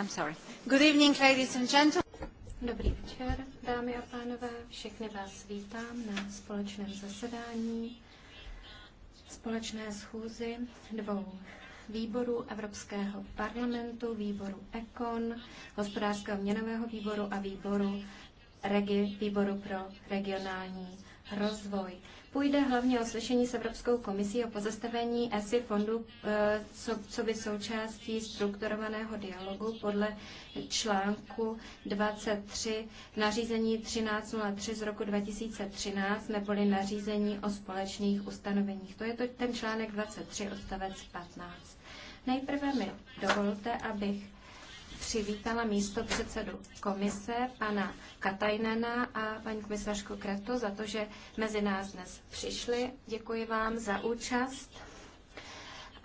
I'm sorry. Good evening, ladies and gentlemen. Dobrý večer, dámy a pánové. Všechny vás vítám na společném zasedání, společné schůzi dvou výboru Evropského parlamentu, výboru ECON, hospodářského měnového výboru a výboru, regi, výboru pro regionální rozvoj. Půjde hlavně o slyšení s Evropskou komisí o pozastavení ESI fondu, eh, co by součástí strukturovaného dialogu podle článku 23 nařízení 1303 z roku 2013 neboli nařízení o společných ustanoveních. To je to ten článek 23 odstavec 15. Nejprve mi dovolte, abych přivítala místo předsedu komise, pana Katajnena a paní komisařku Kretu za to, že mezi nás dnes přišli. Děkuji vám za účast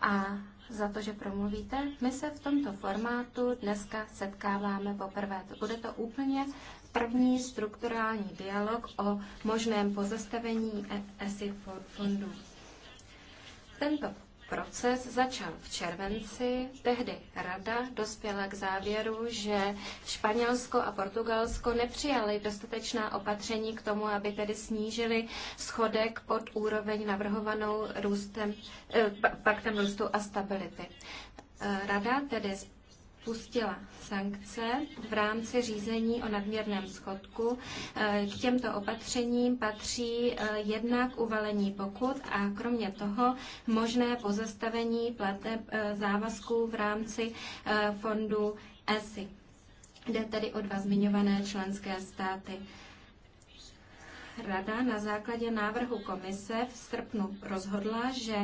a za to, že promluvíte. My se v tomto formátu dneska setkáváme poprvé. Bude to úplně první strukturální dialog o možném pozastavení ESI fondů. Tento proces začal v červenci. Tehdy rada dospěla k závěru, že Španělsko a Portugalsko nepřijali dostatečná opatření k tomu, aby tedy snížili schodek pod úroveň navrhovanou růstem, eh, paktem růstu a stability. Eh, rada tedy spustila sankce v rámci řízení o nadměrném schodku. Eh, k těmto opatřením patří eh, jednak uvalení pokut a kromě toho možné pozastavení plateb eh, závazků v rámci fondu ESI. Jde tedy o dva zmiňované členské státy. Rada na základě návrhu komise v srpnu rozhodla, že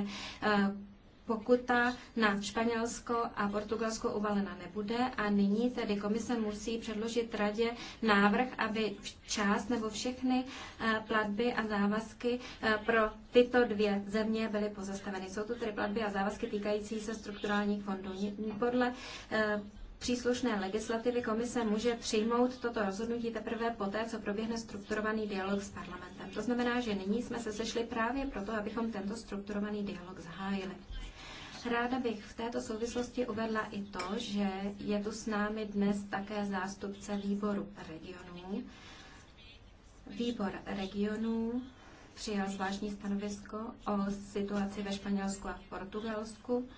pokuta na Španělsko a Portugalsko uvalena nebude a nyní tedy komise musí předložit radě návrh, aby část nebo všechny eh, platby a závazky eh, pro tyto dvě země byly pozastaveny. Jsou to tedy platby a závazky týkající se strukturálních fondů. Podle eh, příslušné legislativy komise může přijmout toto rozhodnutí teprve poté, co proběhne strukturovaný dialog s parlamentem. To znamená, že nyní jsme se sešli právě proto, abychom tento strukturovaný dialog zahájili. Ráda bych v této souvislosti uvedla i to, že je tu s námi dnes také zástupce výboru regionů. Výbor regionů přijal zvláštní stanovisko o situaci ve Španělsku a v Portugalsku.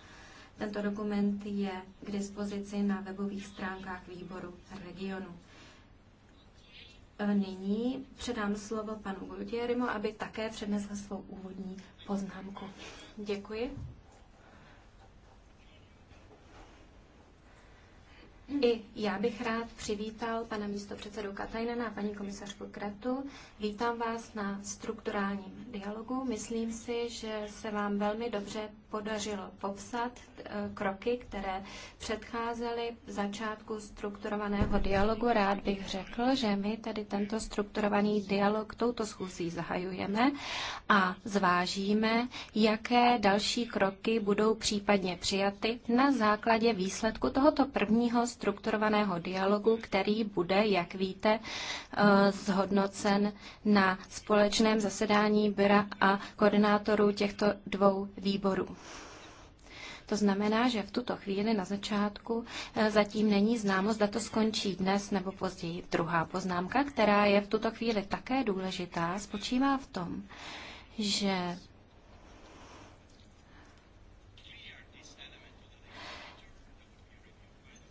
Tento dokument je k dispozici na webových stránkách výboru regionu. Nyní předám slovo panu Gutierimu, aby také přednesl svou úvodní poznámku. Děkuji. I já bych rád přivítal pana místopředsedu Katajnena a paní komisařku Kretu. Vítám vás na strukturálním dialogu. Myslím si, že se vám velmi dobře podařilo popsat e, kroky, které předcházely začátku strukturovaného dialogu. Rád bych řekl, že my tady tento strukturovaný dialog touto schůzí zahajujeme a zvážíme, jaké další kroky budou případně přijaty na základě výsledku tohoto prvního strukturovaného dialogu, který bude, jak víte, e, zhodnocen na společném zasedání Byra a koordinátorů těchto dvou výborů. To znamená, že v tuto chvíli na začátku eh, zatím není známo, zda to skončí dnes nebo později. Druhá poznámka, která je v tuto chvíli také důležitá, spočívá v tom, že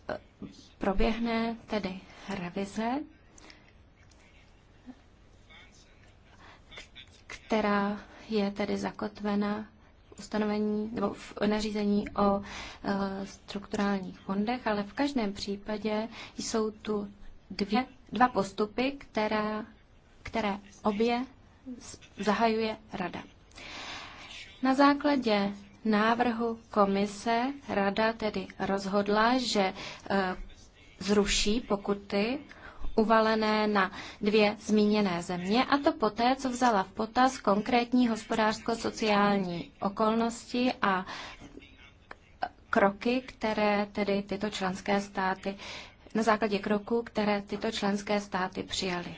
eh, proběhne tedy revize, která je tedy zakotvena ustanovení nebo v nařízení o e, strukturálních fondech, ale v každém případě jsou tu dvě, dva postupy, které, které obě zahajuje Rada. Na základě návrhu komise Rada tedy rozhodla, že e, zruší pokuty uvalené na dvě zmíněné země, a to poté, co vzala v potaz konkrétní hospodářsko-sociální okolnosti a kroky, které tedy tyto členské státy, na základě kroků, které tyto členské státy přijaly.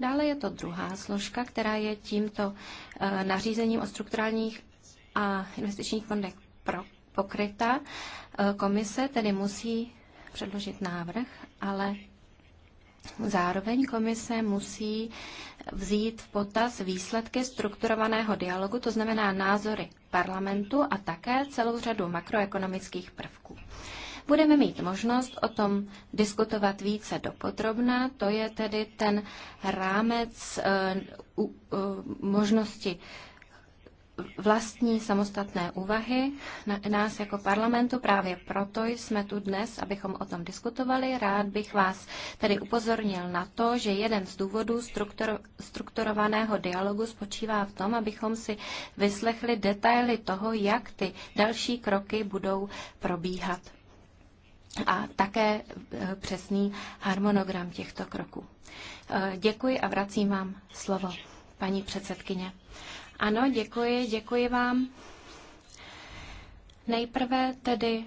Dále je to druhá složka, která je tímto eh, nařízením o strukturálních a investičních fondech pokryta. Eh, komise tedy musí předložit návrh, ale Zároveň komise musí vzít v potaz výsledky strukturovaného dialogu, to znamená názory parlamentu a také celou řadu makroekonomických prvků. Budeme mít možnost o tom diskutovat více dopodrobná, to je tedy ten rámec uh, uh, možnosti uh, vlastní samostatné úvahy na nás jako parlamentu. Právě proto jsme tu dnes, abychom o tom diskutovali. Rád bych vás tedy upozornil na to, že jeden z důvodů struktur, strukturovaného dialogu spočívá v tom, abychom si vyslechli detaily toho, jak ty další kroky budou probíhat a také eh, přesný harmonogram těchto kroků. Eh, děkuji a vracím vám slovo, paní předsedkyně. Ano, děkuji, děkuji vám. Nejprve tedy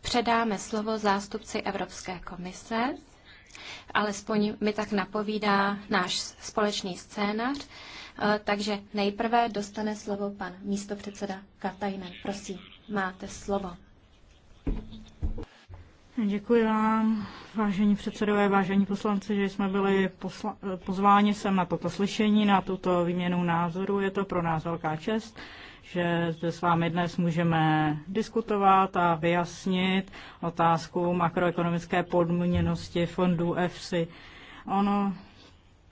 předáme slovo zástupci Evropské komise, alespoň mi tak napovídá náš společný scénář. Eh, takže nejprve dostane slovo pan místopředseda Katajnen. Prosím, máte slovo. Děkuji vám, vážení předsedové, vážení poslanci, že jsme byli posla- pozváni sem na toto slyšení, na tuto výměnu názoru. Je to pro nás velká čest, že zde s vámi dnes můžeme diskutovat a vyjasnit otázku makroekonomické podmíněnosti fondů EFSI. Ono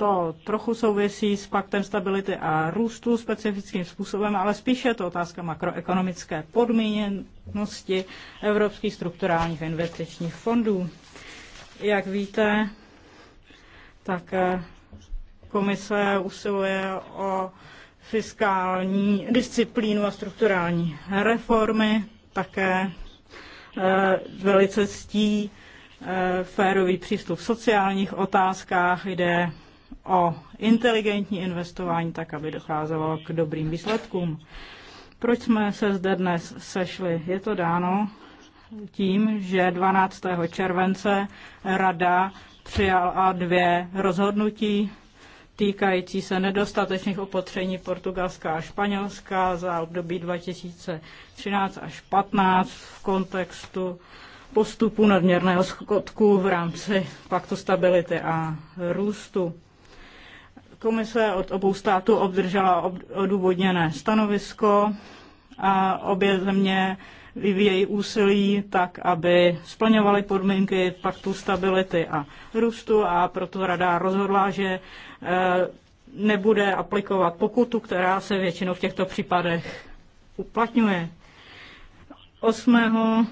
to trochu souvisí s paktem stability a růstu specifickým způsobem, ale spíše to otázka makroekonomické podmíněnosti evropských strukturálních investičních fondů. Jak víte, tak eh, komise usiluje o fiskální disciplínu a strukturální reformy, také eh, velice ctí eh, férový přístup v sociálních otázkách, jde o inteligentní investování, tak aby docházelo k dobrým výsledkům. Proč jsme se zde dnes sešli? Je to dáno tím, že 12. července Rada přijala dvě rozhodnutí týkající se nedostatečných opatření Portugalska a Španělska za období 2013 až 15 v kontextu postupu nadměrného schodku v rámci paktu stability a růstu. Komise od obou států obdržela odůvodněné stanovisko a obě země vyvíjejí úsilí tak, aby splňovaly podmínky paktu stability a růstu a proto rada rozhodla, že e, nebude aplikovat pokutu, která se většinou v těchto případech uplatňuje. 8.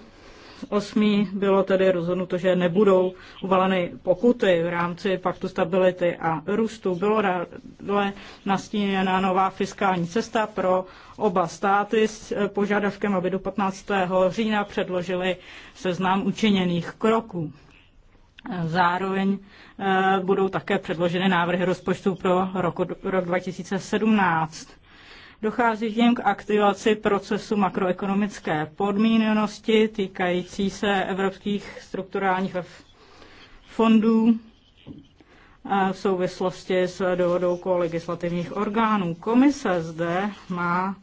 8. bylo tedy rozhodnuto, že nebudou uvaleny pokuty v rámci paktu stability a růstu. Bylo dále nastíněna nová fiskální cesta pro oba státy s požadavkem, aby do 15. října předložili seznam učiněných kroků. Zároveň eh, budou také předloženy návrhy rozpočtu pro rok 2017. Dochází tím k aktivaci procesu makroekonomické podmíněnosti týkající se evropských strukturálních fondů v souvislosti s dohodou legislativních orgánů. Komise zde má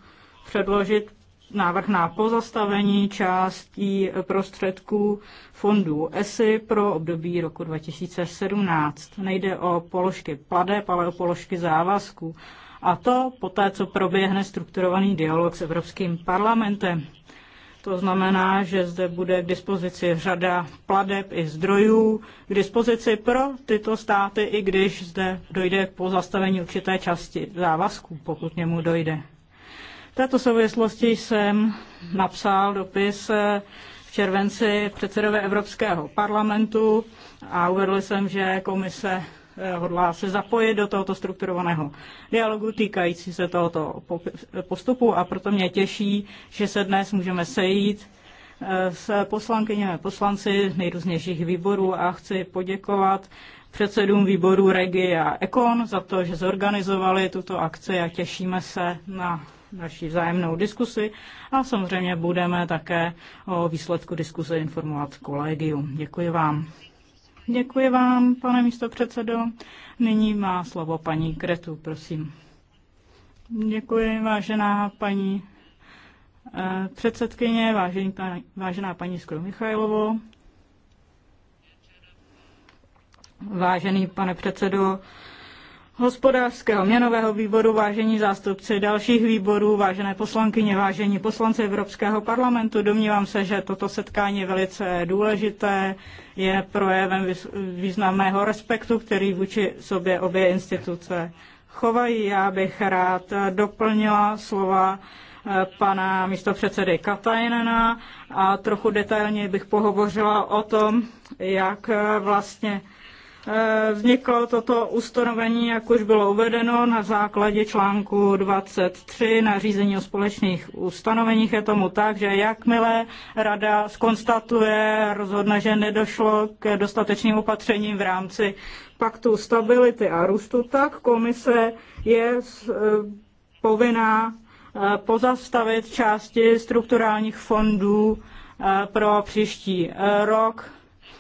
předložit návrh na pozastavení částí prostředků fondů ESI pro období roku 2017. Nejde o položky pladeb, ale o položky závazků. A to poté, co proběhne strukturovaný dialog s Evropským parlamentem. To znamená, že zde bude k dispozici řada pladeb i zdrojů k dispozici pro tyto státy, i když zde dojde k pozastavení určité části závazků, pokud němu dojde. V této souvislosti jsem napsal dopis v červenci předsedové Evropského parlamentu a uvedl jsem, že komise Eh, hodlá se zapojit do tohoto strukturovaného dialogu týkající se tohoto postupu a proto mě těší, že se dnes můžeme sejít eh, s poslankyněmi a poslanci nejrůznějších výborů a chci poděkovat předsedům výborů Regi a Ekon za to, že zorganizovali tuto akci a těšíme se na naší vzájemnou diskusi a samozřejmě budeme také o výsledku diskuse informovat kolegium. Děkuji vám. Děkuji vám, pane předsedo. Nyní má slovo paní Kretu, prosím. Děkuji, vážená paní eh, předsedkyně, vážený, vážená paní Skru Michajlovo, vážený pane předsedo hospodářského měnového výboru, vážení zástupci dalších výborů, vážené poslankyně, vážení poslanci Evropského parlamentu. Domnívám se, že toto setkání je velice důležité, je projevem významného respektu, který vůči sobě obě instituce chovají. Já bych rád doplnila slova eh, pana místopředsedy Katajnena a trochu detailně bych pohovořila o tom, jak eh, vlastně Eh, vzniklo toto ustanovení, jak už bylo uvedeno, na základě článku 23 nařízení o společných ustanoveních. Je tomu tak, že jakmile rada skonstatuje, rozhodne, že nedošlo k dostatečným opatřením v rámci paktu stability a růstu, tak komise je eh, povinná eh, pozastavit části strukturálních fondů pro příští rok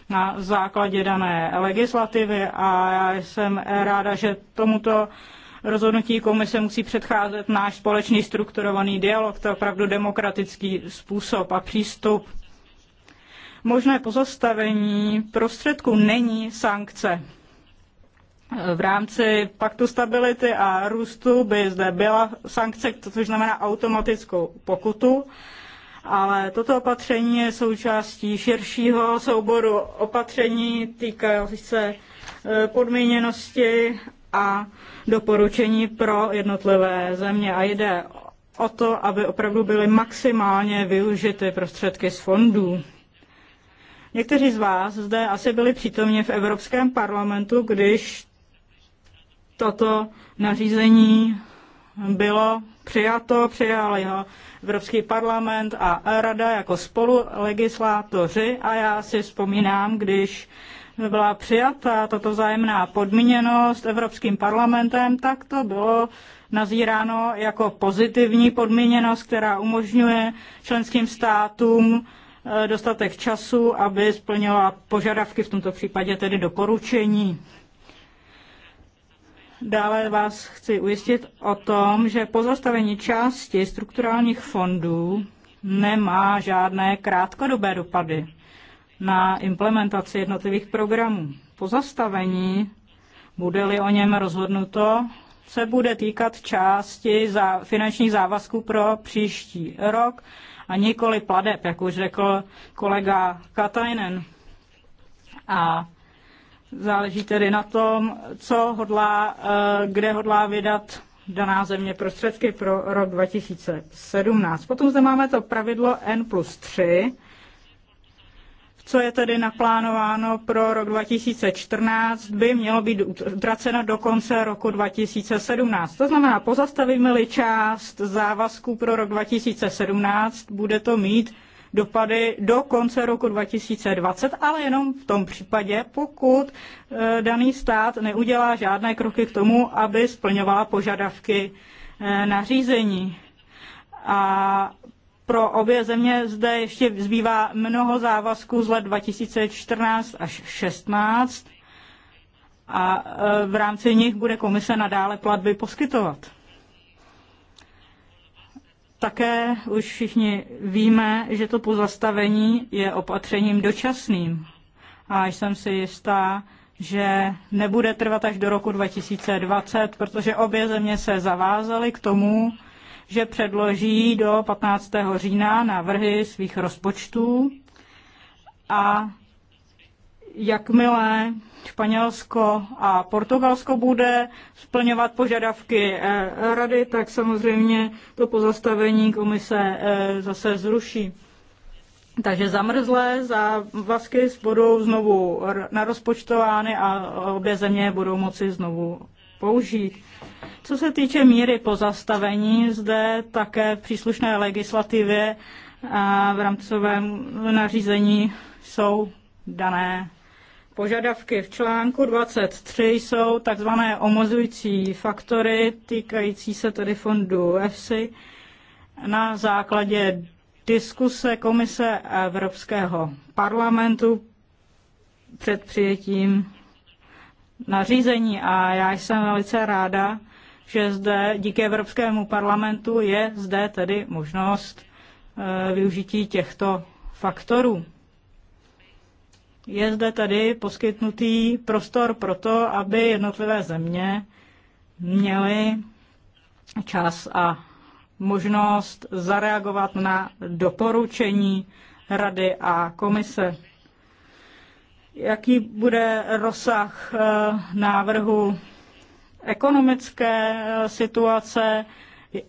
na základě dané legislativy a já jsem ráda, že tomuto rozhodnutí komise musí předcházet náš společný strukturovaný dialog, to je opravdu demokratický způsob a přístup. Možné pozastavení prostředků není sankce. V rámci paktu stability a růstu by zde byla sankce, což znamená automatickou pokutu, ale toto opatření je součástí širšího souboru opatření týkající se e, podmíněnosti a doporučení pro jednotlivé země a jde o to, aby opravdu byly maximálně využity prostředky z fondů. Někteří z vás zde asi byli přítomně v Evropském parlamentu, když toto nařízení bylo přijato, přijal jeho Evropský parlament a rada jako spolulegislátoři a já si vzpomínám, když byla přijata tato vzájemná podmíněnost Evropským parlamentem, tak to bylo nazíráno jako pozitivní podmíněnost, která umožňuje členským státům eh, dostatek času, aby splnila požadavky, v tomto případě tedy doporučení. Dále vás chci ujistit o tom, že pozastavení části strukturálních fondů nemá žádné krátkodobé dopady na implementaci jednotlivých programů. Pozastavení, bude-li o něm rozhodnuto, se bude týkat části za finančních závazků pro příští rok a nikoli pladeb, jak už řekl kolega Katajnen. A Záleží tedy na tom, co hodlá, eh, kde hodlá vydat daná země prostředky pro rok 2017. Potom zde máme to pravidlo N plus 3, co je tedy naplánováno pro rok 2014, by mělo být utraceno do konce roku 2017. To znamená, pozastavíme-li část závazků pro rok 2017, bude to mít dopady do konce roku 2020, ale jenom v tom případě, pokud eh, daný stát neudělá žádné kroky k tomu, aby splňovala požadavky eh, nařízení. A pro obě země zde ještě zbývá mnoho závazků z let 2014 až 16 a eh, v rámci nich bude komise nadále platby poskytovat. Také už všichni víme, že to pozastavení je opatřením dočasným. A jsem si jistá, že nebude trvat až do roku 2020, protože obě země se zavázaly k tomu, že předloží do 15. října návrhy svých rozpočtů a jakmile Španělsko a Portugalsko bude splňovat požadavky eh, rady, tak samozřejmě to pozastavení komise eh, zase zruší. Takže zamrzlé závazky budou znovu narozpočtovány a obě země budou moci znovu použít. Co se týče míry pozastavení, zde také v příslušné legislativě a v rámcovém nařízení jsou dané požadavky v článku 23 jsou tzv. omozující faktory týkající se tedy fondu EFSI na základě diskuse Komise Evropského parlamentu před přijetím nařízení a já jsem velice ráda, že zde díky Evropskému parlamentu je zde tedy možnost eh, využití těchto faktorů je zde tedy poskytnutý prostor pro to, aby jednotlivé země měly čas a možnost zareagovat na doporučení Rady a komise. Jaký bude rozsah eh, návrhu ekonomické eh, situace,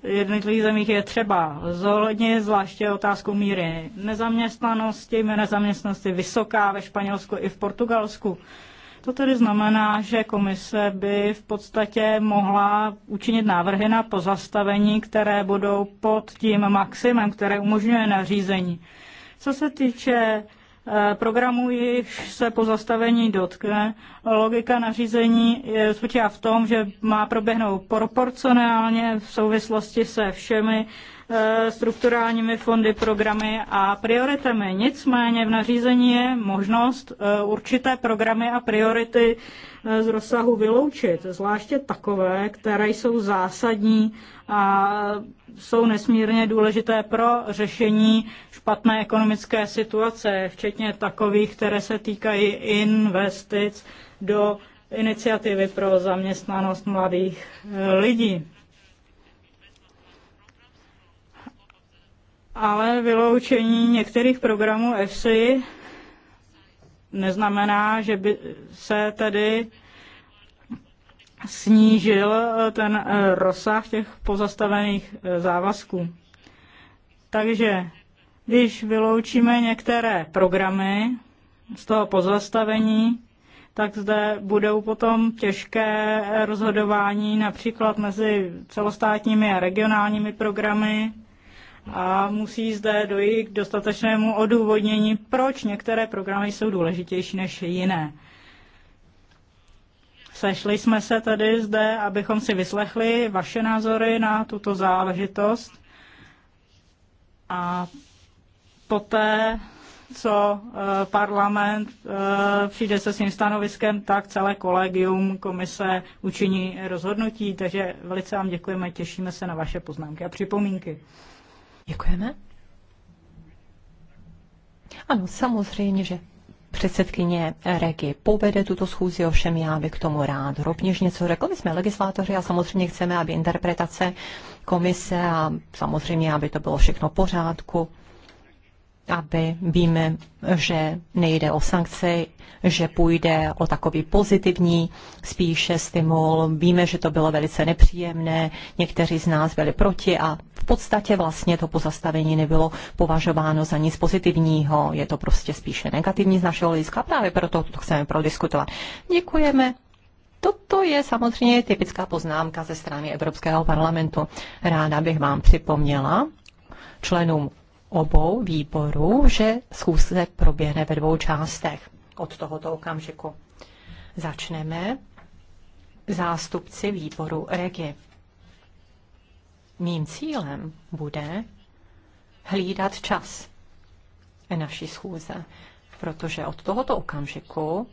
jednotlivých zemích je třeba zohlednit zvláště otázku míry nezaměstnanosti. Míra nezaměstnanosti vysoká ve Španělsku i v Portugalsku. To tedy znamená, že komise by v podstatě mohla učinit návrhy na pozastavení, které budou pod tím maximem, které umožňuje nařízení. Co se týče Eh, programů, již se po zastavení dotkne. Logika nařízení spočívá v tom, že má proběhnout proporcionálně v souvislosti se všemi Eh, strukturálními fondy, programy a prioritami. Nicméně v nařízení je možnost eh, určité programy a priority eh, z rozsahu vyloučit, zvláště takové, které jsou zásadní a jsou nesmírně důležité pro řešení špatné ekonomické situace, včetně takových, které se týkají investic do iniciativy pro zaměstnanost mladých lidí. ale vyloučení některých programů EFSI neznamená, že by se tedy snížil eh, ten eh, rozsah těch pozastavených eh, závazků. Takže když vyloučíme některé programy z toho pozastavení, tak zde budou potom těžké rozhodování například mezi celostátními a regionálními programy, a musí zde dojít k dostatečnému odůvodnění, proč některé programy jsou důležitější než jiné. Sešli jsme se tedy zde, abychom si vyslechli vaše názory na tuto záležitost a poté, co eh, parlament eh, přijde se svým stanoviskem, tak celé kolegium komise učiní rozhodnutí. Takže velice vám děkujeme, těšíme se na vaše poznámky a připomínky. Děkujeme. Ano, samozřejmě, že předsedkyně Regi povede tuto schůzi, ovšem já bych k tomu rád rovněž něco řekl. My jsme legislátoři a samozřejmě chceme, aby interpretace komise a samozřejmě, aby to bylo všechno v pořádku aby víme, že nejde o sankce, že půjde o takový pozitivní spíše stimul. Víme, že to bylo velice nepříjemné, někteří z nás byli proti a v podstatě vlastně to pozastavení nebylo považováno za nic pozitivního. Je to prostě spíše negativní z našeho hlediska, právě proto to chceme prodiskutovat. Děkujeme. Toto je samozřejmě typická poznámka ze strany Evropského parlamentu. Ráda bych vám připomněla členům obou výborů, že schůzce proběhne ve dvou částech od tohoto okamžiku. Začneme zástupci výboru REGI. Mým cílem bude hlídat čas naší schůze, protože od tohoto okamžiku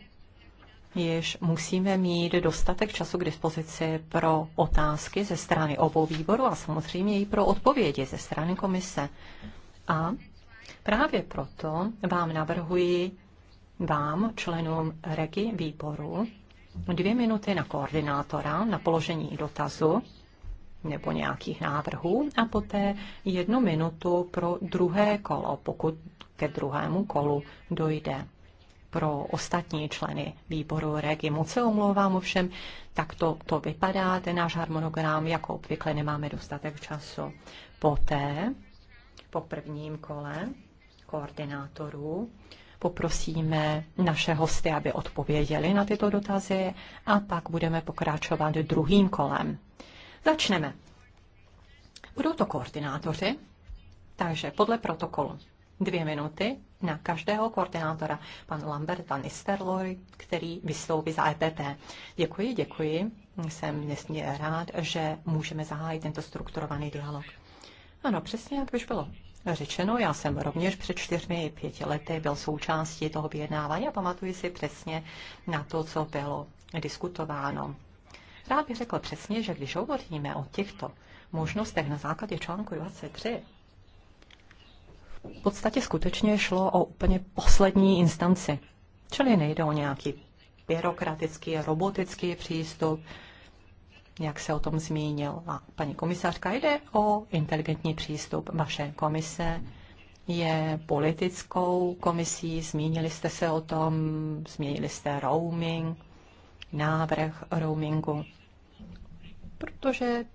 již musíme mít dostatek času k dispozici pro otázky ze strany obou výborů a samozřejmě i pro odpovědi ze strany komise. A právě proto vám navrhuji, vám, členům REGI výboru, dvě minuty na koordinátora, na položení dotazu nebo nějakých návrhů a poté jednu minutu pro druhé kolo, pokud ke druhému kolu dojde pro ostatní členy výboru Regi. Moc se omlouvám, ovšem tak to, to vypadá, ten náš harmonogram, jako obvykle nemáme dostatek času. Poté po prvním kole koordinátorů. Poprosíme naše hosty, aby odpověděli na tyto dotazy a pak budeme pokračovat druhým kolem. Začneme. Budou to koordinátoři, takže podle protokolu dvě minuty na každého koordinátora. Pan Lambert, pan Isterloy, který vystoupí za EPP. Děkuji, děkuji. Jsem nesmírně rád, že můžeme zahájit tento strukturovaný dialog. Ano, přesně jak už bylo řečeno, já jsem rovněž před čtyřmi, pěti lety byl součástí toho vyjednávání a pamatuji si přesně na to, co bylo diskutováno. Rád bych řekl přesně, že když hovoříme o těchto možnostech na základě článku 23, v podstatě skutečně šlo o úplně poslední instanci. Čili nejde o nějaký byrokratický, robotický přístup, jak se o tom zmínil a paní komisařka, jde o inteligentní přístup. Vaše komise je politickou komisí, zmínili jste se o tom, zmínili jste roaming, návrh roamingu, protože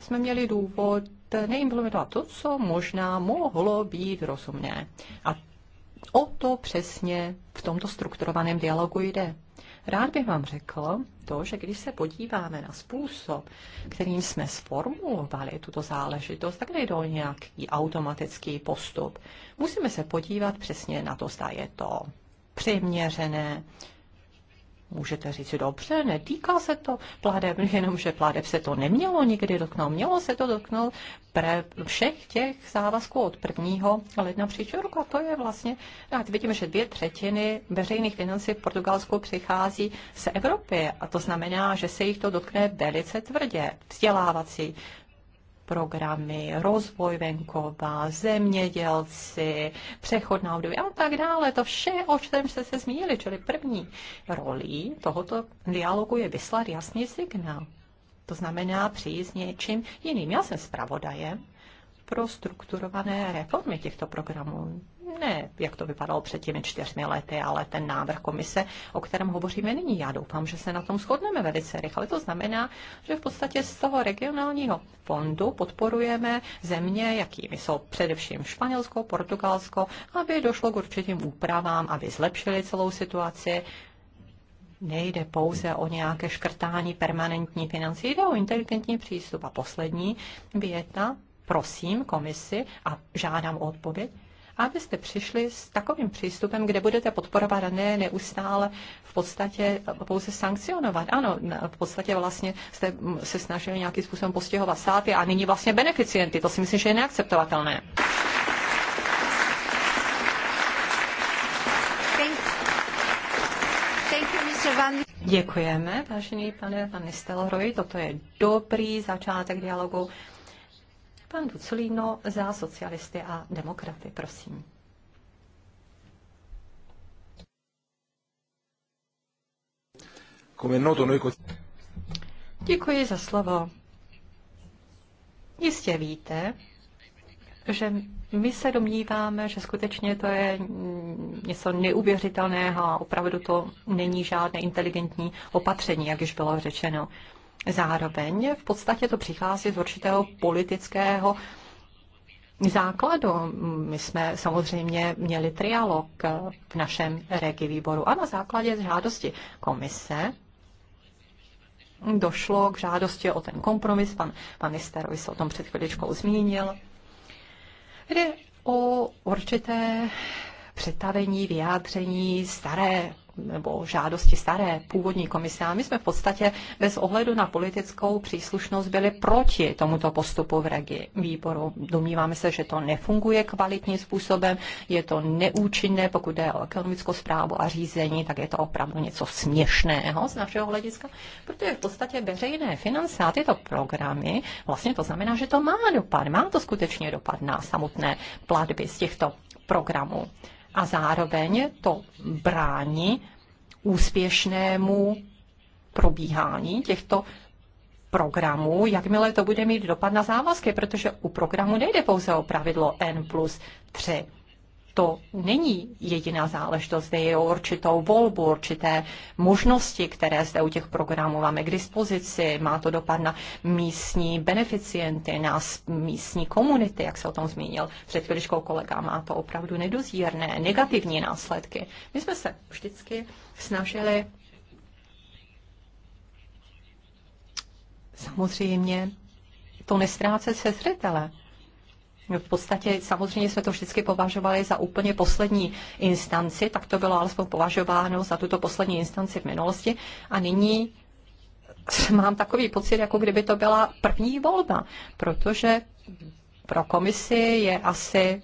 jsme měli důvod neimplementovat to, co možná mohlo být rozumné. A o to přesně v tomto strukturovaném dialogu jde. Rád bych vám řekl to, že když se podíváme na způsob, kterým jsme sformulovali tuto záležitost, tak nejde o nějaký automatický postup. Musíme se podívat přesně na to, zda je to přiměřené, Můžete říct, dobře, netýká se to jenom jenomže pládeb se to nemělo nikdy dotknout. Mělo se to dotknout pre všech těch závazků od prvního, ledna příštího roku. A to je vlastně, tak vidíme, že dvě třetiny veřejných financí v Portugalsku přichází z Evropy. A to znamená, že se jich to dotkne velice tvrdě. Vzdělávací programy, rozvoj venkova, zemědělci, přechod na období a tak dále. To vše, o čem jste se zmínili, čili první rolí tohoto dialogu je vyslat jasný signál. To znamená přijít s něčím jiným. Já jsem zpravodajem pro strukturované reformy těchto programů ne, jak to vypadalo před těmi čtyřmi lety, ale ten návrh komise, o kterém hovoříme nyní. Já doufám, že se na tom shodneme velice rychle. To znamená, že v podstatě z toho regionálního fondu podporujeme země, jakými jsou především Španělsko, Portugalsko, aby došlo k určitým úpravám, aby zlepšili celou situaci, nejde pouze o nějaké škrtání permanentní financí, jde o inteligentní přístup. A poslední věta, prosím komisi a žádám o odpověď, abyste přišli s takovým přístupem, kde budete podporovat a ne neustále v podstatě pouze sankcionovat. Ano, v podstatě vlastně jste se snažili nějakým způsobem postihovat státy a nyní vlastně beneficienty. To si myslím, že je neakceptovatelné. Děkujeme, vážený pane pan Nistelroj. Toto je dobrý začátek dialogu Pan Ducelino za socialisty a demokraty, prosím. Děkuji za slovo. Jistě víte, že my se domníváme, že skutečně to je něco neuvěřitelného a opravdu to není žádné inteligentní opatření, jak již bylo řečeno. Zároveň v podstatě to přichází z určitého politického základu. My jsme samozřejmě měli trialog v našem regi výboru a na základě žádosti komise došlo k žádosti o ten kompromis. Pan, pan Nisterovi se o tom před chviličkou zmínil. Jde o určité přetavení, vyjádření staré nebo žádosti staré původní komise. A my jsme v podstatě bez ohledu na politickou příslušnost byli proti tomuto postupu v regi výboru. Domníváme se, že to nefunguje kvalitním způsobem, je to neúčinné, pokud jde o ekonomickou zprávu a řízení, tak je to opravdu něco směšného z našeho hlediska, protože v podstatě veřejné finance a tyto programy, vlastně to znamená, že to má dopad, má to skutečně dopad na samotné platby z těchto programů a zároveň to brání úspěšnému probíhání těchto programů, jakmile to bude mít dopad na závazky, protože u programu nejde pouze o pravidlo N plus 3 to není jediná záležitost, je o určitou volbu, určité možnosti, které zde u těch programů máme k dispozici. Má to dopad na místní beneficienty, na místní komunity, jak se o tom zmínil před chvíličkou kolega. Má to opravdu nedozírné, negativní následky. My jsme se vždycky snažili samozřejmě to nestrácet se zřetele v podstatě samozřejmě jsme to vždycky považovali za úplně poslední instanci, tak to bylo alespoň považováno za tuto poslední instanci v minulosti. A nyní mám takový pocit, jako kdyby to byla první volba, protože pro komisi je asi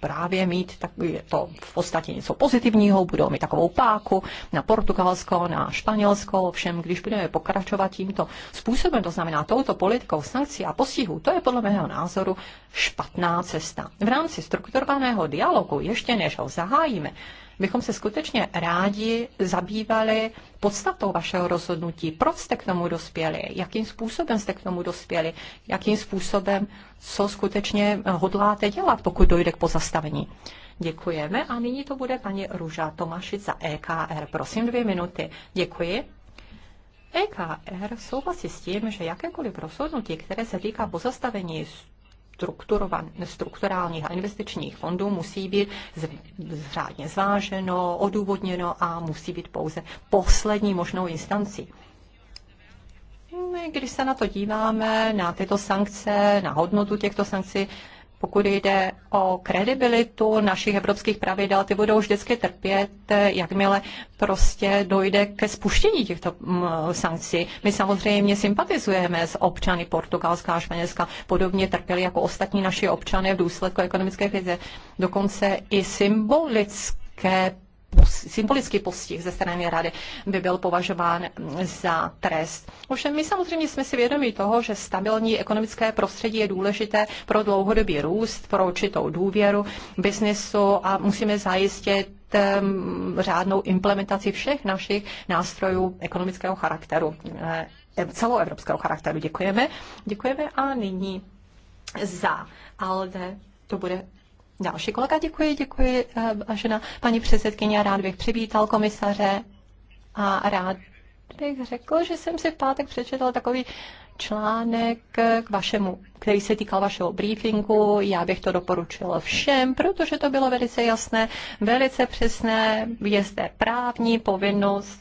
právě mít tak, je to v podstatě něco pozitivního, budou mít takovou páku na Portugalsko, na Španělsko, ovšem, když budeme pokračovat tímto způsobem, to znamená touto politikou sankcí a postihů, to je podle mého názoru špatná cesta. V rámci strukturovaného dialogu, ještě než ho zahájíme, bychom se skutečně rádi zabývali podstatou vašeho rozhodnutí. Proč jste k tomu dospěli? Jakým způsobem jste k tomu dospěli? Jakým způsobem, co skutečně hodláte dělat, pokud dojde k pozastavení? Děkujeme a nyní to bude paní Růža Tomášic za EKR. Prosím dvě minuty. Děkuji. EKR souhlasí s tím, že jakékoliv rozhodnutí, které se týká pozastavení strukturálních a investičních fondů musí být řádně zváženo, odůvodněno a musí být pouze poslední možnou instancí. Když se na to díváme, na tyto sankce, na hodnotu těchto sankcí, pokud jde o kredibilitu našich evropských pravidel, ty budou vždycky trpět, jakmile prostě dojde ke spuštění těchto mm, sankcí. My samozřejmě sympatizujeme s občany Portugalska a Španělska, podobně trpěli jako ostatní naši občané v důsledku ekonomické krize. Dokonce i symbolické symbolický postih ze strany rady by byl považován za trest. Ovšem my samozřejmě jsme si vědomi toho, že stabilní ekonomické prostředí je důležité pro dlouhodobý růst, pro určitou důvěru biznesu a musíme zajistit ehm, řádnou implementaci všech našich nástrojů ekonomického charakteru, eh, celoevropského charakteru. Děkujeme. Děkujeme a nyní za ALDE to bude Další kolega, děkuji, děkuji, eh, vážená paní předsedkyně, rád bych přivítal komisaře a rád bych řekl, že jsem si v pátek přečetl takový článek eh, k vašemu, který se týkal vašeho briefingu. Já bych to doporučil všem, protože to bylo velice jasné, velice přesné. Je zde právní povinnost,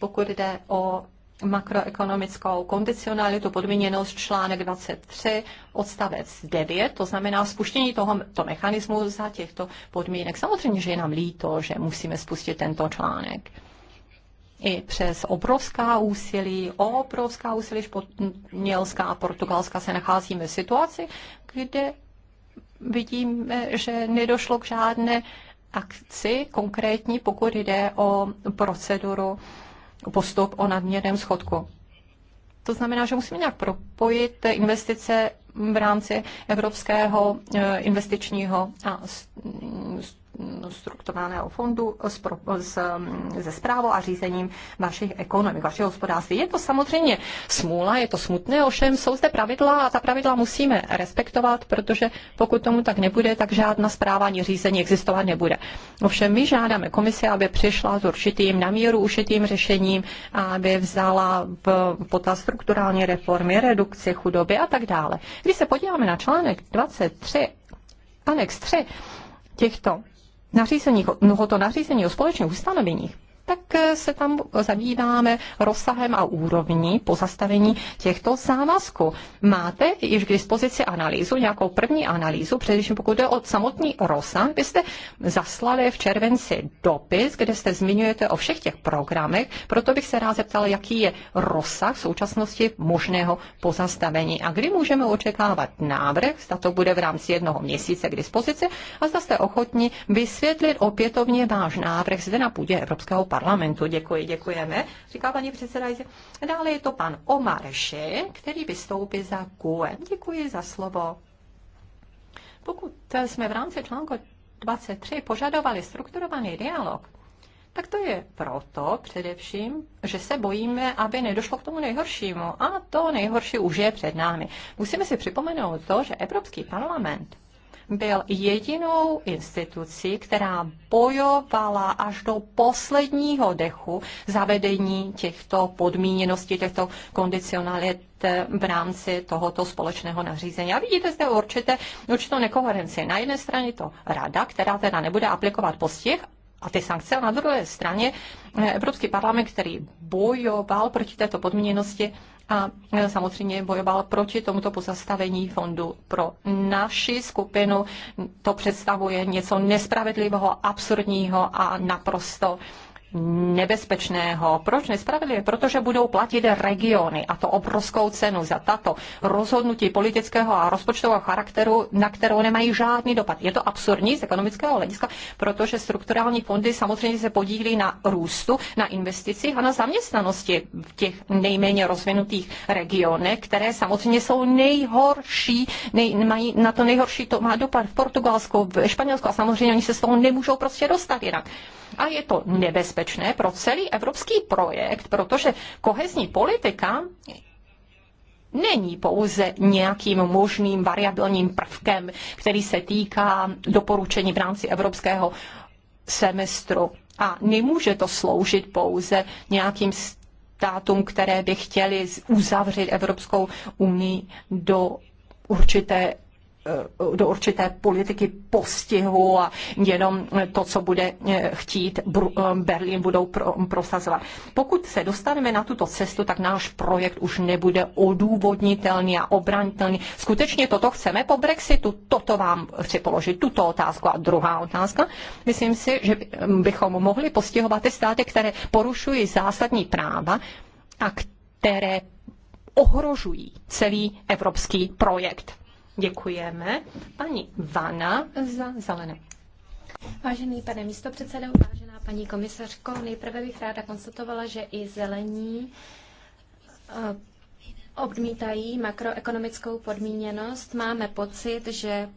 pokud jde o makroekonomickou kondicionalitu podmíněnost článek 23 odstavec 9, to znamená spuštění toho to mechanismu za těchto podmínek. Samozřejmě, že je nám líto, že musíme spustit tento článek. I přes obrovská úsilí, obrovská úsilí španělská a portugalská se nacházíme v situaci, kde vidíme, že nedošlo k žádné akci konkrétní, pokud jde o proceduru postup o nadměrném schodku. To znamená, že musíme nějak propojit investice v rámci Evropského eh, investičního a strukturovaného fondu s, s, ze zprávou a řízením vašich ekonomik, vašeho hospodářství. Je to samozřejmě smůla, je to smutné, ovšem jsou zde pravidla a ta pravidla musíme respektovat, protože pokud tomu tak nebude, tak žádná zpráva ani řízení existovat nebude. Ovšem my žádáme komisi, aby přišla s určitým namíru ušitým řešením, aby vzala v potaz strukturální reformy, redukci chudoby a tak dále. Když se podíváme na článek 23, anex 3 těchto nařízení, no, to nařízení o společných ustanoveních tak eh, se tam zabýváme rozsahem a úrovní pozastavení těchto závazků. Máte již k dispozici analýzu, nějakou první analýzu, především pokud jde o samotný rozsah, byste zaslali v červenci dopis, kde jste zmiňujete o všech těch programech, proto bych se rád zeptal, jaký je rozsah v současnosti možného pozastavení a kdy můžeme očekávat návrh, zda to bude v rámci jednoho měsíce k dispozici a zda jste ochotni vysvětlit opětovně váš návrh zde na půdě Evropského parlamentu parlamentu. Děkuji, děkujeme, říká paní předsedající. Dále je to pan Omarši, který vystoupí za KUE. Děkuji za slovo. Pokud jsme v rámci článku 23 požadovali strukturovaný dialog, tak to je proto především, že se bojíme, aby nedošlo k tomu nejhoršímu. A to nejhorší už je před námi. Musíme si připomenout to, že Evropský parlament byl jedinou institucí, která bojovala až do posledního dechu zavedení těchto podmíněností, těchto kondicionalit eh, v rámci tohoto společného nařízení. A vidíte zde určité, určitou nekoherenci. Na jedné straně to rada, která teda nebude aplikovat postih, a ty sankce. A na druhé straně eh, Evropský parlament, který bojoval proti této podmíněnosti, a e, samozřejmě bojoval proti tomuto pozastavení fondu. Pro naši skupinu to představuje něco nespravedlivého, absurdního a naprosto nebezpečného. Proč nespravedlivě? Protože budou platit regiony a to obrovskou cenu za tato rozhodnutí politického a rozpočtového charakteru, na kterou nemají žádný dopad. Je to absurdní z ekonomického hlediska, protože strukturální fondy samozřejmě se podílí na růstu, na investicích a na zaměstnanosti v těch nejméně rozvinutých regionech, které samozřejmě jsou nejhorší, nej, mají na to nejhorší to má dopad v Portugalsku, v Španělsku a samozřejmě oni se z toho nemůžou prostě dostat jinak. A je to nebezpečné nebezpečné pro celý evropský projekt, protože kohezní politika není pouze nějakým možným variabilním prvkem, který se týká doporučení v rámci evropského semestru. A nemůže to sloužit pouze nějakým státům, které by chtěli uzavřít Evropskou unii do určité Eh, do určité politiky postihu a jenom to, co bude eh, chtít eh, Berlín, budou prosazovat. Pokud se dostaneme na tuto cestu, tak náš projekt už nebude odůvodnitelný a obranitelný. Skutečně toto chceme po Brexitu? Toto vám chci položit, tuto otázku. A druhá otázka, myslím si, že bychom mohli postihovat ty státy, které porušují zásadní práva a které ohrožují celý evropský projekt Děkujeme. Paní Vana za zelené. Vážený pane místopředsedo, vážená paní komisařko, nejprve bych ráda konstatovala, že i zelení eh, odmítají makroekonomickou podmíněnost. Máme pocit, že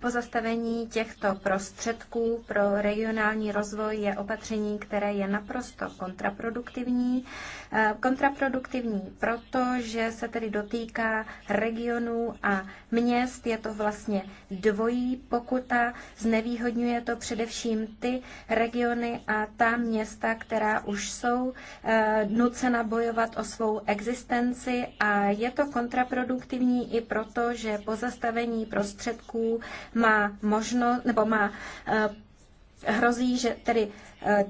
pozastavení těchto prostředků pro regionální rozvoj je opatření, které je naprosto kontraproduktivní. Eh, kontraproduktivní, protože se tedy dotýká regionů a měst. Je to vlastně dvojí pokuta. Znevýhodňuje to především ty regiony a ta města, která už jsou eh, nucena bojovat o svou existenci a je to kontraproduktivní i proto, že pozastavení prostředků má možnost nebo má eh, hrozí, že tedy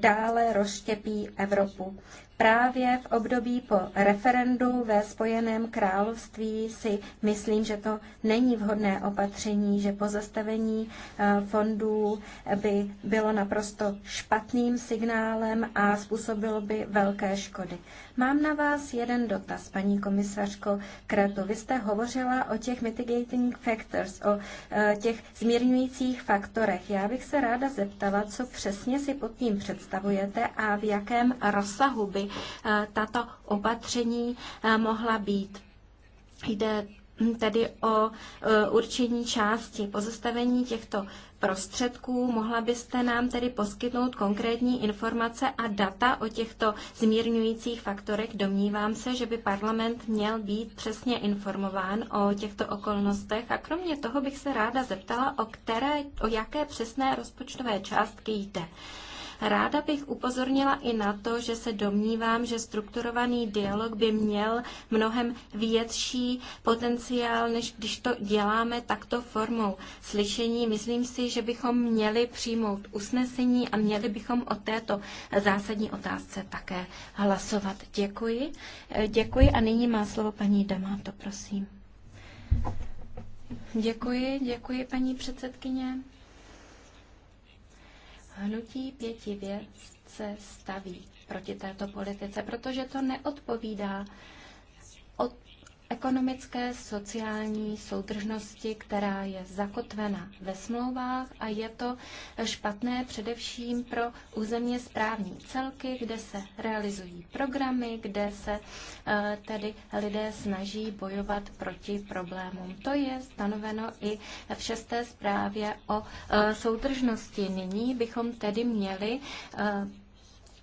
dále rozštěpí Evropu právě v období po referendu ve Spojeném království si myslím, že to není vhodné opatření, že pozastavení eh, fondů by bylo naprosto špatným signálem a způsobilo by velké škody. Mám na vás jeden dotaz, paní komisařko Kreto. Vy jste hovořila o těch mitigating factors, o eh, těch zmírňujících faktorech. Já bych se ráda zeptala, co přesně si pod tím představujete a v jakém rozsahu by Eh, tato opatření eh, mohla být. Jde tedy o eh, určení části pozastavení těchto prostředků. Mohla byste nám tedy poskytnout konkrétní informace a data o těchto zmírňujících faktorech? Domnívám se, že by parlament měl být přesně informován o těchto okolnostech a kromě toho bych se ráda zeptala, o, které, o jaké přesné rozpočtové částky jde. Ráda bych upozornila i na to, že se domnívám, že strukturovaný dialog by měl mnohem větší potenciál, než když to děláme takto formou slyšení. Myslím si, že bychom měli přijmout usnesení a měli bychom o této zásadní otázce také hlasovat. Děkuji. Děkuji a nyní má slovo paní Damato, prosím. Děkuji, děkuji paní předsedkyně. Hnutí pěti věc se staví proti této politice, protože to neodpovídá ekonomické sociální soudržnosti, která je zakotvena ve smlouvách a je to špatné především pro územně správní celky, kde se realizují programy, kde se eh, tedy lidé snaží bojovat proti problémům. To je stanoveno i v šesté zprávě o eh, soudržnosti. Nyní bychom tedy měli eh,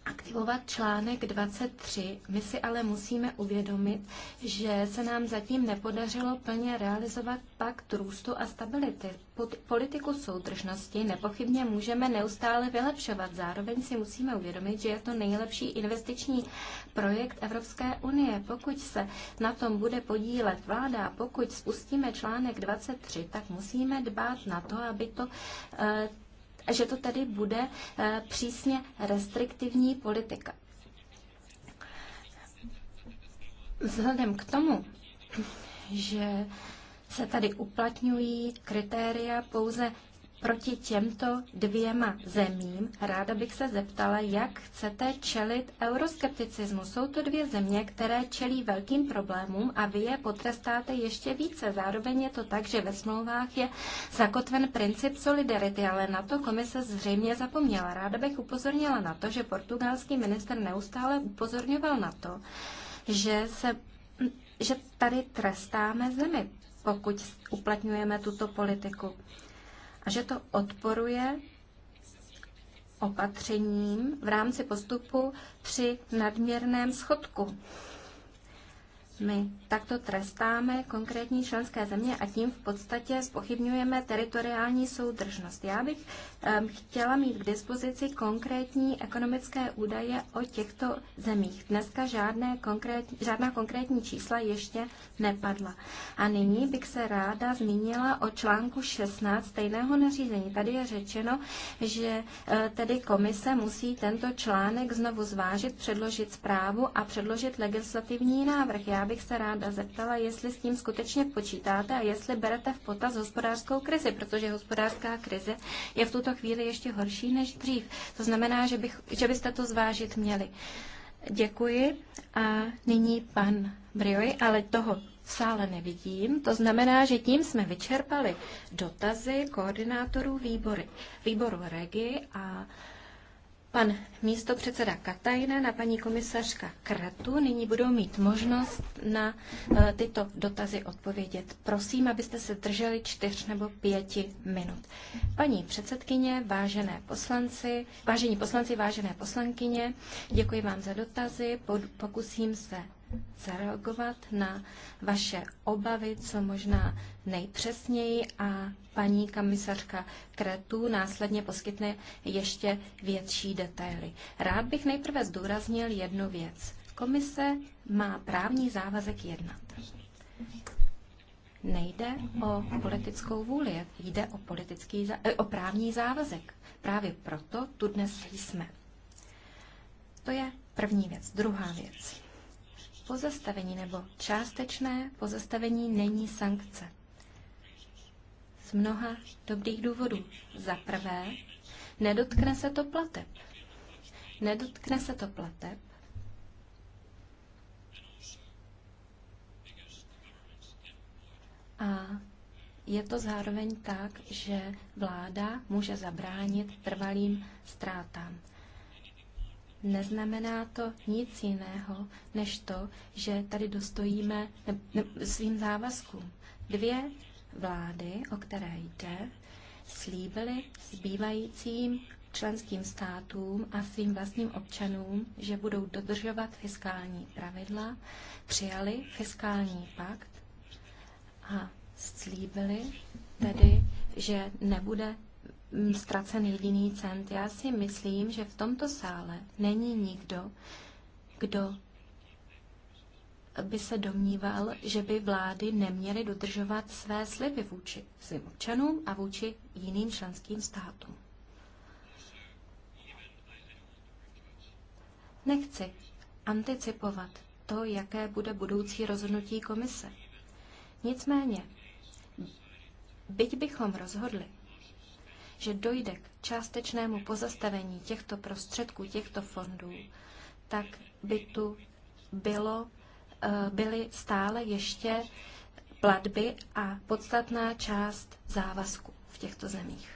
aktivovat článek 23. My si ale musíme uvědomit, že se nám zatím nepodařilo plně realizovat pakt růstu a stability. Pod politiku soudržnosti nepochybně můžeme neustále vylepšovat. Zároveň si musíme uvědomit, že je to nejlepší investiční projekt Evropské unie. Pokud se na tom bude podílet vláda, pokud spustíme článek 23, tak musíme dbát na to, aby to eh, že to tedy bude eh, přísně restriktivní politika. Vzhledem k tomu, že se tady uplatňují kritéria pouze proti těmto dvěma zemím. Ráda bych se zeptala, jak chcete čelit euroskepticismu. Jsou to dvě země, které čelí velkým problémům a vy je potrestáte ještě více. Zároveň je to tak, že ve smlouvách je zakotven princip solidarity, ale na to komise zřejmě zapomněla. Ráda bych upozornila na to, že portugalský minister neustále upozorňoval na to, že se že tady trestáme zemi, pokud uplatňujeme tuto politiku a že to odporuje opatřením v rámci postupu při nadměrném schodku. My takto trestáme konkrétní členské země a tím v podstatě spochybňujeme teritoriální soudržnost. Já bych Ehm, chtěla mít k dispozici konkrétní ekonomické údaje o těchto zemích. Dneska žádné konkrét, žádná konkrétní čísla ještě nepadla. A nyní bych se ráda zmínila o článku 16 stejného nařízení. Tady je řečeno, že eh, tedy komise musí tento článek znovu zvážit, předložit zprávu a předložit legislativní návrh. Já bych se ráda zeptala, jestli s tím skutečně počítáte a jestli berete v potaz hospodářskou krizi, protože hospodářská krize je v tuto chvíli ještě horší než dřív. To znamená, že, bych, že byste to zvážit měli. Děkuji a nyní pan Brioj, ale toho v sále nevidím. To znamená, že tím jsme vyčerpali dotazy koordinátorů výbory, výboru Regi a pan místo předseda Katajna a paní komisařka Kratu nyní budou mít možnost na e, tyto dotazy odpovědět. Prosím, abyste se drželi čtyř nebo pěti minut. Paní předsedkyně, vážené poslanci, vážení poslanci, vážené poslankyně, děkuji vám za dotazy, pokusím se zareagovat na vaše obavy, co možná nejpřesněji a paní komisařka Kretu následně poskytne ještě větší detaily. Rád bych nejprve zdůraznil jednu věc. Komise má právní závazek jednat. Nejde o politickou vůli, jde o, politický, eh, o právní závazek. Právě proto tu dnes jsme. To je první věc. Druhá věc pozastavení nebo částečné pozastavení není sankce. Z mnoha dobrých důvodů. Za prvé, nedotkne se to plateb. Nedotkne se to plateb, A je to zároveň tak, že vláda může zabránit trvalým ztrátám neznamená to nic jiného, než to, že tady dostojíme ne, ne, svým závazkům. Dvě vlády, o které jde, slíbily zbývajícím členským státům a svým vlastním občanům, že budou dodržovat fiskální pravidla, přijali fiskální pakt a slíbili tedy, že nebude Mm, ztracen jediný cent. Já si myslím, že v tomto sále není nikdo, kdo by se domníval, že by vlády neměly dodržovat své sliby vůči svým občanům a vůči jiným členským státům. Nechci anticipovat to, jaké bude budoucí rozhodnutí komise. Nicméně, byť bychom rozhodli, že dojde k částečnému pozastavení těchto prostředků, těchto fondů, tak by tu bylo, eh, byly stále ještě platby a podstatná část závazku v těchto zemích.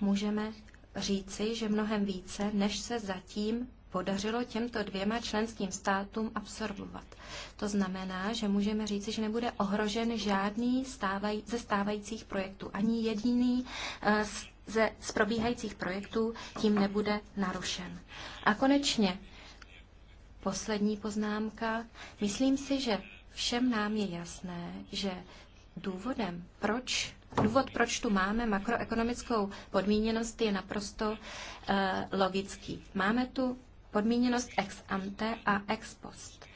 Můžeme říci, že mnohem více, než se zatím podařilo těmto dvěma členským státům absorbovat. To znamená, že můžeme říci, že nebude ohrožen žádný stávaj, ze stávajících projektů. Ani jediný eh, ze, z probíhajících projektů tím nebude narušen. A konečně poslední poznámka. Myslím si, že všem nám je jasné, že důvodem, proč Důvod, proč tu máme makroekonomickou podmíněnost, je naprosto e, logický. Máme tu podmíněnost ex ante a ex post.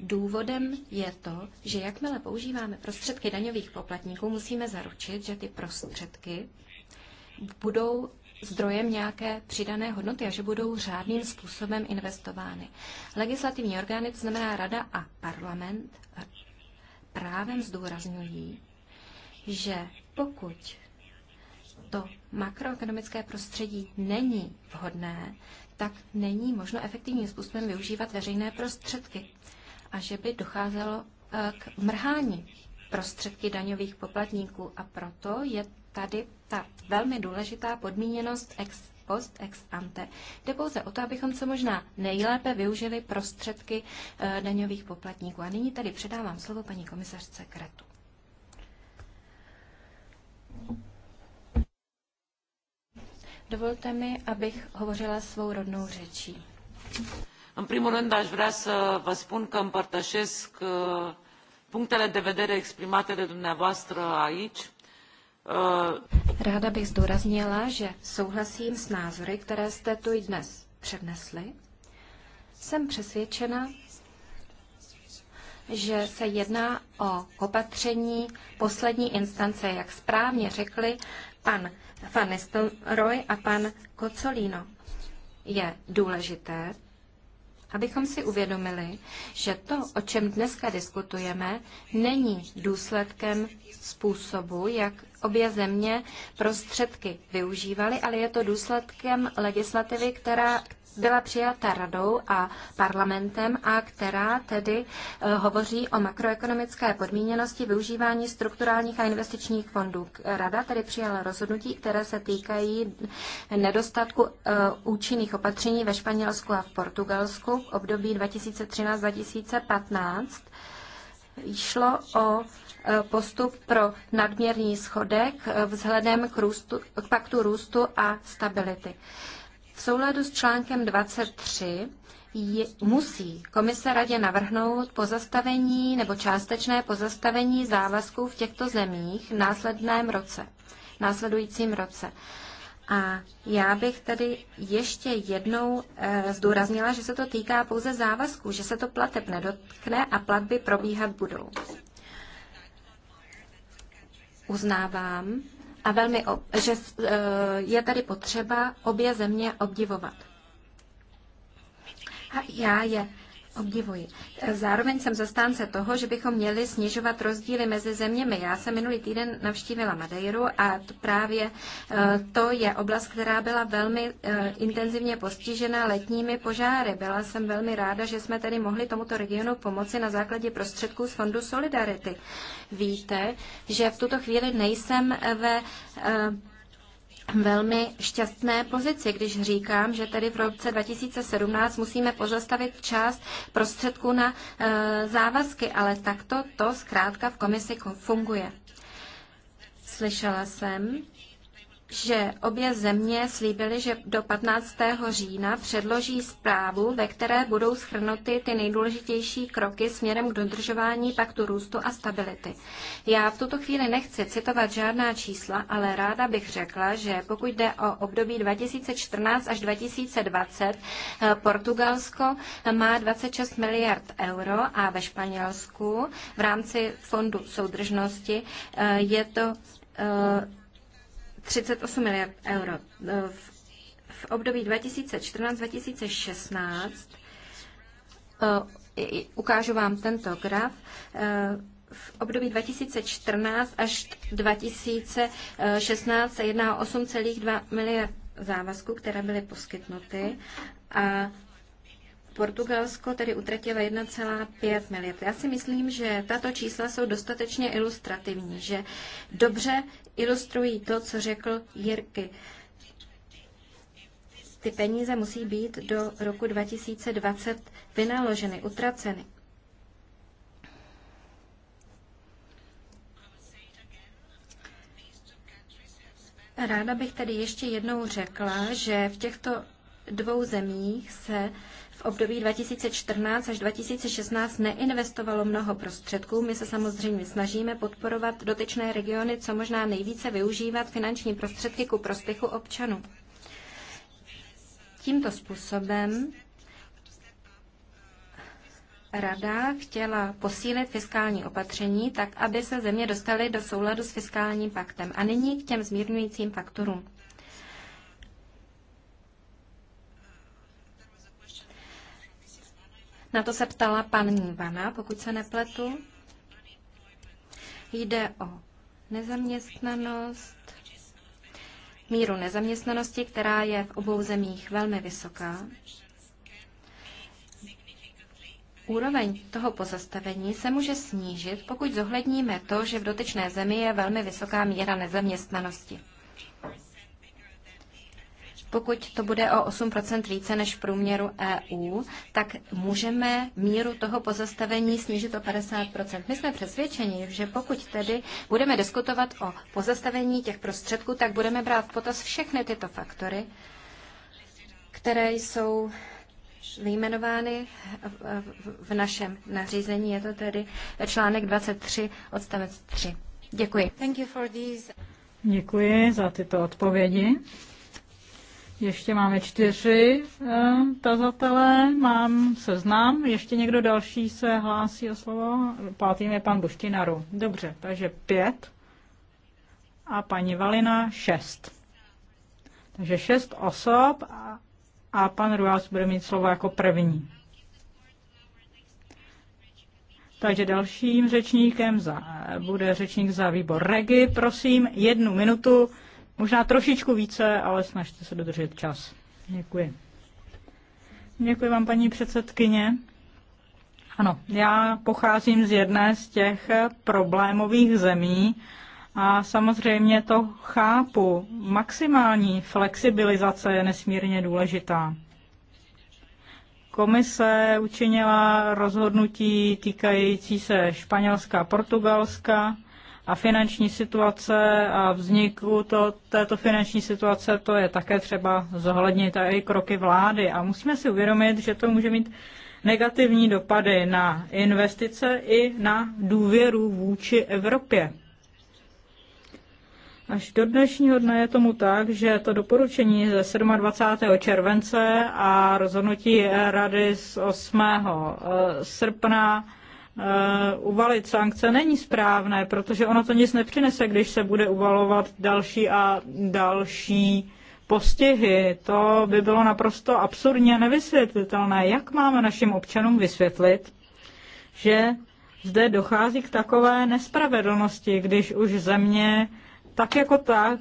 Důvodem je to, že jakmile používáme prostředky daňových poplatníků, musíme zaručit, že ty prostředky budou zdrojem nějaké přidané hodnoty a že budou řádným způsobem investovány. Legislativní orgány, to znamená Rada a parlament, právem zdůrazňují, že pokud to makroekonomické prostředí není vhodné, tak není možno efektivním způsobem využívat veřejné prostředky a že by docházelo eh, k mrhání prostředky daňových poplatníků. A proto je tady ta velmi důležitá podmíněnost ex post ex ante. Jde pouze o to, abychom co možná nejlépe využili prostředky eh, daňových poplatníků. A nyní tady předávám slovo paní komisařce Kretu. Dovolte mi, abych hovořila svou rodnou řečí. În primul rând, aș vrea să vă spun că împărtășesc uh, punctele de vedere exprimate de dumneavoastră aici. Uh, Ráda bych zdůraznila, že souhlasím s názory, které jste tu i dnes přednesli. Jsem přesvědčena, že se jedná o opatření poslední instance, jak správně řekli pan pan Nistelrooy a pan Kocolino. Je důležité, abychom si uvědomili, že to, o čem dneska diskutujeme, není důsledkem způsobu, jak obě země prostředky využívaly, ale je to důsledkem legislativy, která, byla přijata radou a parlamentem a která tedy eh, hovoří o makroekonomické podmíněnosti využívání strukturálních a investičních fondů. Rada tedy přijala rozhodnutí, které se týkají nedostatku eh, účinných opatření ve Španělsku a v Portugalsku v období 2013-2015. Šlo o eh, postup pro nadměrný schodek vzhledem k, růstu, k paktu růstu a stability. V souladu s článkem 23 je, musí komise radě navrhnout pozastavení nebo částečné pozastavení závazků v těchto zemích v následném roce, následujícím roce. A já bych tedy ještě jednou e, zdůraznila, že se to týká pouze závazků, že se to plateb nedotkne a platby probíhat budou. Uznávám, a velmi, že e, je tady potřeba obě země obdivovat. A já je obdivuji. Zároveň jsem zastánce toho, že bychom měli snižovat rozdíly mezi zeměmi. Já jsem minulý týden navštívila Madeiru a to právě e, to je oblast, která byla velmi e, intenzivně postižena letními požáry. Byla jsem velmi ráda, že jsme tedy mohli tomuto regionu pomoci na základě prostředků z Fondu Solidarity. Víte, že v tuto chvíli nejsem ve e, velmi šťastné pozici, když říkám, že tedy v roce 2017 musíme pozastavit část prostředků na e, závazky, ale takto to zkrátka v komisi funguje. Slyšela jsem, že obě země slíbily, že do 15. října předloží zprávu, ve které budou schrnuty ty nejdůležitější kroky směrem k dodržování paktu růstu a stability. Já v tuto chvíli nechci citovat žádná čísla, ale ráda bych řekla, že pokud jde o období 2014 až 2020, Portugalsko má 26 miliard euro a ve Španělsku v rámci fondu soudržnosti eh, je to eh, 38 miliard euro. V, v období 2014-2016 eh, ukážu vám tento graf. Eh, v období 2014 až 2016 se jedná o 8,2 miliard závazků, které byly poskytnuty a Portugalsko tedy utratilo 1,5 miliard. Já si myslím, že tato čísla jsou dostatečně ilustrativní, že dobře ilustrují to, co řekl Jirky. Ty peníze musí být do roku 2020 vynaloženy, utraceny. Ráda bych tedy ještě jednou řekla, že v těchto dvou zemích se v období 2014 až 2016 neinvestovalo mnoho prostředků. My se samozřejmě snažíme podporovat dotyčné regiony, co možná nejvíce využívat finanční prostředky ku prospěchu občanů. Tímto způsobem Rada chtěla posílit fiskální opatření tak, aby se země dostaly do souladu s fiskálním paktem. A nyní k těm zmírňujícím faktorům. Na to se ptala paní Vana, pokud se nepletu. Jde o nezaměstnanost, míru nezaměstnanosti, která je v obou zemích velmi vysoká. Úroveň toho pozastavení se může snížit, pokud zohledníme to, že v dotyčné zemi je velmi vysoká míra nezaměstnanosti. Pokud to bude o 8% více než v průměru EU, tak můžeme míru toho pozastavení snížit o 50%. My jsme přesvědčeni, že pokud tedy budeme diskutovat o pozastavení těch prostředků, tak budeme brát v potaz všechny tyto faktory, které jsou vyjmenovány v našem nařízení. Je to tedy článek 23 odstavec 3. Děkuji. Děkuji za tyto odpovědi. Ještě máme čtyři eh, tazatele, mám seznam. Ještě někdo další se hlásí o slovo? Pátým je pan Buštinaru. Dobře, takže pět a paní Valina šest. Takže šest osob a, a pan Ruás bude mít slovo jako první. Takže dalším řečníkem za, bude řečník za výbor Regi. Prosím, jednu minutu Možná trošičku více, ale snažte se dodržet čas. Děkuji. Děkuji vám, paní předsedkyně. Ano, já pocházím z jedné z těch problémových zemí a samozřejmě to chápu. Maximální flexibilizace je nesmírně důležitá. Komise učinila rozhodnutí týkající se Španělska a Portugalska a finanční situace a vzniku to, této finanční situace, to je také třeba zohlednit a i kroky vlády. A musíme si uvědomit, že to může mít negativní dopady na investice i na důvěru vůči Evropě. Až do dnešního dne je tomu tak, že to doporučení ze 27. července a rozhodnutí Rady z 8. Eh, srpna Eh, uvalit sankce není správné, protože ono to nic nepřinese, když se bude uvalovat další a další postihy. To by bylo naprosto absurdně nevysvětlitelné. Jak máme našim občanům vysvětlit, že zde dochází k takové nespravedlnosti, když už země tak jako tak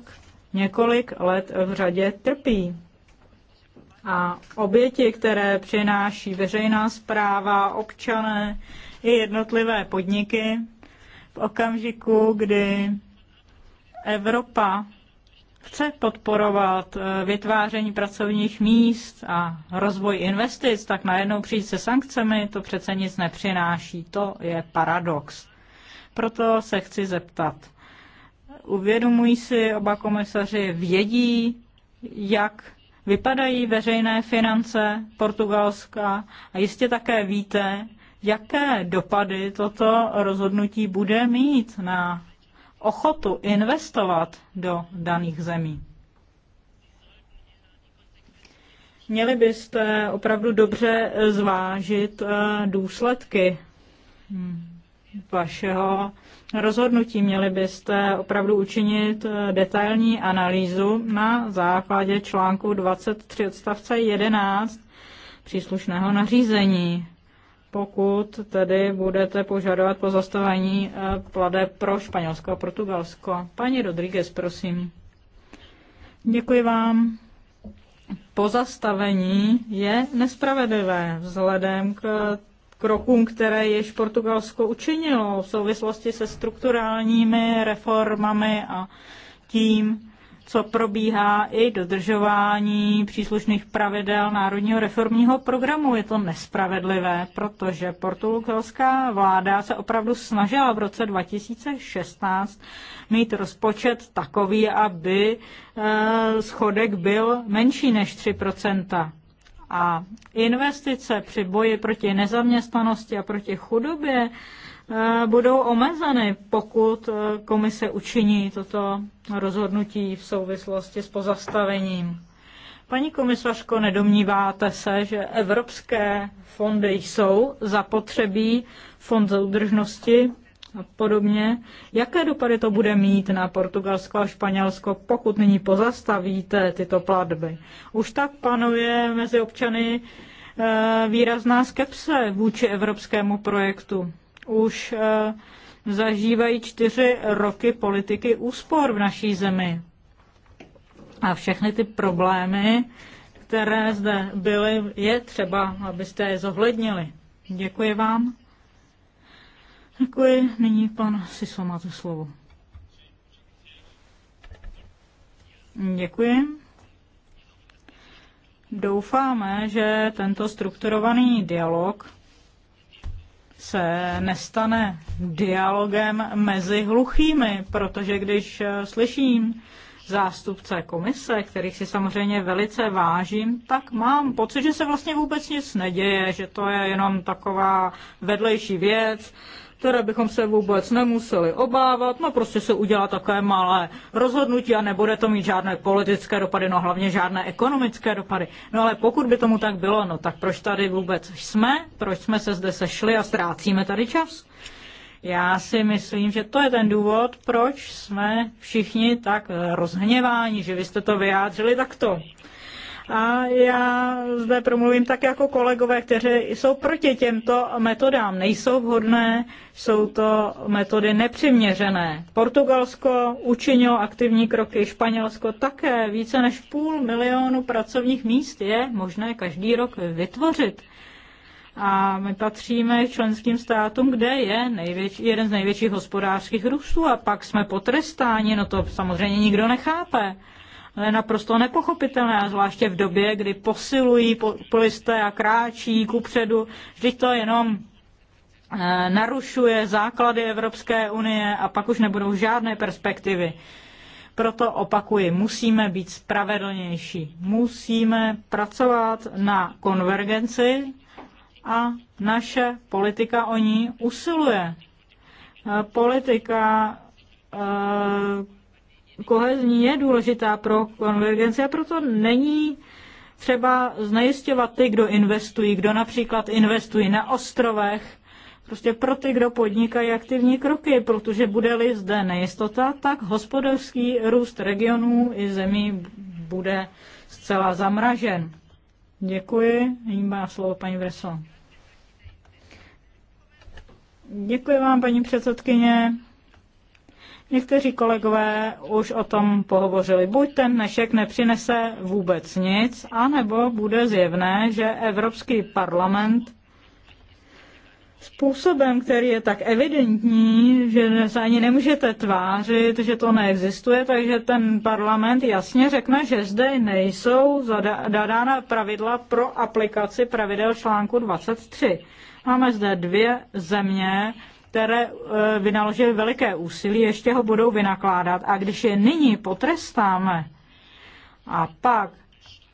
několik let v řadě trpí. A oběti, které přináší veřejná zpráva, občané, i jednotlivé podniky v okamžiku, kdy Evropa chce podporovat eh, vytváření pracovních míst a rozvoj investic, tak najednou přijít se sankcemi, to přece nic nepřináší. To je paradox. Proto se chci zeptat. Uvědomují si oba komisaři, vědí, jak vypadají veřejné finance Portugalska a jistě také víte, jaké dopady toto rozhodnutí bude mít na ochotu investovat do daných zemí. Měli byste opravdu dobře zvážit eh, důsledky hm, vašeho rozhodnutí. Měli byste opravdu učinit eh, detailní analýzu na základě článku 23 odstavce 11 příslušného nařízení pokud tedy budete požadovat pozastavení eh, plade pro Španělsko a Portugalsko. Paní Rodríguez, prosím. Děkuji vám. Pozastavení je nespravedlivé vzhledem k krokům, které již Portugalsko učinilo v souvislosti se strukturálními reformami a tím, co probíhá i dodržování příslušných pravidel Národního reformního programu. Je to nespravedlivé, protože portugalská vláda se opravdu snažila v roce 2016 mít rozpočet takový, aby eh, schodek byl menší než 3 a investice při boji proti nezaměstnanosti a proti chudobě Eh, budou omezeny, pokud eh, komise učiní toto rozhodnutí v souvislosti s pozastavením. Paní komisařko, nedomníváte se, že evropské fondy jsou zapotřebí, fond soudržnosti a podobně? Jaké dopady to bude mít na Portugalsko a Španělsko, pokud nyní pozastavíte tyto platby? Už tak panuje mezi občany eh, výrazná skepse vůči evropskému projektu už eh, zažívají čtyři roky politiky úspor v naší zemi. A všechny ty problémy, které zde byly, je třeba, abyste je zohlednili. Děkuji vám. Děkuji. Nyní pan Siso máte slovo. Děkuji. Doufáme, že tento strukturovaný dialog se nestane dialogem mezi hluchými, protože když eh, slyším zástupce komise, kterých si samozřejmě velice vážím, tak mám pocit, že se vlastně vůbec nic neděje, že to je jenom taková vedlejší věc, které bychom se vůbec nemuseli obávat. No prostě se udělá takové malé rozhodnutí a nebude to mít žádné politické dopady, no hlavně žádné ekonomické dopady. No ale pokud by tomu tak bylo, no tak proč tady vůbec jsme? Proč jsme se zde sešli a ztrácíme tady čas? Já si myslím, že to je ten důvod, proč jsme všichni tak rozhněváni, že vy jste to vyjádřili takto. A já zde promluvím tak jako kolegové, kteří jsou proti těmto metodám. Nejsou vhodné, jsou to metody nepřiměřené. Portugalsko učinilo aktivní kroky, Španělsko také. Více než půl milionu pracovních míst je možné každý rok vytvořit. A my patříme členským státům, kde je největší, jeden z největších hospodářských růstů a pak jsme potrestáni, no to samozřejmě nikdo nechápe je naprosto nepochopitelné, a zvláště v době, kdy posilují populisté a kráčí kupředu. Vždyť to jenom eh, narušuje základy Evropské unie a pak už nebudou žádné perspektivy. Proto opakuji, musíme být spravedlnější. Musíme pracovat na konvergenci a naše politika o ní usiluje. Eh, politika, eh, kohezní je důležitá pro konvergenci a proto není třeba znejistěvat ty, kdo investují, kdo například investují na ostrovech, prostě pro ty, kdo podnikají aktivní kroky, protože bude-li zde nejistota, tak hospodářský růst regionů i zemí bude zcela zamražen. Děkuji. Nyní má slovo paní Vreso. Děkuji vám, paní předsedkyně. Někteří kolegové už o tom pohovořili. Buď ten dnešek nepřinese vůbec nic, anebo bude zjevné, že Evropský parlament způsobem, který je tak evidentní, že se ani nemůžete tvářit, že to neexistuje, takže ten parlament jasně řekne, že zde nejsou zadána pravidla pro aplikaci pravidel článku 23. Máme zde dvě země, které eh, vynaložili veliké úsilí, ještě ho budou vynakládat. A když je nyní potrestáme a pak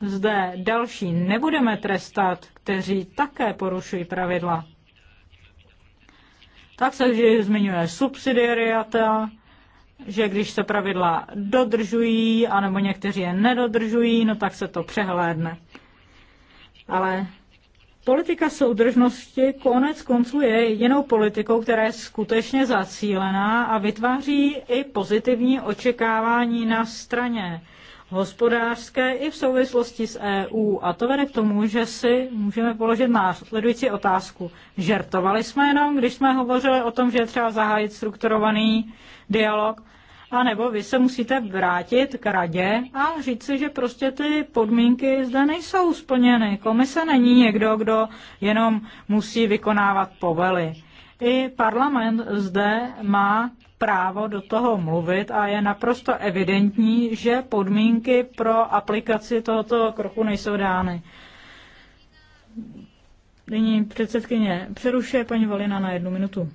zde další nebudeme trestat, kteří také porušují pravidla, tak se vždy zmiňuje subsidiariata, že když se pravidla dodržují, anebo někteří je nedodržují, no tak se to přehlédne. Ale Politika soudržnosti konec konců je jedinou politikou, která je skutečně zacílená a vytváří i pozitivní očekávání na straně hospodářské i v souvislosti s EU. A to vede k tomu, že si můžeme položit následující otázku. Žertovali jsme jenom, když jsme hovořili o tom, že je třeba zahájit strukturovaný dialog, a nebo vy se musíte vrátit k radě a říct si, že prostě ty podmínky zde nejsou splněny. Komise není někdo, kdo jenom musí vykonávat povely. I parlament zde má právo do toho mluvit a je naprosto evidentní, že podmínky pro aplikaci tohoto kroku nejsou dány. Nyní předsedkyně přerušuje paní Valina na jednu minutu.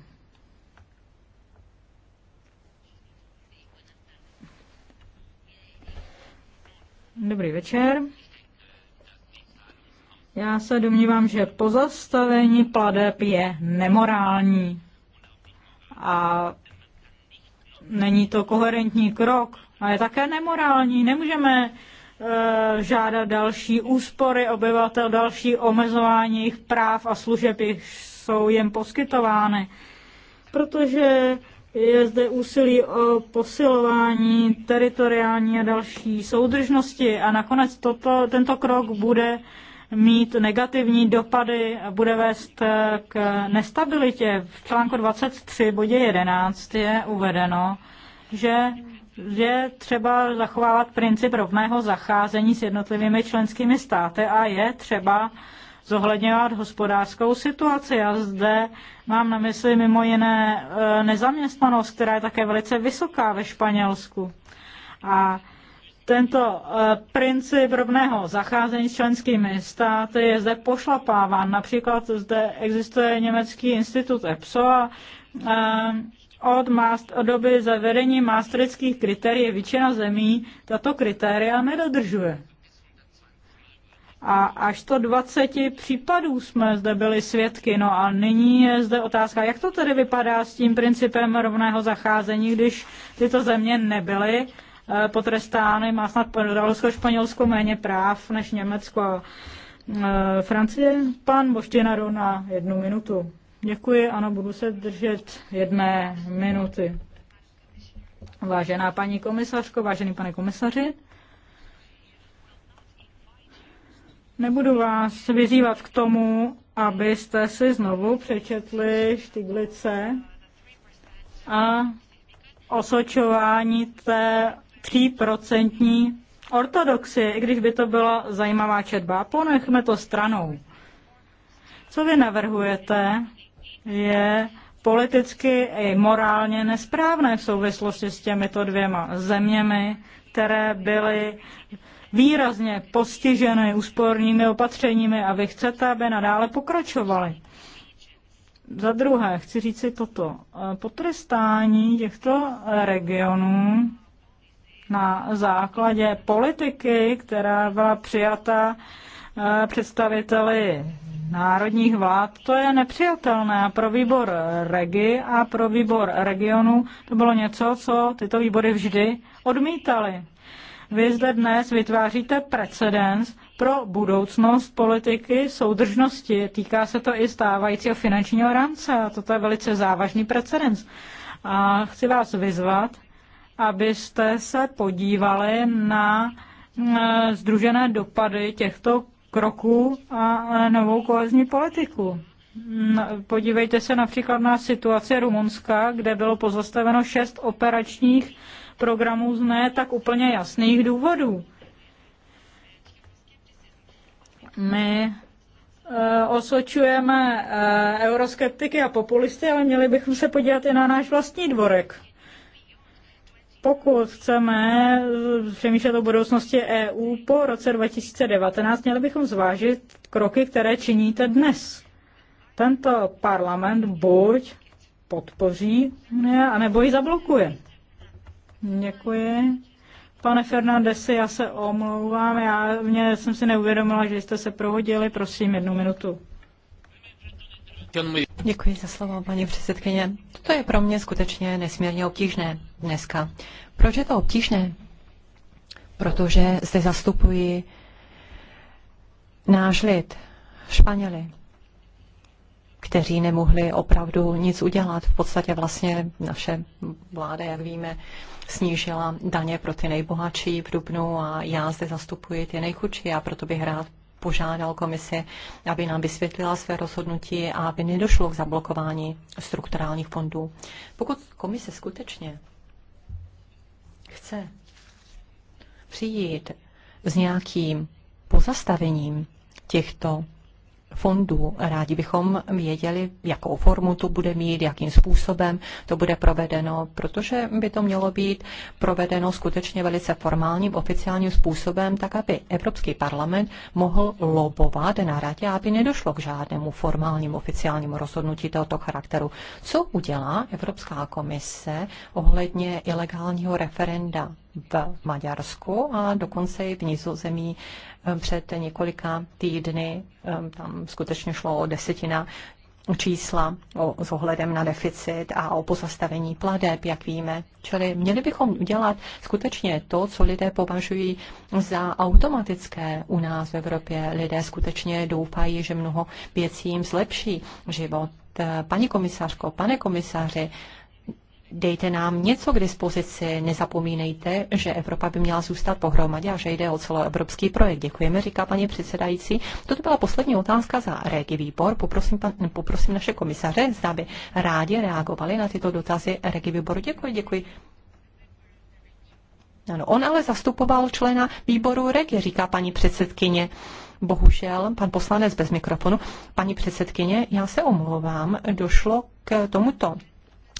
Dobrý večer. Já se domnívám, že pozastavení pladeb je nemorální a není to koherentní krok a je také nemorální. Nemůžeme eh, žádat další úspory obyvatel, další omezování jejich práv a služeb, jsou jen poskytovány. Protože je zde úsilí o posilování teritoriální a další soudržnosti a nakonec toto, tento krok bude mít negativní dopady a bude vést k nestabilitě. V článku 23 bodě 11 je uvedeno, že je třeba zachovávat princip rovného zacházení s jednotlivými členskými státy a je třeba zohledňovat hospodářskou situaci. A zde mám na mysli mimo jiné e, nezaměstnanost, která je také velice vysoká ve Španělsku. A tento e, princip rovného zacházení s členskými státy je zde pošlapáván. Například zde existuje německý institut EPSO a e, od, mást, od doby zavedení maastrických kritérií většina zemí tato kritéria nedodržuje. A až to 20 případů jsme zde byli svědky. No a nyní je zde otázka, jak to tedy vypadá s tím principem rovného zacházení, když tyto země nebyly eh, potrestány, má snad Rolsko Španělsko méně práv než Německo a eh, Francie. Pan Boštěnaro na jednu minutu. Děkuji, ano, budu se držet jedné minuty. Vážená paní komisařko, vážený pane komisaři, Nebudu vás vyzývat k tomu, abyste si znovu přečetli Štiglice a osočování té 3% ortodoxie, i když by to byla zajímavá četba. Ponechme to stranou. Co vy navrhujete, je politicky i morálně nesprávné v souvislosti s těmito dvěma zeměmi, které byly výrazně postiženy úspornými opatřeními a vy chcete, aby nadále pokračovaly. Za druhé, chci říct si toto. E, Potrestání těchto regionů na základě politiky, která byla přijata e, představiteli národních vlád, to je nepřijatelné pro výbor regi a pro výbor regionu. To bylo něco, co tyto výbory vždy odmítali. Vy zde dnes vytváříte precedens pro budoucnost politiky soudržnosti. Týká se to i stávajícího finančního rámce a toto je velice závažný precedens. A chci vás vyzvat, abyste se podívali na mm, združené dopady těchto kroků a novou kohezní politiku. Mm, podívejte se například na situaci Rumunska, kde bylo pozastaveno šest operačních programu z ne tak úplně jasných důvodů. My eh, osočujeme eh, euroskeptiky a populisty, ale měli bychom se podívat i na náš vlastní dvorek. Pokud chceme přemýšlet o budoucnosti EU po roce 2019, měli bychom zvážit kroky, které činíte dnes. Tento parlament buď podpoří, anebo ji zablokuje. Děkuji. Pane Fernandesi, já se omlouvám, já mě, jsem si neuvědomila, že jste se prohodili, prosím, jednu minutu. Děkuji za slovo, paní předsedkyně. To je pro mě skutečně nesmírně obtížné dneska. Proč je to obtížné? Protože zde zastupuji náš lid, Španěli kteří nemohli opravdu nic udělat. V podstatě vlastně naše vláda, jak víme, snížila daně pro ty nejbohatší v Dubnu a já zde zastupuji ty nejchudší a proto bych rád požádal komisi, aby nám vysvětlila své rozhodnutí a aby nedošlo k zablokování strukturálních fondů. Pokud komise skutečně chce přijít s nějakým pozastavením těchto fondů. Rádi bychom věděli, jakou formu to bude mít, jakým způsobem to bude provedeno, protože by to mělo být provedeno skutečně velice formálním, oficiálním způsobem, tak aby Evropský parlament mohl lobovat na radě, aby nedošlo k žádnému formálnímu oficiálnímu rozhodnutí tohoto charakteru. Co udělá Evropská komise ohledně ilegálního referenda v Maďarsku a dokonce i v Nizozemí eh, před několika týdny. Eh, tam skutečně šlo o desetina čísla o, s ohledem na deficit a o pozastavení pladeb, jak víme. Čili měli bychom udělat skutečně to, co lidé považují za automatické u nás v Evropě. Lidé skutečně doufají, že mnoho věcí jim zlepší život. Eh, Paní komisařko, pane komisaři, dejte nám něco k dispozici, nezapomínejte, že Evropa by měla zůstat pohromadě a že jde o celoevropský projekt. Děkujeme, říká paní předsedající. Toto byla poslední otázka za Regi výbor. Poprosím, pan, poprosím naše komisaře, zda by rádi reagovali na tyto dotazy Regi výboru. Děkuji, děkuji. Ano, on ale zastupoval člena výboru Regi, říká paní předsedkyně. Bohužel, pan poslanec bez mikrofonu. Paní předsedkyně, já se omlouvám, došlo k tomuto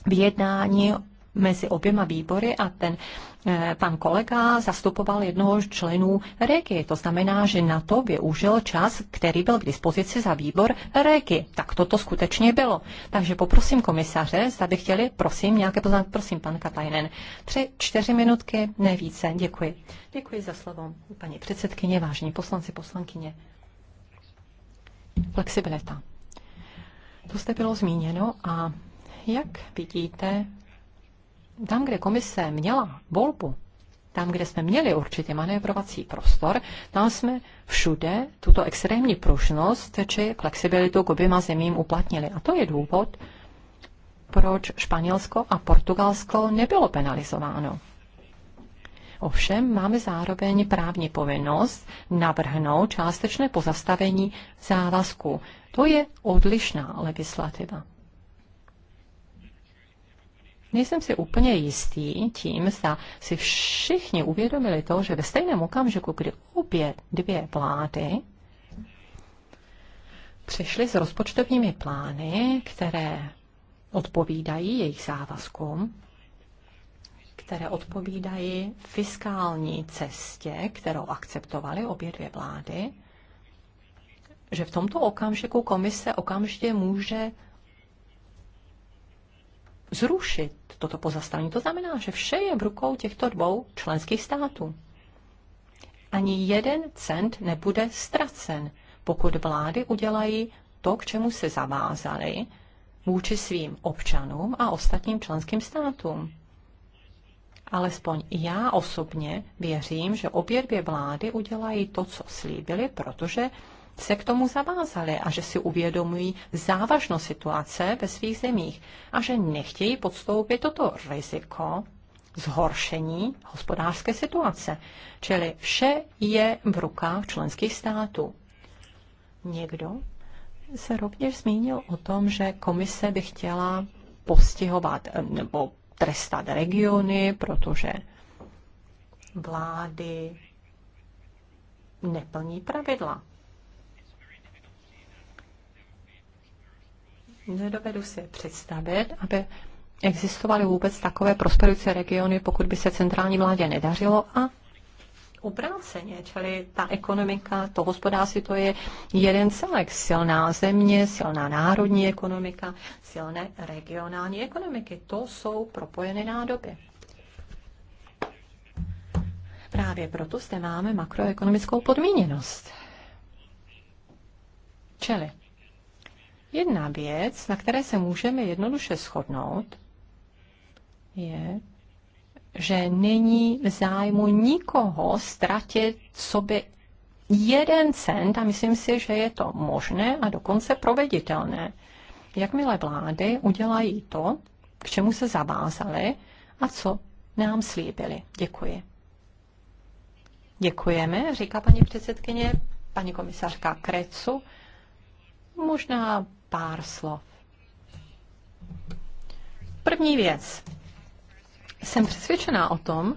vyjednání mezi oběma výbory a ten eh, pan kolega zastupoval jednoho z členů REGI. To znamená, že na to využil čas, který byl k dispozici za výbor REGI. Tak toto skutečně bylo. Takže poprosím komisaře, zda by chtěli, prosím, nějaké poznámky. Prosím, pan Katajnen. Tři, čtyři minutky, ne více. Děkuji. Děkuji za slovo, paní předsedkyně, vážení poslanci, poslankyně. Flexibilita. To jste bylo zmíněno a jak vidíte, tam, kde komise měla volbu, tam, kde jsme měli určitě manévrovací prostor, tam jsme všude tuto extrémní pružnost či flexibilitu k oběma zemím uplatnili. A to je důvod, proč Španělsko a Portugalsko nebylo penalizováno. Ovšem máme zároveň právní povinnost navrhnout částečné pozastavení závazku. To je odlišná legislativa. Nejsem si úplně jistý tím, zda si všichni uvědomili to, že ve stejném okamžiku, kdy obě dvě vlády přišly s rozpočtovými plány, které odpovídají jejich závazkům, které odpovídají fiskální cestě, kterou akceptovaly obě dvě vlády, že v tomto okamžiku komise okamžitě může zrušit toto pozastavení. To znamená, že vše je v rukou těchto dvou členských států. Ani jeden cent nebude ztracen, pokud vlády udělají to, k čemu se zavázaly vůči svým občanům a ostatním členským státům. Alespoň já osobně věřím, že obě dvě vlády udělají to, co slíbili, protože se k tomu zavázali a že si uvědomují závažnost situace ve svých zemích a že nechtějí podstoupit toto riziko zhoršení hospodářské situace. Čili vše je v rukách členských států. Někdo se rovněž zmínil o tom, že komise by chtěla postihovat eh, nebo trestat regiony, protože vlády neplní pravidla. Nedovedu si představit, aby existovaly vůbec takové prosperující regiony, pokud by se centrální vládě nedařilo a obráceně, čili ta ekonomika, to hospodářství, to je jeden celek. Silná země, silná národní ekonomika, silné regionální ekonomiky. To jsou propojené nádoby. Právě proto zde máme makroekonomickou podmíněnost. Čili Jedna věc, na které se můžeme jednoduše shodnout, je, že není v zájmu nikoho ztratit sobě jeden cent a myslím si, že je to možné a dokonce proveditelné. Jakmile vlády udělají to, k čemu se zavázali a co nám slíbili. Děkuji. Děkujeme, říká paní předsedkyně, paní komisařka Krecu. Možná pár slov. První věc. Jsem přesvědčená o tom,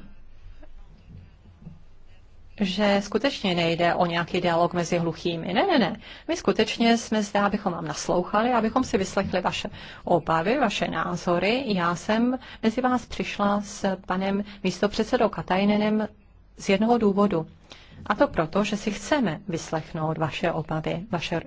že skutečně nejde o nějaký dialog mezi hluchými. Ne, ne, ne. My skutečně jsme zde, abychom vám naslouchali, abychom si vyslechli vaše obavy, vaše názory. Já jsem mezi vás přišla s panem místopředsedou Katajnenem z jednoho důvodu. A to proto, že si chceme vyslechnout vaše obavy, vaše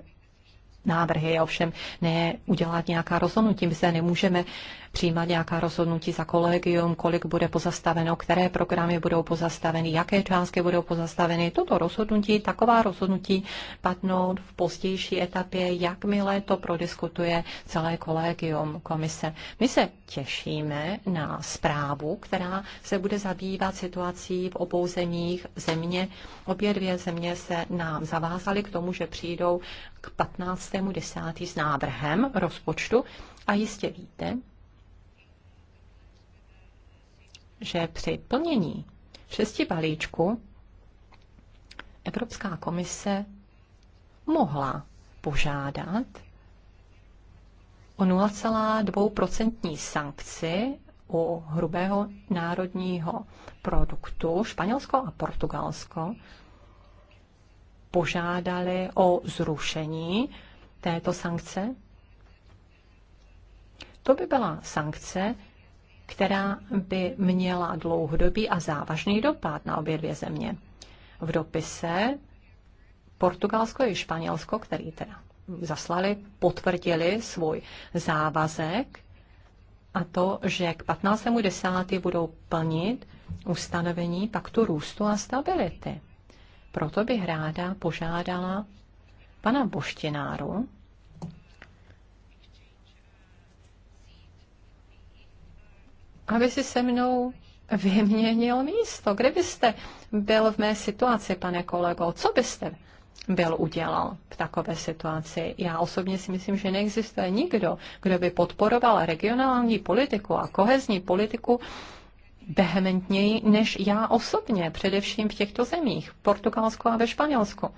návrhy, ovšem ne udělat nějaká rozhodnutí. My se nemůžeme přijímat nějaká rozhodnutí za kolegium, kolik bude pozastaveno, které programy budou pozastaveny, jaké částky budou pozastaveny. Toto rozhodnutí, taková rozhodnutí padnou v pozdější etapě, jakmile to prodiskutuje celé kolegium komise. My se těšíme na zprávu, která se bude zabývat situací v obou zemích země. Obě dvě země se nám zavázaly k tomu, že přijdou k 15.10. s návrhem rozpočtu. A jistě víte, že při plnění šesti balíčku Evropská komise mohla požádat o 0,2% sankci u hrubého národního produktu Španělsko a Portugalsko požádali o zrušení této sankce. To by byla sankce, která by měla dlouhodobý a závažný dopad na obě dvě země. V dopise Portugalsko i Španělsko, který teda zaslali, potvrdili svůj závazek a to, že k 15.10. budou plnit ustanovení paktu růstu a stability. Proto bych ráda požádala pana Boštináru, aby si se mnou vyměnil místo. Kdybyste byl v mé situaci, pane kolego, co byste byl udělal v takové situaci. Já osobně si myslím, že neexistuje nikdo, kdo by podporoval regionální politiku a kohezní politiku vehementněji než já osobně, především v těchto zemích, Portugalsku a ve Španělsku.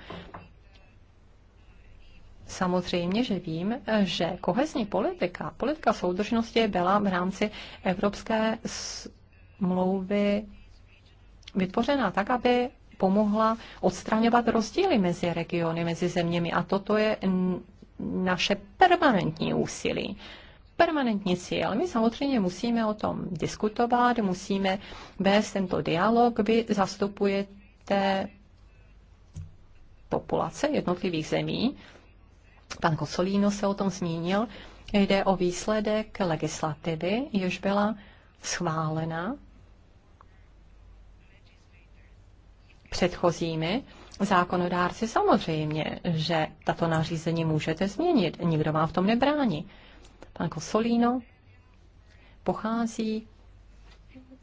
Samozřejmě, že vím, že kohezní politika, politika soudržnosti byla v rámci Evropské smlouvy vytvořena tak, aby pomohla odstraňovat rozdíly mezi regiony, mezi zeměmi. A toto je naše permanentní úsilí permanentní cíl. My samozřejmě musíme o tom diskutovat, musíme vést tento dialog. Vy zastupujete populace jednotlivých zemí, Pan Kosolíno se o tom zmínil. Jde o výsledek legislativy, jež byla schválena předchozími zákonodárci. Samozřejmě, že tato nařízení můžete změnit. Nikdo vám v tom nebrání. Pan Kosolíno pochází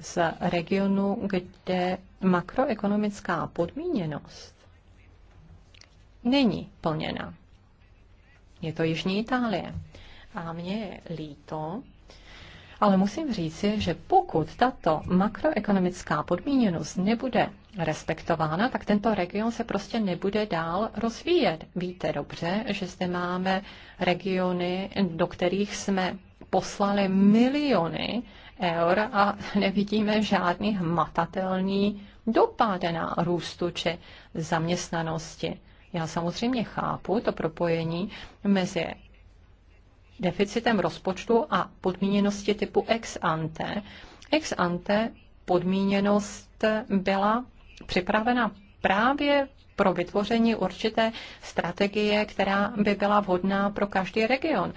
z regionu, kde makroekonomická podmíněnost není plněna. Je to Jižní Itálie. A mě je líto, ale musím říci, že pokud tato makroekonomická podmíněnost nebude respektována, tak tento region se prostě nebude dál rozvíjet. Víte dobře, že zde máme regiony, do kterých jsme poslali miliony eur a nevidíme žádný hmatatelný dopad na růstu či zaměstnanosti. Já samozřejmě chápu to propojení mezi deficitem rozpočtu a podmíněnosti typu ex ante. Ex ante podmíněnost byla připravena právě pro vytvoření určité strategie, která by byla vhodná pro každý region.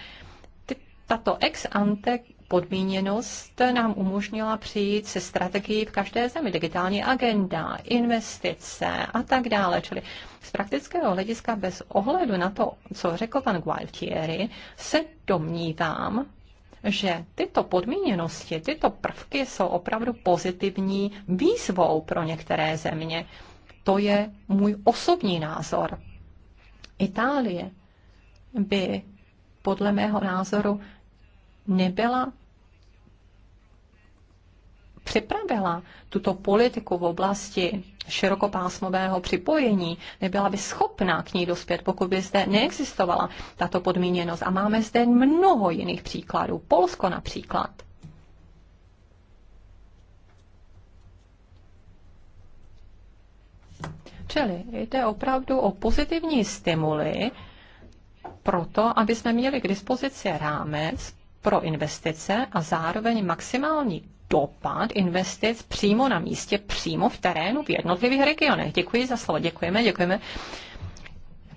Tato ex ante podmíněnost nám umožnila přijít se strategií v každé zemi, digitální agenda, investice a tak dále. Čili z praktického hlediska bez ohledu na to, co řekl pan Gualtieri, se domnívám, že tyto podmíněnosti, tyto prvky jsou opravdu pozitivní výzvou pro některé země. To je můj osobní názor. Itálie by podle mého názoru nebyla připravila tuto politiku v oblasti širokopásmového připojení, nebyla by schopná k ní dospět, pokud by zde neexistovala tato podmíněnost. A máme zde mnoho jiných příkladů. Polsko například. Čili jde opravdu o pozitivní stimuly pro to, aby jsme měli k dispozici rámec pro investice a zároveň maximální dopad investic přímo na místě, přímo v terénu, v jednotlivých regionech. Děkuji za slovo, děkujeme, děkujeme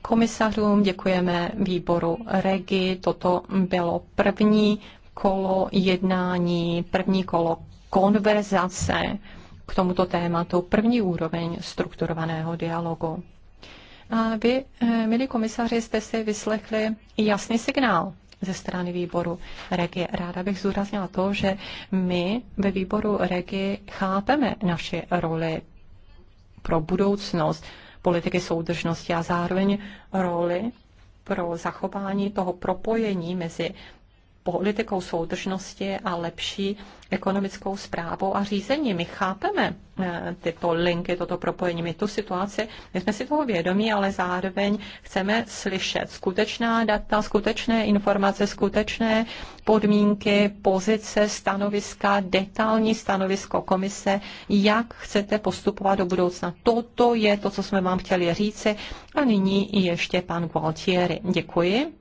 komisařům, děkujeme výboru REGI. Toto bylo první kolo jednání, první kolo konverzace k tomuto tématu, první úroveň strukturovaného dialogu. A vy, eh, milí komisaři, jste si vyslechli jasný signál ze strany výboru Regi. Ráda bych zúraznila to, že my ve výboru Regi chápeme naši roli pro budoucnost politiky soudržnosti a zároveň roli pro zachování toho propojení mezi politikou soudržnosti a lepší ekonomickou zprávou a řízení. My chápeme eh, tyto linky, toto propojení. My tu situaci, my jsme si toho vědomí, ale zároveň chceme slyšet skutečná data, skutečné informace, skutečné podmínky, pozice, stanoviska, detailní stanovisko komise, jak chcete postupovat do budoucna. Toto je to, co jsme vám chtěli říci. A nyní ještě pan Gualtieri. Děkuji.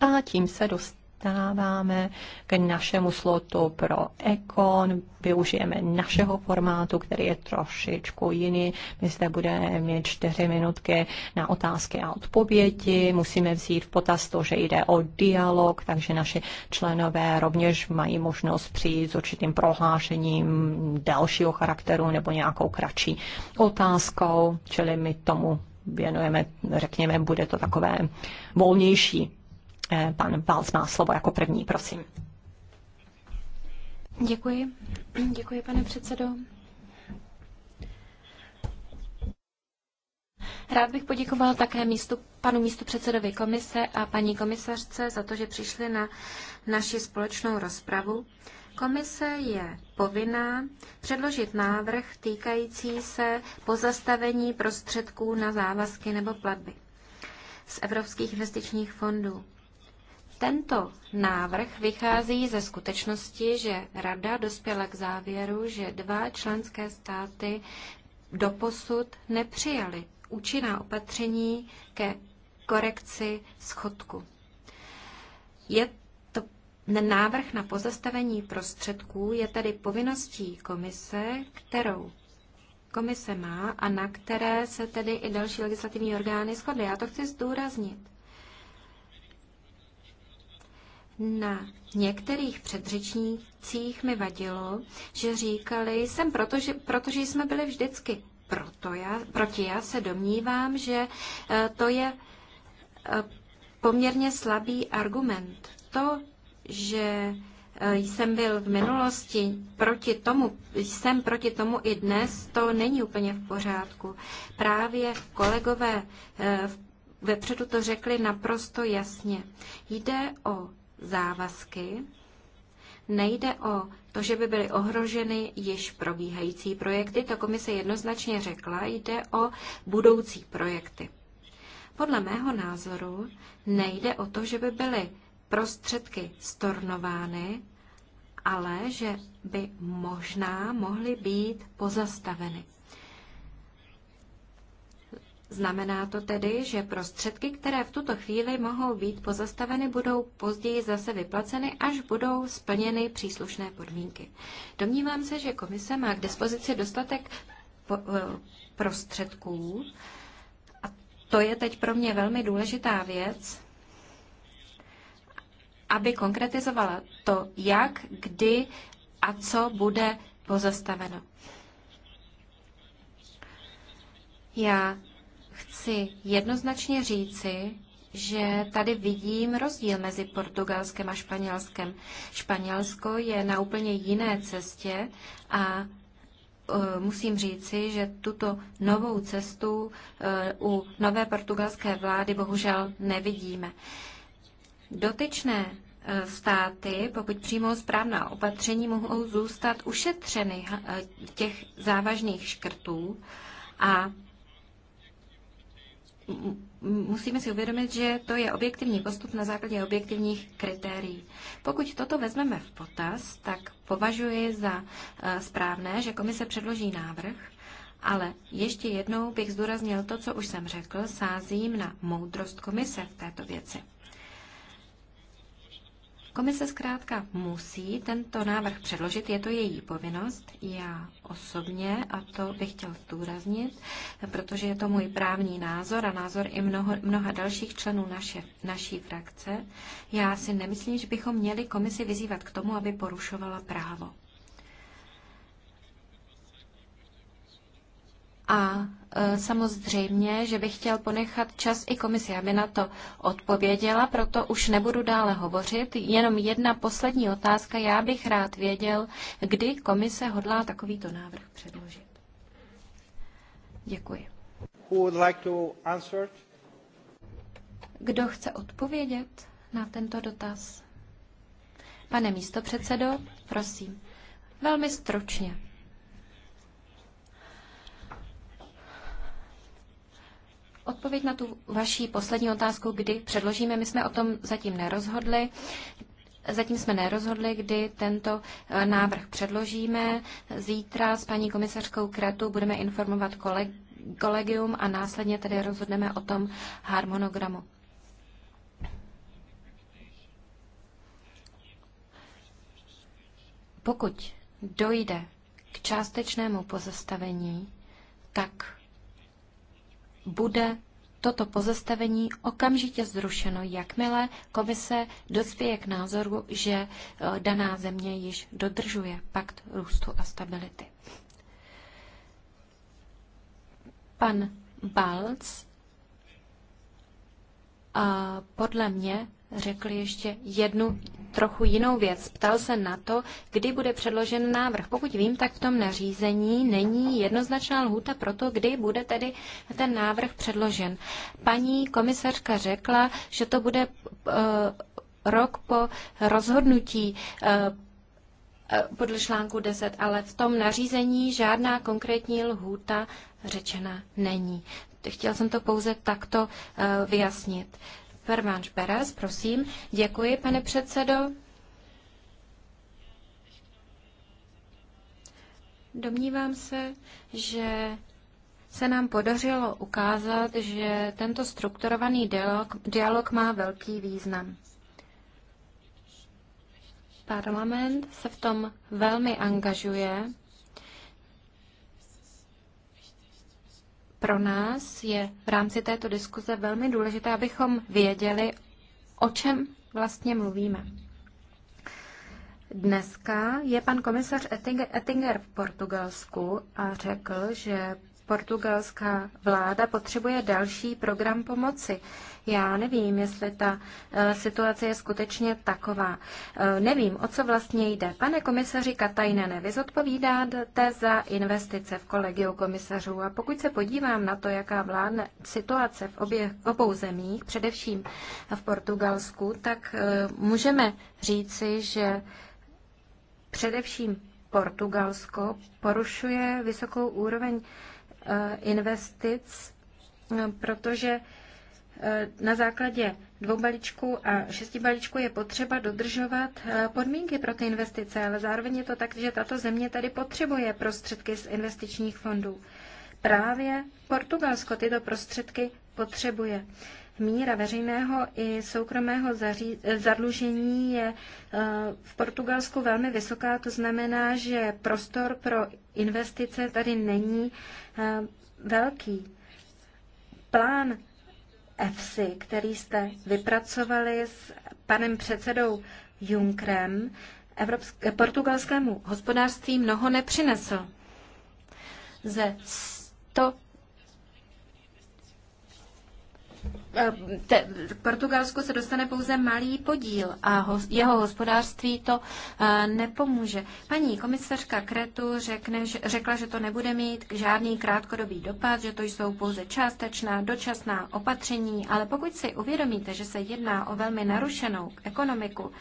A tím se dostáváme dostáváme k našemu slotu pro ekon, využijeme našeho formátu, který je trošičku jiný. My zde budeme mít čtyři minutky na otázky a odpovědi. Musíme vzít v potaz to, že jde o dialog, takže naši členové rovněž mají možnost přijít s určitým prohlášením dalšího charakteru nebo nějakou kratší otázkou, čili my tomu věnujeme, řekněme, bude to takové volnější Eh, pan Valc má slovo jako první, prosím. Děkuji. Děkuji, pane předsedo. Rád bych poděkoval také místu, panu místopředsedovi komise a paní komisařce za to, že přišli na naši společnou rozpravu. Komise je povinná předložit návrh týkající se pozastavení prostředků na závazky nebo platby z evropských investičních fondů. Tento návrh vychází ze skutečnosti, že Rada dospěla k závěru, že dva členské státy doposud nepřijaly účinná opatření ke korekci schodku. Je to návrh na pozastavení prostředků je tedy povinností komise, kterou komise má a na které se tedy i další legislativní orgány shodly. Já to chci zdůraznit. Na některých předřečnících mi vadilo, že říkali, jsem protože, protože jsme byli vždycky proto já, proti. Já se domnívám, že e, to je e, poměrně slabý argument. To, že e, jsem byl v minulosti proti tomu, jsem proti tomu i dnes, to není úplně v pořádku. Právě kolegové vepředu to řekli naprosto jasně. Jde o závazky, nejde o to, že by byly ohroženy již probíhající projekty, to komise jednoznačně řekla, jde o budoucí projekty. Podle mého názoru nejde o to, že by byly prostředky stornovány, ale že by možná mohly být pozastaveny. Znamená to tedy, že prostředky, které v tuto chvíli mohou být pozastaveny, budou později zase vyplaceny, až budou splněny příslušné podmínky. Domnívám se, že komise má k dispozici dostatek eh, prostředků, a to je teď pro mě velmi důležitá věc, aby konkretizovala to, jak, kdy a co bude pozastaveno. Já chci jednoznačně říci, že tady vidím rozdíl mezi Portugalskem a Španělskem. Španělsko je na úplně jiné cestě a e, musím říci, že tuto novou cestu e, u nové portugalské vlády bohužel nevidíme. Dotyčné e, státy, pokud přijmou správná opatření, mohou zůstat ušetřeny těch závažných škrtů a musíme si uvědomit, že to je objektivní postup na základě objektivních kritérií. Pokud toto vezmeme v potaz, tak považuji za eh, správné, že komise předloží návrh, ale ještě jednou bych zdůraznil to, co už jsem řekl, sázím na moudrost komise v této věci. Komise zkrátka musí tento návrh předložit, je to její povinnost. Já osobně, a to bych chtěl zdůraznit, protože je to můj právní názor a názor i mnoho, mnoha dalších členů naše, naší frakce, já si nemyslím, že bychom měli komisi vyzývat k tomu, aby porušovala právo. A e, samozřejmě, že bych chtěl ponechat čas i komisi, aby na to odpověděla, proto už nebudu dále hovořit. Jenom jedna poslední otázka. Já bych rád věděl, kdy komise hodlá takovýto návrh předložit. Děkuji. Kdo chce odpovědět na tento dotaz? Pane místopředsedo, prosím, velmi stručně. Odpověď na tu vaší poslední otázku, kdy předložíme, my jsme o tom zatím nerozhodli. Zatím jsme nerozhodli, kdy tento eh, návrh předložíme. Zítra s paní komisařkou Kratu budeme informovat kolegium a následně tedy rozhodneme o tom harmonogramu. Pokud dojde k částečnému pozastavení, tak bude toto pozastavení okamžitě zrušeno, jakmile komise dospěje k názoru, že e, daná země již dodržuje pakt růstu a stability. Pan Balc podle mě řekl ještě jednu trochu jinou věc. Ptal se na to, kdy bude předložen návrh. Pokud vím, tak v tom nařízení není jednoznačná lhůta pro to, kdy bude tedy ten návrh předložen. Paní komisařka řekla, že to bude uh, rok po rozhodnutí uh, podle článku 10, ale v tom nařízení žádná konkrétní lhůta řečena není. Chtěl jsem to pouze takto vyjasnit. Permanš Beres, prosím. Děkuji, pane předsedo. Domnívám se, že se nám podařilo ukázat, že tento strukturovaný dialog, dialog má velký význam. Parlament se v tom velmi angažuje pro nás je v rámci této diskuze velmi důležité, abychom věděli, o čem vlastně mluvíme. Dneska je pan komisař Ettinger v Portugalsku a řekl, že portugalská vláda potřebuje další program pomoci. Já nevím, jestli ta eh, situace je skutečně taková. Eh, nevím, o co vlastně jde. Pane komisaři Katajnene, vy zodpovídáte za investice v kolegiu komisařů a pokud se podívám na to, jaká vládne situace v obě, obou zemích, především v Portugalsku, tak eh, můžeme říci, že především Portugalsko porušuje vysokou úroveň Eh, investic, eh, protože eh, na základě dvou balíčků a šesti balíčků je potřeba dodržovat podmínky pro ty investice, ale zároveň je to tak, že tato země tady potřebuje prostředky z investičních fondů. Právě Portugalsko tyto prostředky potřebuje. Míra veřejného i soukromého zadlužení je eh, v Portugalsku velmi vysoká, to znamená, že prostor pro investice tady není eh, velký. Plán EFSI, který jste vypracovali s panem předsedou Junkrem, evropské, portugalskému hospodářství mnoho nepřinesl. Ze 100 te, Portugalsku se dostane pouze malý podíl a ho, jeho hospodářství to uh, nepomůže. Paní komisařka Kretu řekne, že, řekla, že to nebude mít žádný krátkodobý dopad, že to jsou pouze částečná, dočasná opatření, ale pokud si uvědomíte, že se jedná o velmi narušenou ekonomiku,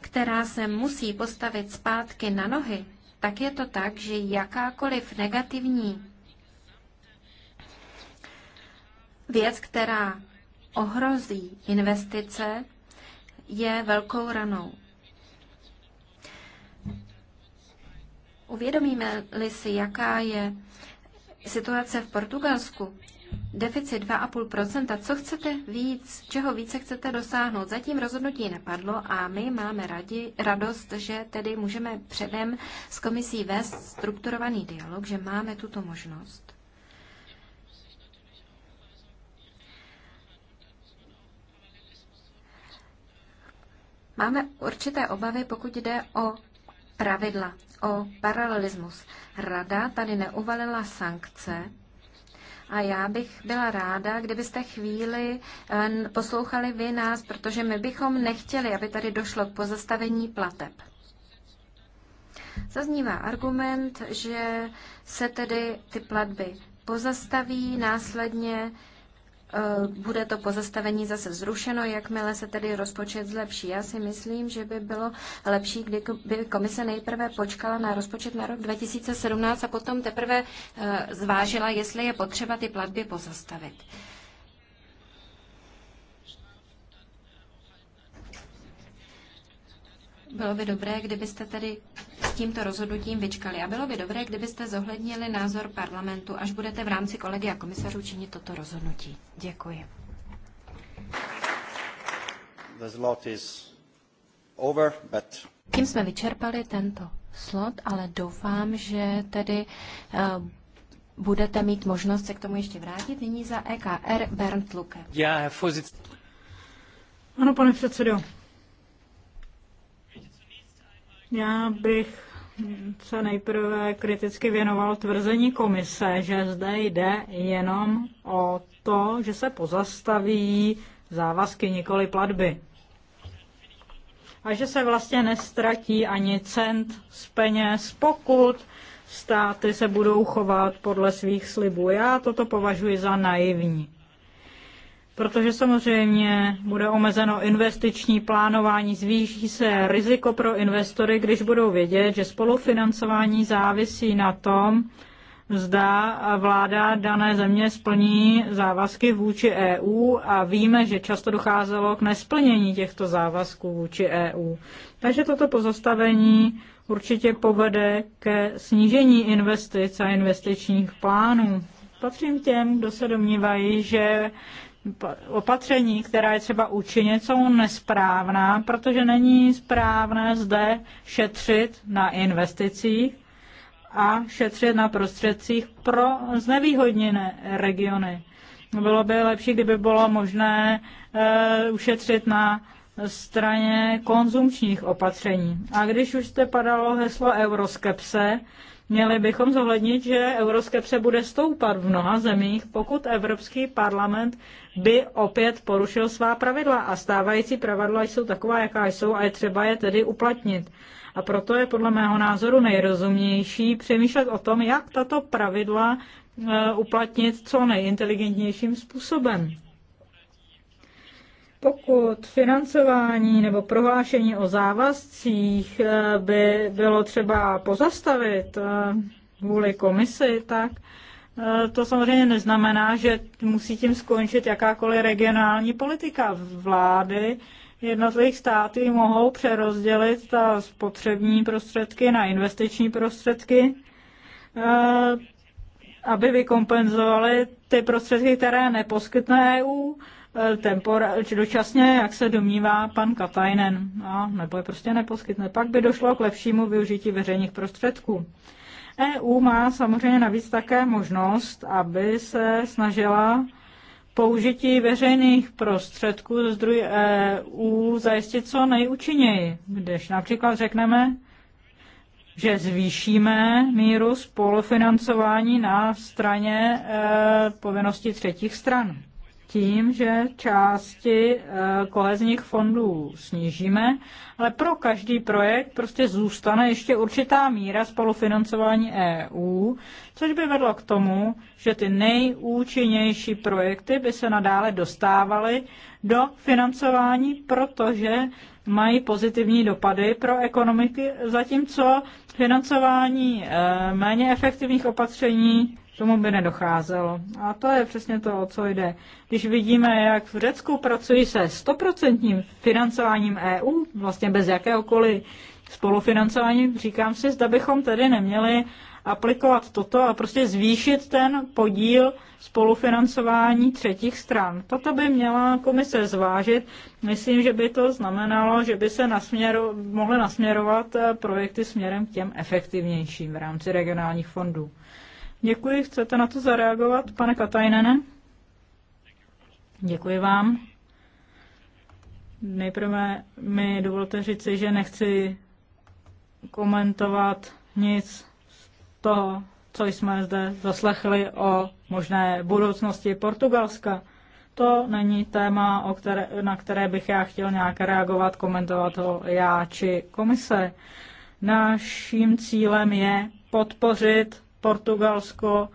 která se musí postavit zpátky na nohy, tak je to tak, že jakákoliv negativní věc, která ohrozí investice, je velkou ranou. Uvědomíme-li si, jaká je situace v Portugalsku, deficit 2,5%, co chcete víc, čeho více chcete dosáhnout. Zatím rozhodnutí nepadlo a my máme radi, radost, že tedy můžeme předem s komisí vést strukturovaný dialog, že máme tuto možnost. Máme určité obavy, pokud jde o pravidla, o paralelismus. Rada tady neuvalila sankce, a já bych byla ráda, kdybyste chvíli eh, poslouchali vy nás, protože my bychom nechtěli, aby tady došlo k pozastavení plateb. Zaznívá argument, že se tedy ty platby pozastaví, následně Eh, bude to pozastavení zase zrušeno? jakmile se tedy rozpočet zlepší. Já si myslím, že by bylo lepší, kdyby komise nejprve počkala na rozpočet na rok 2017 a potom teprve eh, zvážila, jestli je potřeba ty platby pozastavit. Bylo by dobré, kdybyste tedy s tímto rozhodnutím vyčkali a bylo by dobré, kdybyste zohlednili názor parlamentu, až budete v rámci kolegy a komisařů činit toto rozhodnutí. Děkuji. Over, but... Tím jsme vyčerpali tento slot, ale doufám, že tedy uh, budete mít možnost se k tomu ještě vrátit. Nyní za EKR Bernd Luke. Já, yeah, Ano, pane předsedo. Já bych se nejprve kriticky věnoval tvrzení komise, že zde jde jenom o to, že se pozastaví závazky, nikoli platby. A že se vlastně nestratí ani cent z peněz, pokud státy se budou chovat podle svých slibů. Já toto považuji za naivní protože samozřejmě bude omezeno investiční plánování, zvýší se riziko pro investory, když budou vědět, že spolufinancování závisí na tom, zda vláda dané země splní závazky vůči EU a víme, že často docházelo k nesplnění těchto závazků vůči EU. Takže toto pozastavení určitě povede ke snížení investic a investičních plánů. Patřím těm, kdo se domnívají, že opatření, která je třeba učinit, jsou nesprávná, protože není správné zde šetřit na investicích a šetřit na prostředcích pro znevýhodněné regiony. Bylo by lepší, kdyby bylo možné eh, ušetřit na straně konzumčních opatření. A když už jste padalo heslo euroskepse, Měli bychom zohlednit, že euroskepse bude stoupat v mnoha zemích, pokud Evropský parlament by opět porušil svá pravidla a stávající pravidla jsou taková, jaká jsou a je třeba je tedy uplatnit. A proto je podle mého názoru nejrozumější přemýšlet o tom, jak tato pravidla eh, uplatnit co nejinteligentnějším způsobem. Pokud financování nebo prohlášení o závazcích eh, by bylo třeba pozastavit eh, vůli komisi, tak eh, to samozřejmě neznamená, že musí tím skončit jakákoliv regionální politika. Vlády jednotlivých států mohou přerozdělit ta spotřební prostředky na investiční prostředky, aby vykompenzovaly ty prostředky, které neposkytne EU Eh, tempor, či dočasně, jak se domnívá pan Katajnen, a, no, nebo je prostě neposkytne. Pak by došlo k lepšímu využití veřejných prostředků. EU má samozřejmě navíc také možnost, aby se snažila použití veřejných prostředků ze zdrojů EU zajistit co nejúčinněji. Když například řekneme, že zvýšíme míru spolufinancování na straně e, eh, povinností třetích stran tím, že části eh, kohezních fondů snížíme, ale pro každý projekt prostě zůstane ještě určitá míra spolufinancování EU, což by vedlo k tomu, že ty nejúčinnější projekty by se nadále dostávaly do financování, protože mají pozitivní dopady pro ekonomiky, zatímco financování eh, méně efektivních opatření tomu by nedocházelo. A to je přesně to, o co jde. Když vidíme, jak v Řecku pracují se stoprocentním financováním EU, vlastně bez jakéhokoliv spolufinancování, říkám si, zda bychom tedy neměli aplikovat toto a prostě zvýšit ten podíl spolufinancování třetích stran. Toto by měla komise zvážit. Myslím, že by to znamenalo, že by se nasměru, mohly nasměrovat eh, projekty směrem k těm efektivnějším v rámci regionálních fondů. Děkuji, chcete na to zareagovat, pane Katajnene? Děkuji vám. Nejprve mi dovolte říci, že nechci komentovat nic z toho, co jsme zde zaslechli o možné budoucnosti Portugalska. To není téma, o které, na které bych já chtěl nějak reagovat, komentovat ho já či komise. Naším cílem je podpořit Portugalsko,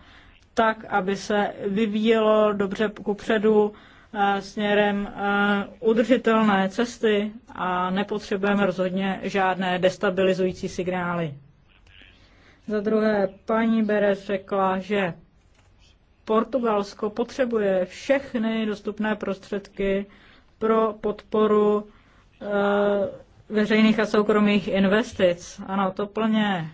tak, aby se vyvíjelo dobře kupředu eh, směrem eh, udržitelné cesty a nepotřebujeme rozhodně žádné destabilizující signály. Za druhé, paní Beres řekla, že Portugalsko potřebuje všechny dostupné prostředky pro podporu eh, veřejných a soukromých investic. Ano, to plně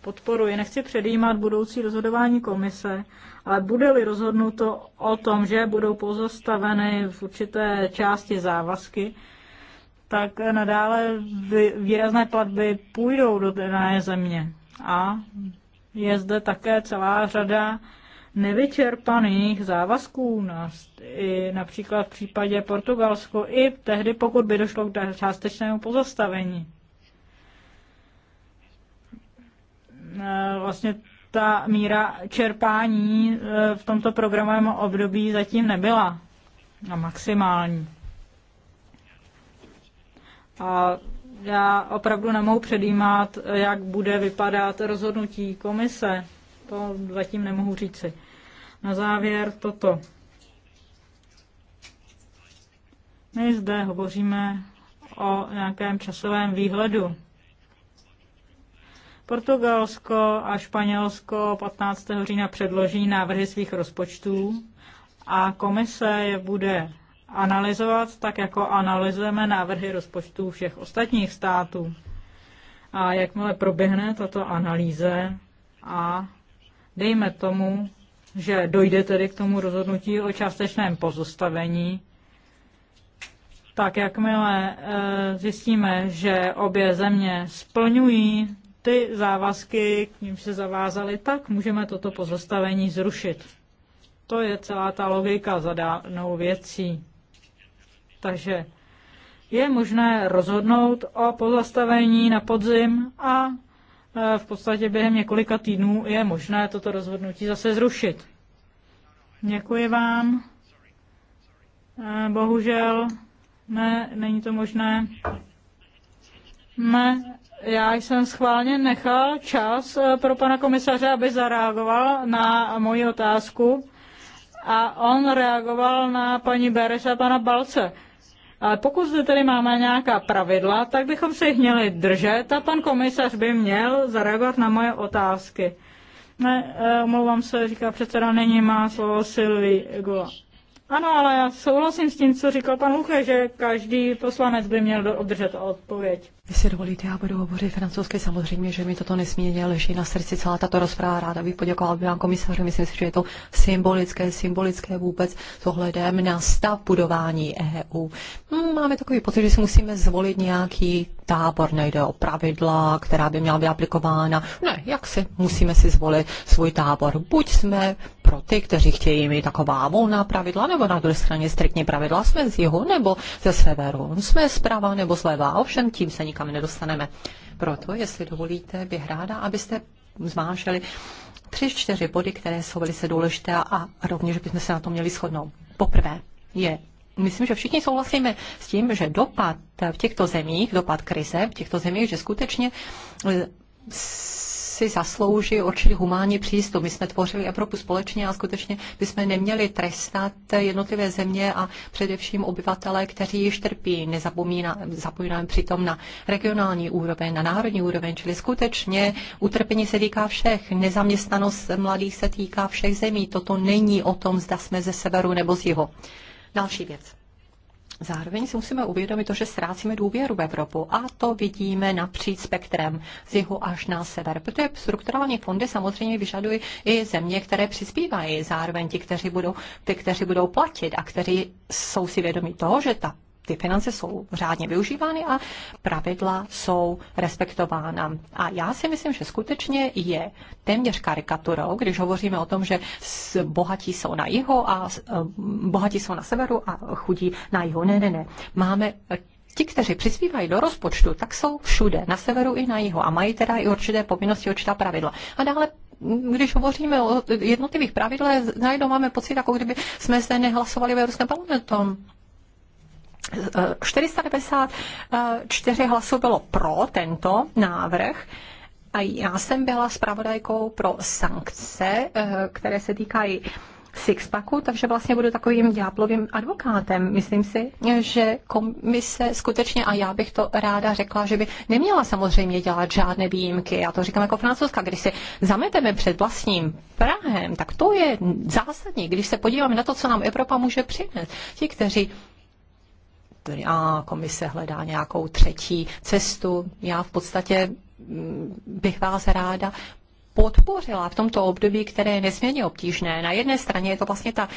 podporuji. Nechci předjímat budoucí rozhodování komise, ale bude-li rozhodnuto o tom, že budou pozastaveny v určité části závazky, tak nadále výrazné platby půjdou do dané země. A je zde také celá řada nevyčerpaných závazků, i například v případě Portugalsko, i tehdy, pokud by došlo k částečnému pozastavení. Eh, vlastně ta míra čerpání eh, v tomto programovém období zatím nebyla na maximální. A já opravdu nemohu předjímat, jak bude vypadat rozhodnutí komise. To zatím nemohu říci. Na závěr toto. My zde hovoříme o nějakém časovém výhledu. Portugalsko a Španělsko 15. října předloží návrhy svých rozpočtů a komise je bude analyzovat, tak jako analyzujeme návrhy rozpočtů všech ostatních států. A jakmile proběhne tato analýze a dejme tomu, že dojde tedy k tomu rozhodnutí o částečném pozostavení, tak jakmile eh, zjistíme, že obě země splňují ty závazky, k ním se zavázali, tak můžeme toto pozastavení zrušit. To je celá ta logika zadánou věcí. Takže je možné rozhodnout o pozastavení na podzim a e, v podstatě během několika týdnů je možné toto rozhodnutí zase zrušit. Děkuji vám. E, bohužel ne, není to možné. Ne, já jsem schválně nechal čas eh, pro pana komisaře, aby zareagoval na moji otázku. A on reagoval na paní Bereš a pana Balce. Ale pokud zde tedy máme nějaká pravidla, tak bychom se jich měli držet a pan komisař by měl zareagovat na moje otázky. Ne, eh, omlouvám se, říká předseda, není má slovo Silvi Gula. Ano, ale já souhlasím s tím, co říkal pan Luche, že každý poslanec by měl obdržet odpověď si dovolíte, já budu hovořit francouzsky. Samozřejmě, že mi toto nesmírně leží na srdci celá tato rozpráva. Ráda bych poděkovala vám komisaři. Myslím si, že je to symbolické, symbolické vůbec s ohledem na stav budování EU. No, máme takový pocit, že si musíme zvolit nějaký tábor, nejde o pravidla, která by měla být aplikována. Ne, jak si musíme si zvolit svůj tábor. Buď jsme pro ty, kteří chtějí mít taková volná pravidla, nebo na druhé straně striktní pravidla. Jsme z jihu nebo ze severu. Jsme zprava nebo zleva. Ovšem tím se nikam nikam nedostaneme. Proto, jestli dovolíte, bych ráda, abyste zvážili tři, čtyři body, které jsou velice důležité a rovněž bychom se na to měli shodnout. Poprvé je Myslím, že všichni souhlasíme s tím, že dopad v těchto zemích, dopad krize v těchto zemích, že skutečně eh, si zaslouží určitý humánní přístup. My jsme tvořili Evropu společně a skutečně bychom neměli trestat jednotlivé země a především obyvatele, kteří již trpí. Nezapomínáme přitom na regionální úroveň, na národní úroveň, čili skutečně utrpení se týká všech. Nezaměstnanost mladých se týká všech zemí. Toto není o tom, zda jsme ze severu nebo z jihu. Další věc. Zároveň si musíme uvědomit to, že ztrácíme důvěru v Evropu a to vidíme napříč spektrem z jihu až na sever, protože strukturální fondy samozřejmě vyžadují i země, které přispívají, zároveň ti, kteří budou, ty, kteří budou platit a kteří jsou si vědomi toho, že ta ty finance jsou řádně využívány a pravidla jsou respektována. A já si myslím, že skutečně je téměř karikaturou, když hovoříme o tom, že bohatí jsou na jihu a eh, bohatí jsou na severu a chudí na jihu. Ne, ne, ne. Máme eh, Ti, kteří přispívají do rozpočtu, tak jsou všude, na severu i na jihu a mají teda i určité povinnosti, určitá pravidla. A dále mm, když hovoříme o jednotlivých pravidlech, najednou máme pocit, jako kdyby jsme zde nehlasovali ve Evropském parlamentu. 494 hlasů bylo pro tento návrh. A já jsem byla zpravodajkou pro sankce, eh, které se týkají sixpacku, takže vlastně budu takovým ďáblovým advokátem. Myslím si, že komise skutečně, a já bych to ráda řekla, že by neměla samozřejmě dělat žádné výjimky. Já to říkám jako francouzka, když se zameteme před vlastním Prahem, tak to je zásadní. Když se podíváme na to, co nám Evropa může přinést. Ti, kteří a komise hledá nějakou třetí cestu. Já v podstatě mm, bych vás ráda podpořila v tomto období, které je nesmírně obtížné. Na jedné straně je to vlastně ta,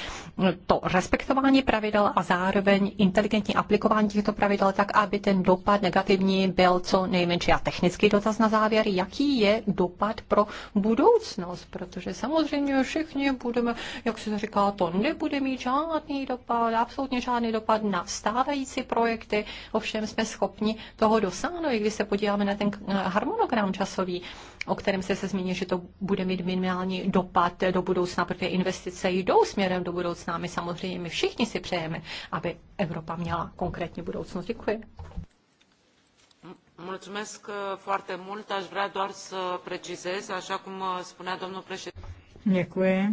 to respektování pravidel a zároveň inteligentní aplikování těchto pravidel tak, aby ten dopad negativní byl co nejmenší. A technický dotaz na závěr, jaký je dopad pro budoucnost, protože samozřejmě všichni budeme, jak se říká, to nebude mít žádný dopad, absolutně žádný dopad na stávající projekty, ovšem jsme schopni toho dosáhnout, i když se podíváme na ten harmonogram časový o kterém jste se zmínil, že to bude mít minimální dopad do budoucna, protože investice jdou směrem do budoucna. My samozřejmě my všichni si přejeme, aby Evropa měla konkrétní budoucnost. Děkuji. Mulțumesc uh, foarte mult. Aș vrea doar să precizez, așa cum uh, spunea domnul președinte. Děkuji.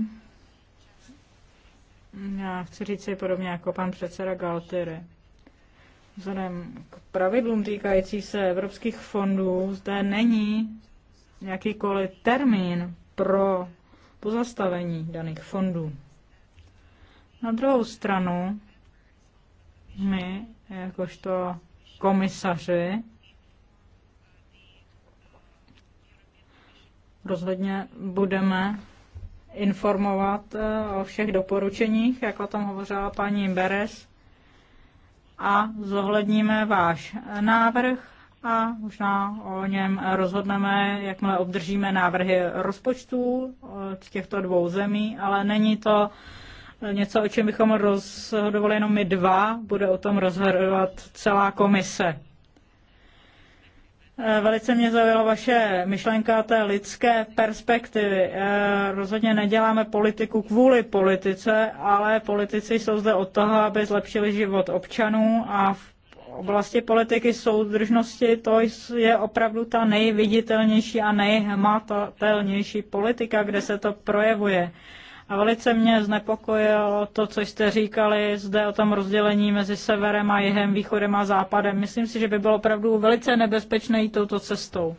Já chci říct si podobně jako pan předseda Galtery. Vzhledem k pravidlům týkající se evropských fondů zde není jakýkoliv termín pro pozastavení daných fondů. Na druhou stranu, my, jakožto komisaři, rozhodně budeme informovat eh, o všech doporučeních, jak o tom hovořila paní Beres, a zohledníme váš návrh a možná o něm rozhodneme, jakmile obdržíme návrhy rozpočtů od těchto dvou zemí, ale není to něco, o čem bychom rozhodovali jenom my dva, bude o tom rozhodovat celá komise. Eh, velice mě zaujala vaše myšlenka té lidské perspektivy. Eh, rozhodně neděláme politiku kvůli politice, ale politici jsou zde od toho, aby zlepšili život občanů a v oblasti politiky soudržnosti to je opravdu ta nejviditelnější a nejhmatatelnější politika, kde se to projevuje. A velice mě znepokojilo to, co jste říkali zde o tom rozdělení mezi severem a jihem, východem a západem. Myslím si, že by bylo opravdu velice nebezpečné jít touto cestou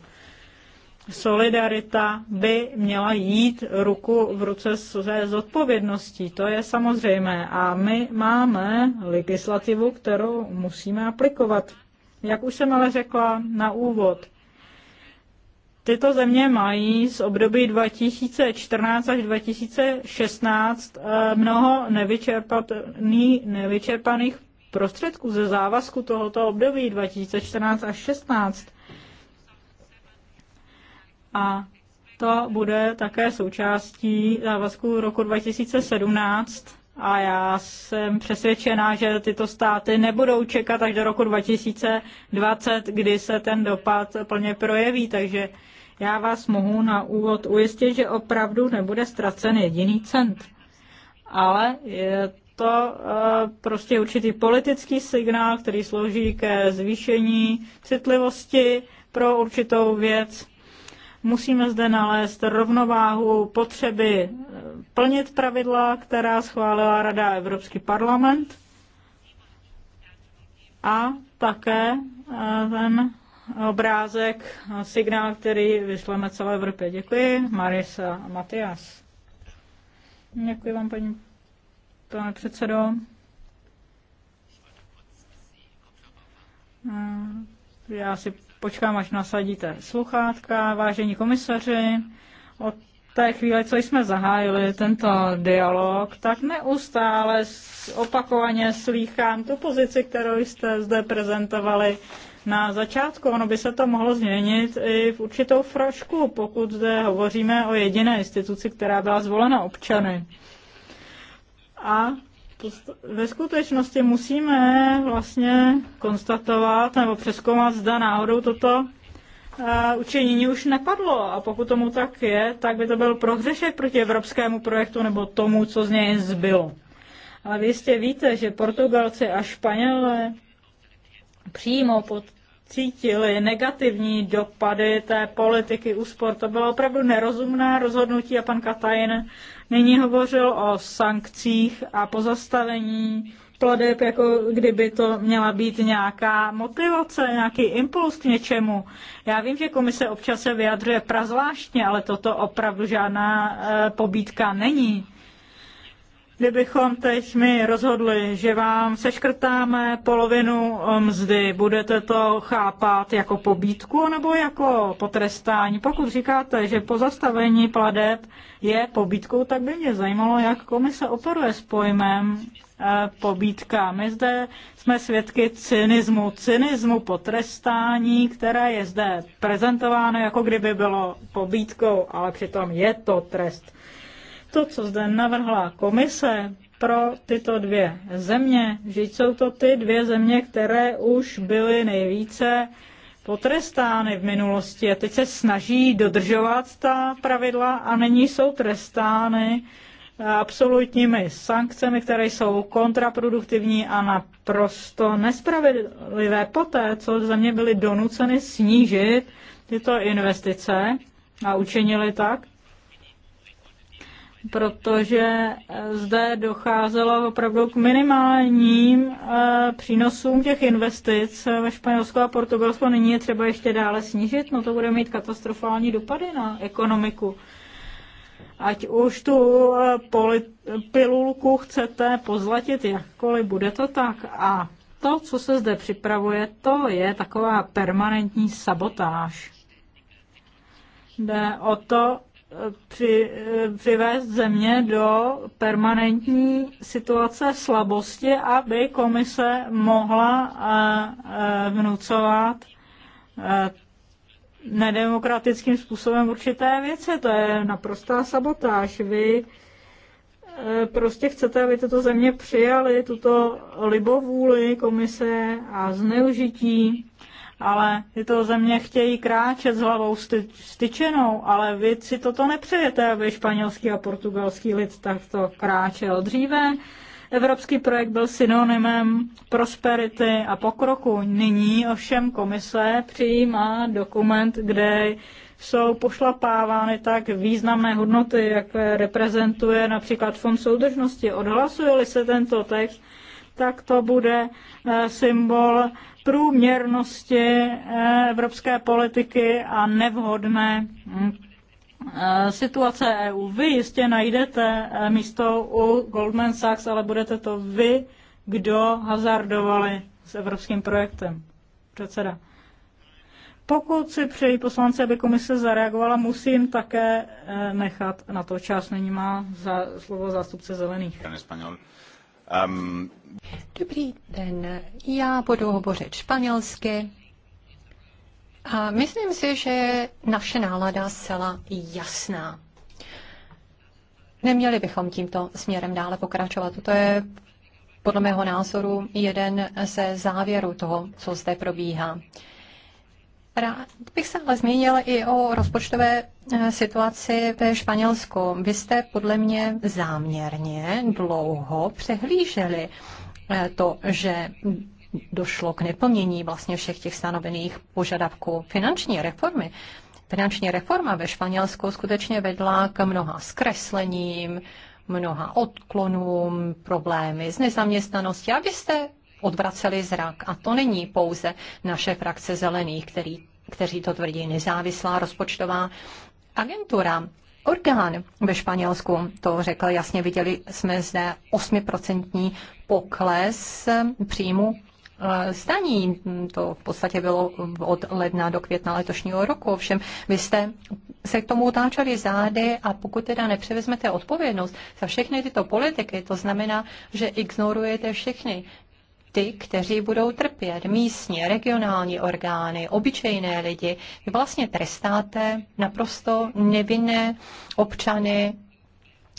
solidarita by měla jít ruku v ruce se zodpovědností. To je samozřejmé. A my máme legislativu, kterou musíme aplikovat. Jak už jsem ale řekla na úvod, tyto země mají z období 2014 až 2016 eh, mnoho nevyčerpaný, nevyčerpaných prostředků ze závazku tohoto období 2014 až 2016 a to bude také součástí závazku roku 2017 a já jsem přesvědčená, že tyto státy nebudou čekat až do roku 2020, kdy se ten dopad plně projeví, takže já vás mohu na úvod ujistit, že opravdu nebude ztracen jediný cent. Ale je to eh, prostě určitý politický signál, který slouží ke zvýšení citlivosti pro určitou věc Musíme zde nalézt rovnováhu potřeby eh, plnit pravidla, která schválila Rada a Evropský parlament a také eh, ten obrázek, eh, signál, který vyšleme celé Evropě. Děkuji, Marisa a Matias. Děkuji vám, paní, pane předsedo. Já si Počkám, až nasadíte sluchátka. Vážení komisaři, od té chvíle, co jsme zahájili tento dialog, tak neustále opakovaně slýchám tu pozici, kterou jste zde prezentovali na začátku. Ono by se to mohlo změnit i v určitou frošku, pokud zde hovoříme o jediné instituci, která byla zvolena občany. A to, ve skutečnosti musíme vlastně konstatovat nebo přeskoumat, zda náhodou toto eh, učení už nepadlo. A pokud tomu tak je, tak by to byl prohřešek proti evropskému projektu nebo tomu, co z něj zbylo. Ale vy jistě víte, že Portugalci a Španělé přímo podcítili negativní dopady té politiky úspor. To bylo opravdu nerozumné rozhodnutí a pan Katajn Nyní hovořil o sankcích a pozastavení plodeb, jako kdyby to měla být nějaká motivace, nějaký impuls k něčemu. Já vím, že komise občas se vyjadřuje prazvláštně, ale toto opravdu žádná e, pobídka není. Kdybychom teď my rozhodli, že vám seškrtáme polovinu eh, mzdy, budete to chápat jako pobítku nebo jako potrestání? Pokud říkáte, že pozastavení pladeb je pobítkou, tak by mě zajímalo, jak komise operuje s pojmem eh, pobítka. My zde jsme svědky cynismu, cynismu potrestání, které je zde prezentováno, jako kdyby bylo pobítkou, ale přitom je to trest to, co zde navrhla komise pro tyto dvě země, že jsou to ty dvě země, které už byly nejvíce potrestány v minulosti a teď se snaží dodržovat ta pravidla a není jsou trestány eh, absolutními sankcemi, které jsou kontraproduktivní a naprosto nespravedlivé poté, co země byly donuceny snížit tyto investice a učinili tak, protože zde docházelo opravdu k minimálním eh, přínosům těch investic ve Španělsku a Portugalsku. Nyní je třeba ještě dále snížit, no to bude mít katastrofální dopady na ekonomiku. Ať už tu eh, pilulku chcete pozlatit jakkoliv, bude to tak. A to, co se zde připravuje, to je taková permanentní sabotáž. Jde o to, při, eh, přivést země do permanentní situace slabosti, aby komise mohla eh, eh, vnucovat nedemokratickým způsobem určité věci. To je naprostá sabotáž. Vy prostě chcete, aby tyto země přijali tuto libovůli komise a zneužití ale tyto země chtějí kráčet s hlavou styčenou, ale vy si toto nepřejete, aby španělský a portugalský lid takto kráčel dříve. Evropský projekt byl synonymem prosperity a pokroku. Nyní ovšem komise přijímá dokument, kde jsou pošlapávány tak významné hodnoty, jak reprezentuje například Fond soudržnosti. Odhlasuje-li se tento text, tak to bude eh, symbol průměrnosti eh, evropské politiky a nevhodné eh, situace EU. Vy jistě najdete eh, místo u Goldman Sachs, ale budete to vy, kdo hazardovali s evropským projektem. Předseda. Pokud si přejí poslanci, aby komise zareagovala, musím také nechat na to čas. Není má za slovo zástupce zelených. Um... Dobrý den, já budu hovořit španělsky. A myslím si, že je naše nálada zcela jasná. Neměli bychom tímto směrem dále pokračovat. To je podle mého názoru jeden ze závěrů toho, co zde probíhá. Rád bych se ale zmínil i o rozpočtové eh, situaci ve Španělsku. Vy jste podle mě záměrně dlouho přehlíželi eh, to, že došlo k neplnění vlastně všech těch stanovených požadavků finanční reformy. Finanční reforma ve Španělsku skutečně vedla k mnoha zkreslením, mnoha odklonům, problémy s nezaměstnaností. A vy jste odvraceli zrak. A to není pouze naše frakce zelených, který, kteří to tvrdí nezávislá rozpočtová agentura. Orgán ve Španělsku to řekl jasně, viděli jsme zde 8% pokles příjmu staní. Eh, to v podstatě bylo od ledna do května letošního roku. Ovšem, vy jste se k tomu otáčeli zády a pokud teda nepřevezmete odpovědnost za všechny tyto politiky, to znamená, že ignorujete všechny ty, kteří budou trpět, místní, regionální orgány, obyčejné lidi. Vy vlastně trestáte naprosto nevinné občany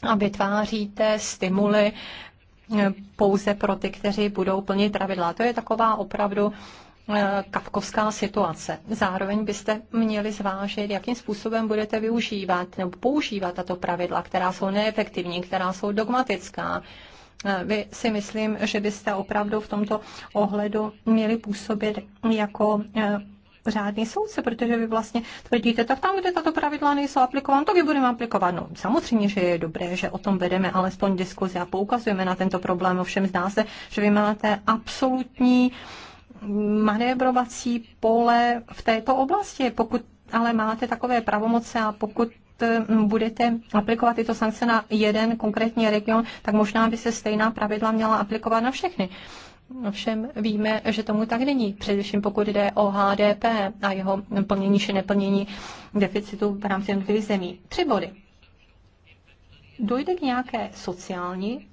a vytváříte stimuly eh, pouze pro ty, kteří budou plnit pravidla. To je taková opravdu eh, kapkovská situace. Zároveň byste měli zvážit, jakým způsobem budete využívat nebo používat tato pravidla, která jsou neefektivní, která jsou dogmatická, vy si myslím, že byste opravdu v tomto ohledu měli působit jako e, řádný soudce, protože vy vlastně tvrdíte, tak tam, kde tato pravidla nejsou aplikována, to vy budeme aplikovat. No, samozřejmě, že je dobré, že o tom vedeme alespoň diskuzi a poukazujeme na tento problém. Ovšem zdá se, že vy máte absolutní mm, manévrovací pole v této oblasti. Pokud ale máte takové pravomoce a pokud budete aplikovat tyto sankce na jeden konkrétní region, tak možná by se stejná pravidla měla aplikovat na všechny. Ovšem víme, že tomu tak není, především pokud jde o HDP a jeho plnění či neplnění deficitu v rámci jednotlivých zemí. Tři body. Dojde k nějaké sociální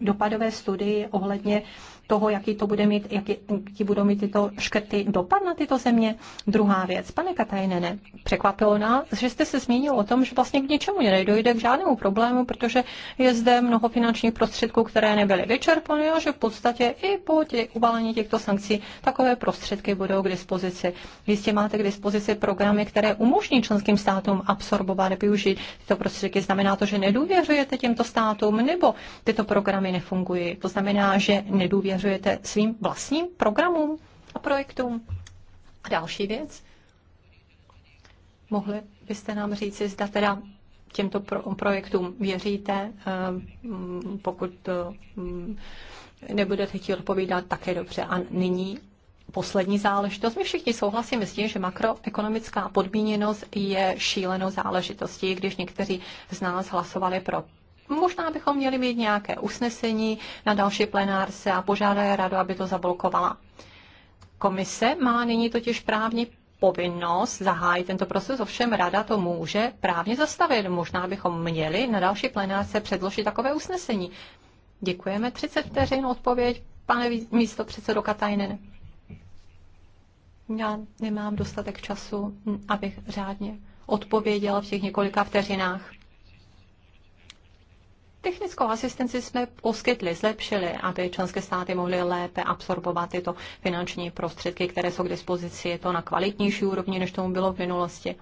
dopadové studii ohledně uh, toho, jaký to bude mít, jaký, jaký budou mít tyto škrty dopad na tyto země. Druhá věc, pane Katajnene, překvapilo nás, že jste se zmínil o tom, že vlastně k ničemu nedojde, k žádnému problému, protože je zde mnoho finančních prostředků, které nebyly vyčerpané, a že v podstatě i po tě, uvalení těchto sankcí takové prostředky budou k dispozici. Jistě máte k dispozici programy, které umožní členským státům absorbovat, využít tyto prostředky. Znamená to, že nedůvěřujete těmto státům nebo tyto programy nefungují. To znamená, že nedůvěřujete důvěřujete svým vlastním programům a projektům. A další věc. Mohli byste nám říci, zda teda těmto projektům věříte, eh, pokud mm, nebudete chtít odpovídat, také dobře. A nyní poslední záležitost. My všichni souhlasíme s tím, že makroekonomická podmíněnost je šílenou záležitostí, když někteří z nás hlasovali pro Možná bychom měli mít nějaké usnesení na další plenárce a požádají radu, aby to zablokovala. Komise má nyní totiž právní povinnost zahájit tento proces, ovšem rada to může právně zastavit. Možná bychom měli na další plenárce předložit takové usnesení. Děkujeme. 30 vteřin odpověď, pane místo předsedo Katajnen. Já nemám dostatek času, abych řádně odpověděla v těch několika vteřinách. Technickou asistenci jsme poskytli, zlepšili, aby členské státy mohly lépe absorbovat tyto finanční prostředky, které jsou k dispozici. Je to na kvalitnější úrovni, než tomu bylo v minulosti.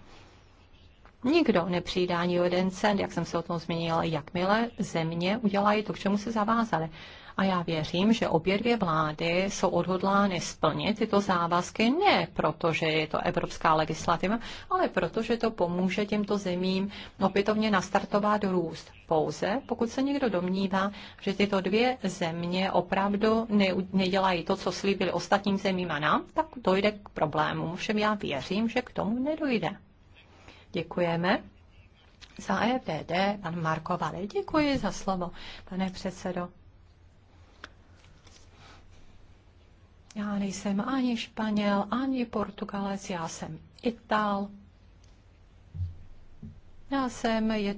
Nikdo nepřijde ani jeden cent, jak jsem se o tom zmínila, jakmile země udělají to, k čemu se zavázali. A já věřím, že obě dvě vlády jsou odhodlány splnit tyto závazky ne proto, že je to evropská legislativa, ale proto, že to pomůže těmto zemím opětovně nastartovat růst. Pouze pokud se někdo domnívá, že tyto dvě země opravdu ne, nedělají to, co slíbili ostatním zemím a nám, tak dojde k problému. Všem já věřím, že k tomu nedojde. Děkujeme. Za EPD pan Marko Děkuji za slovo, pane předsedo. Já nejsem ani Španěl, ani Portugalec, já jsem Ital. Já jsem jed,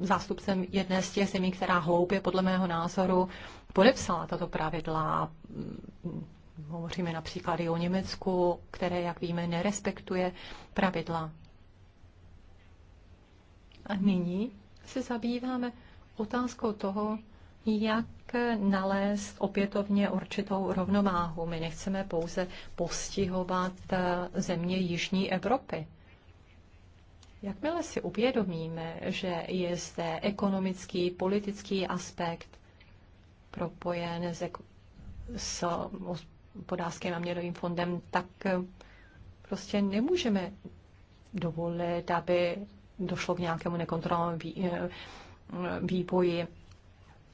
zástupcem jedné z těch zemí, která hloupě, podle mého názoru, podepsala tato pravidla. Hovoříme například i o Německu, které, jak víme, nerespektuje pravidla. A nyní se zabýváme otázkou toho, jak nalézt opětovně určitou rovnováhu. My nechceme pouze postihovat eh, země Jižní Evropy. Jakmile si uvědomíme, že je zde ekonomický, politický aspekt propojen s, s hospodářským a měnovým fondem, tak eh, prostě nemůžeme dovolit, aby došlo k nějakému nekontrolovanému eh, vývoji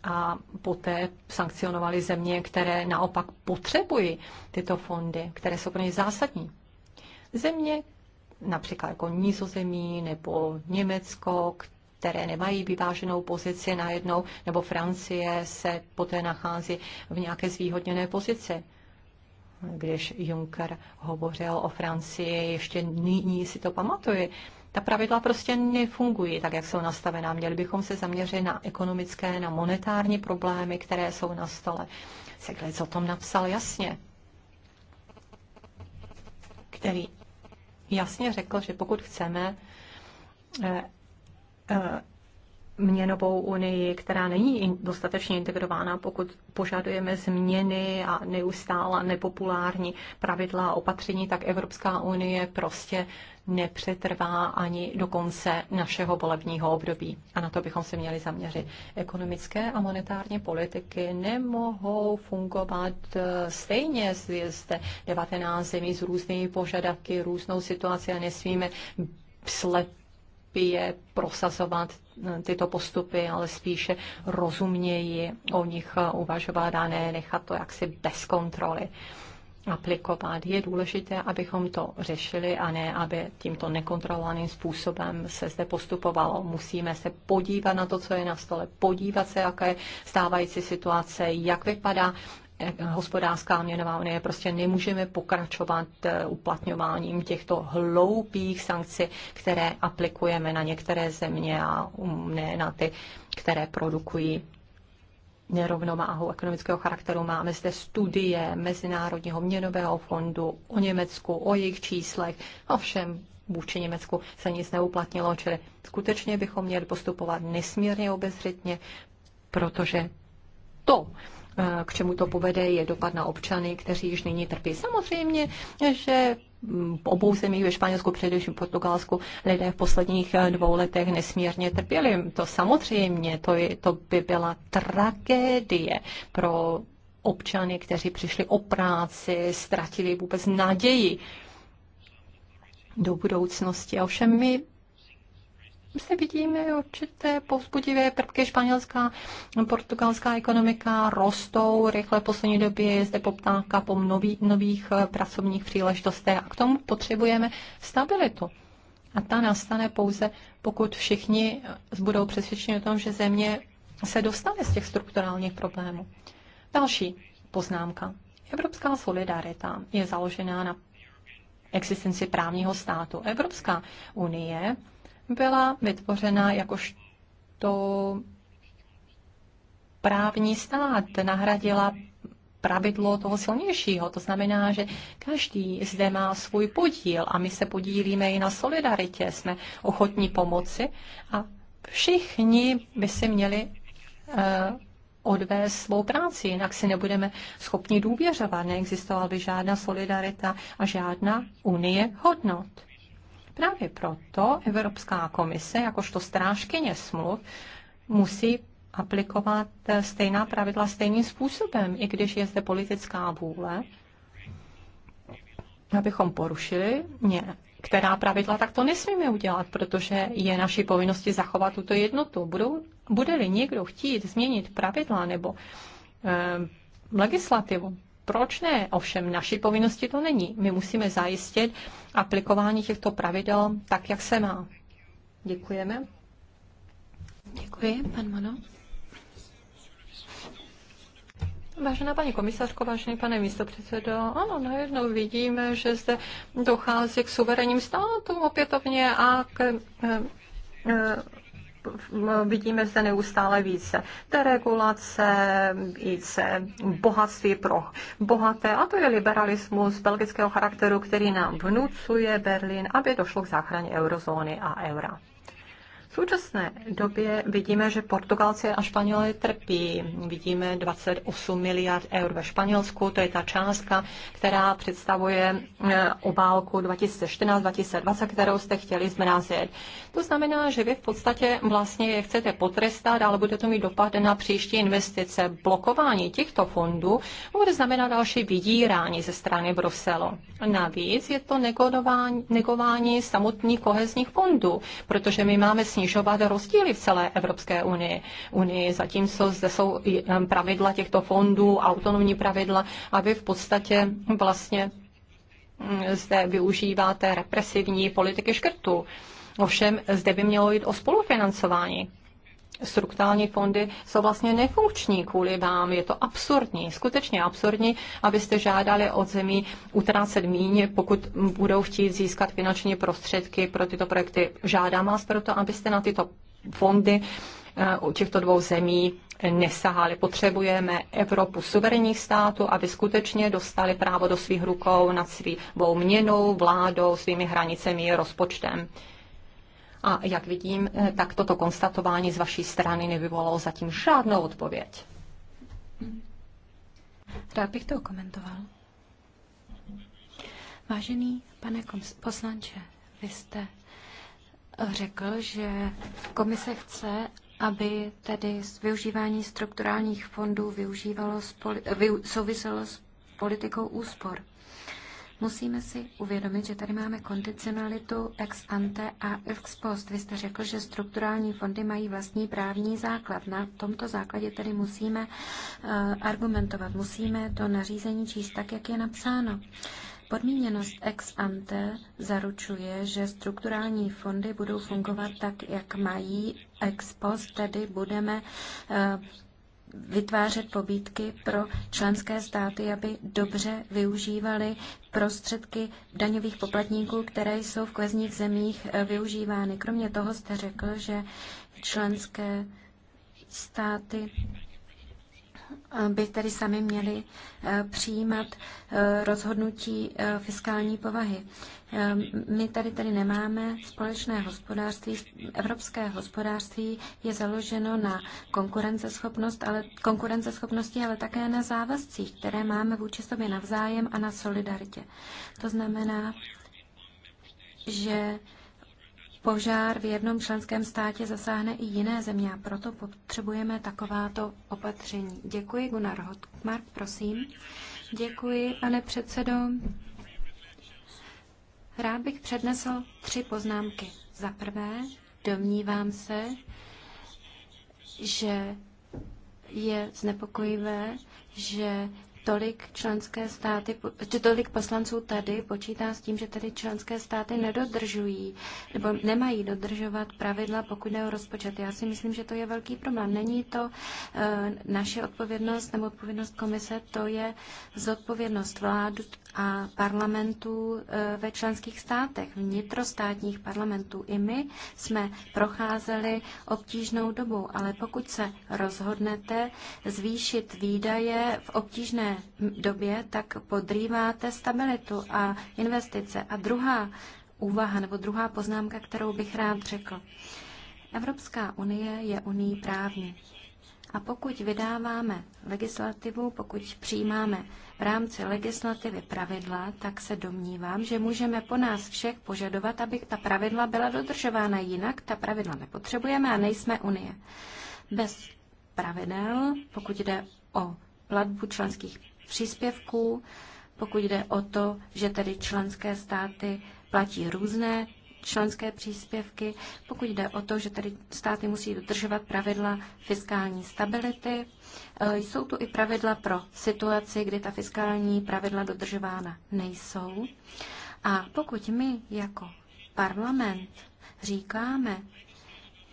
a poté sankcionovali země, které naopak potřebují tyto fondy, které jsou pro ně zásadní. Země, například jako Nízozemí nebo Německo, které nemají vyváženou pozici najednou, nebo Francie se poté nachází v nějaké zvýhodněné pozici. Když Juncker hovořil o Francii, ještě nyní si to pamatuje, ta pravidla prostě nefungují tak, jak jsou nastavená. Měli bychom se zaměřit na ekonomické, na monetární problémy, které jsou na stole. Seglec o tom napsal jasně, který jasně řekl, že pokud chceme eh, eh, měnovou unii, která není dostatečně integrována, pokud požadujeme změny a neustála nepopulární pravidla a opatření, tak Evropská unie prostě nepřetrvá ani do konce našeho volebního období. A na to bychom se měli zaměřit. Ekonomické a monetární politiky nemohou fungovat eh, stejně. z 19 zemí s různými požadavky, různou situaci a nesmíme slep hloupě prosazovat eh, tyto postupy, ale spíše rozuměji o nich eh, uvažovat a ne nechat to jaksi bez kontroly aplikovat. Je důležité, abychom to řešili a ne, aby tímto nekontrolovaným způsobem se zde postupovalo. Musíme se podívat na to, co je na stole, podívat se, jaká je stávající situace, jak vypadá hospodářská měnová unie. Prostě nemůžeme pokračovat eh, uplatňováním těchto hloupých sankcí, které aplikujeme na některé země a ne na ty, které produkují nerovnováhu ekonomického charakteru. Máme zde studie Mezinárodního měnového fondu o Německu, o jejich číslech. Ovšem, vůči Německu se nic neuplatnilo, čili skutečně bychom měli postupovat nesmírně obezřetně, protože to, k čemu to povede, je dopad na občany, kteří již nyní trpí. Samozřejmě, že mm, obou zemích, ve Španělsku, především Portugalsku, lidé v posledních eh, dvou letech nesmírně trpěli. To samozřejmě, to, je, to by byla tragédie pro občany, kteří přišli o práci, ztratili vůbec naději do budoucnosti. Ovšem my zde vidíme určité povzbudivé prvky španělská, portugalská ekonomika rostou rychle v poslední době, je zde poptávka po nový, nových eh, pracovních příležitostech a k tomu potřebujeme stabilitu. A ta nastane pouze, pokud všichni eh, budou přesvědčeni o tom, že země se dostane z těch strukturálních problémů. Další poznámka. Evropská solidarita je založená na existenci právního státu. Evropská unie byla vytvořena jakožto právní stát, nahradila pravidlo toho silnějšího. To znamená, že každý zde má svůj podíl a my se podílíme i na solidaritě, jsme ochotní pomoci a všichni by si měli eh, odvést svou práci, jinak si nebudeme schopni důvěřovat. Neexistovala by žádná solidarita a žádná unie hodnot. Právě proto Evropská komise, jakožto strážkyně smluv, musí aplikovat stejná pravidla stejným způsobem, i když je zde politická vůle, abychom porušili ně, která pravidla, tak to nesmíme udělat, protože je naší povinnosti zachovat tuto jednotu. Budou, bude-li někdo chtít změnit pravidla nebo eh, legislativu, proč ne? Ovšem, naší povinnosti to není. My musíme zajistit aplikování těchto pravidel tak, jak se má. Děkujeme. Děkuji, pan Mano. Vážená paní komisařko, vážený pane místopředsedo, ano, najednou vidíme, že zde dochází k suverénním státům opětovně a k eh, eh, No, vidíme se neustále více deregulace, více bohatství pro bohaté a to je liberalismus belgického charakteru, který nám vnucuje Berlín, aby došlo k záchraně eurozóny a eura. V současné době vidíme, že Portugalci a Španělé trpí. Vidíme 28 miliard eur ve Španělsku, to je ta částka, která představuje eh, obálku 2014-2020, kterou jste chtěli zmrazit. To znamená, že vy v podstatě vlastně je chcete potrestat, ale bude to mít dopad na příští investice. Blokování těchto fondů bude znamenat další vydírání ze strany Bruselu. Navíc je to negování, negování samotných kohezních fondů, protože my máme s snižovat rozdíly v celé Evropské unii. unii zatímco zde jsou pravidla těchto fondů, autonomní pravidla, aby v podstatě vlastně mm, zde využíváte represivní politiky škrtů. Ovšem zde by mělo jít o spolufinancování strukturální fondy jsou vlastně nefunkční kvůli vám. Je to absurdní, skutečně absurdní, abyste žádali od zemí utrácet míně, pokud budou chtít získat finanční prostředky pro tyto projekty. Žádám vás proto, abyste na tyto fondy eh, u těchto dvou zemí nesahali. Potřebujeme Evropu suverénních států, aby skutečně dostali právo do svých rukou nad svou měnou, vládou, svými hranicemi, rozpočtem. A jak vidím, eh, tak toto konstatování z vaší strany nevyvolalo zatím žádnou odpověď. Rád bych to komentoval. Vážený pane poslanče, vy jste eh, řekl, že komise chce, aby tedy využívání strukturálních fondů využívalo spoli- vy- souviselo s politikou úspor. Musíme si uvědomit, že tady máme kondicionalitu ex ante a ex post. Vy jste řekl, že strukturální fondy mají vlastní právní základ. Na tomto základě tedy musíme eh, argumentovat. Musíme to nařízení číst tak, jak je napsáno. Podmíněnost ex ante zaručuje, že strukturální fondy budou fungovat tak, jak mají. Ex post tedy budeme eh, vytvářet pobídky pro členské státy, aby dobře využívali prostředky daňových poplatníků, které jsou v kvezních zemích eh, využívány. Kromě toho jste řekl, že členské státy by tedy sami měli eh, přijímat eh, rozhodnutí eh, fiskální povahy. My tady tedy nemáme společné hospodářství. Evropské hospodářství je založeno na konkurenceschopnost, ale, konkurenceschopnosti, ale také na závazcích, které máme vůči sobě navzájem a na solidaritě. To znamená, že požár v jednom členském státě zasáhne i jiné země a proto potřebujeme takováto opatření. Děkuji, Gunnar Hotmark, prosím. Děkuji, pane předsedo. Rád bych přednesl tři poznámky. Za prvé, domnívám se, že je znepokojivé, že tolik členské státy, že tolik poslanců tady počítá s tím, že tady členské státy nedodržují nebo nemají dodržovat pravidla, pokud jde o rozpočet. Já si myslím, že to je velký problém. Není to eh, naše odpovědnost nebo odpovědnost komise, to je zodpovědnost vlád a parlamentů eh, ve členských státech, vnitrostátních parlamentů. I my jsme procházeli obtížnou dobou, ale pokud se rozhodnete zvýšit výdaje v obtížné době, tak podrýváte stabilitu a investice. A druhá úvaha nebo druhá poznámka, kterou bych rád řekl. Evropská unie je unii právní. A pokud vydáváme legislativu, pokud přijímáme v rámci legislativy pravidla, tak se domnívám, že můžeme po nás všech požadovat, aby ta pravidla byla dodržována. Jinak ta pravidla nepotřebujeme a nejsme Unie. Bez pravidel, pokud jde o platbu členských příspěvků, pokud jde o to, že tedy členské státy platí různé členské příspěvky, pokud jde o to, že tedy státy musí dodržovat pravidla fiskální stability. E, jsou tu i pravidla pro situaci, kdy ta fiskální pravidla dodržována nejsou. A pokud my jako parlament říkáme,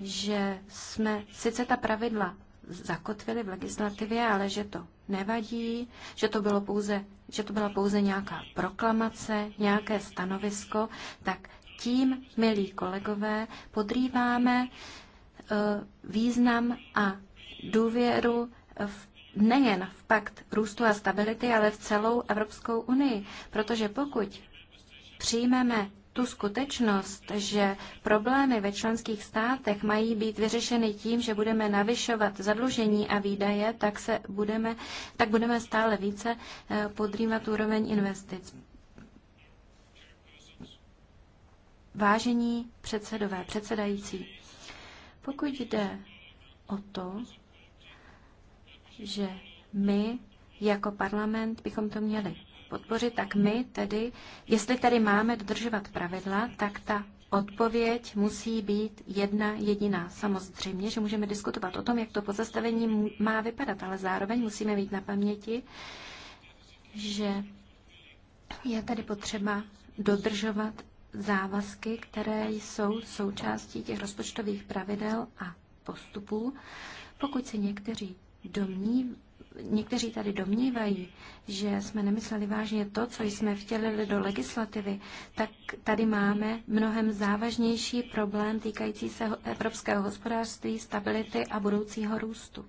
že jsme sice ta pravidla zakotvili v legislativě, ale že to nevadí, že to, bylo pouze, že to byla pouze nějaká proklamace, nějaké stanovisko, tak tím, milí kolegové, podrýváme eh, význam a důvěru v nejen v pakt růstu a stability, ale v celou Evropskou unii. Protože pokud přijmeme tu skutečnost, že problémy ve členských státech mají být vyřešeny tím, že budeme navyšovat zadlužení a výdaje, tak, se budeme, tak budeme stále více eh, podrývat úroveň investic. Vážení předsedové, předsedající, pokud jde o to, že my jako parlament bychom to měli podpořit, tak my tedy, jestli tedy máme dodržovat pravidla, tak ta odpověď musí být jedna jediná. Samozřejmě, že můžeme diskutovat o tom, jak to pozastavení má vypadat, ale zároveň musíme mít na paměti, že je tady potřeba dodržovat závazky, které jsou součástí těch rozpočtových pravidel a postupů. Pokud se někteří domní, někteří tady domnívají, že jsme nemysleli vážně to, co jsme vtělili do legislativy, tak tady máme mnohem závažnější problém týkající se evropského hospodářství, stability a budoucího růstu.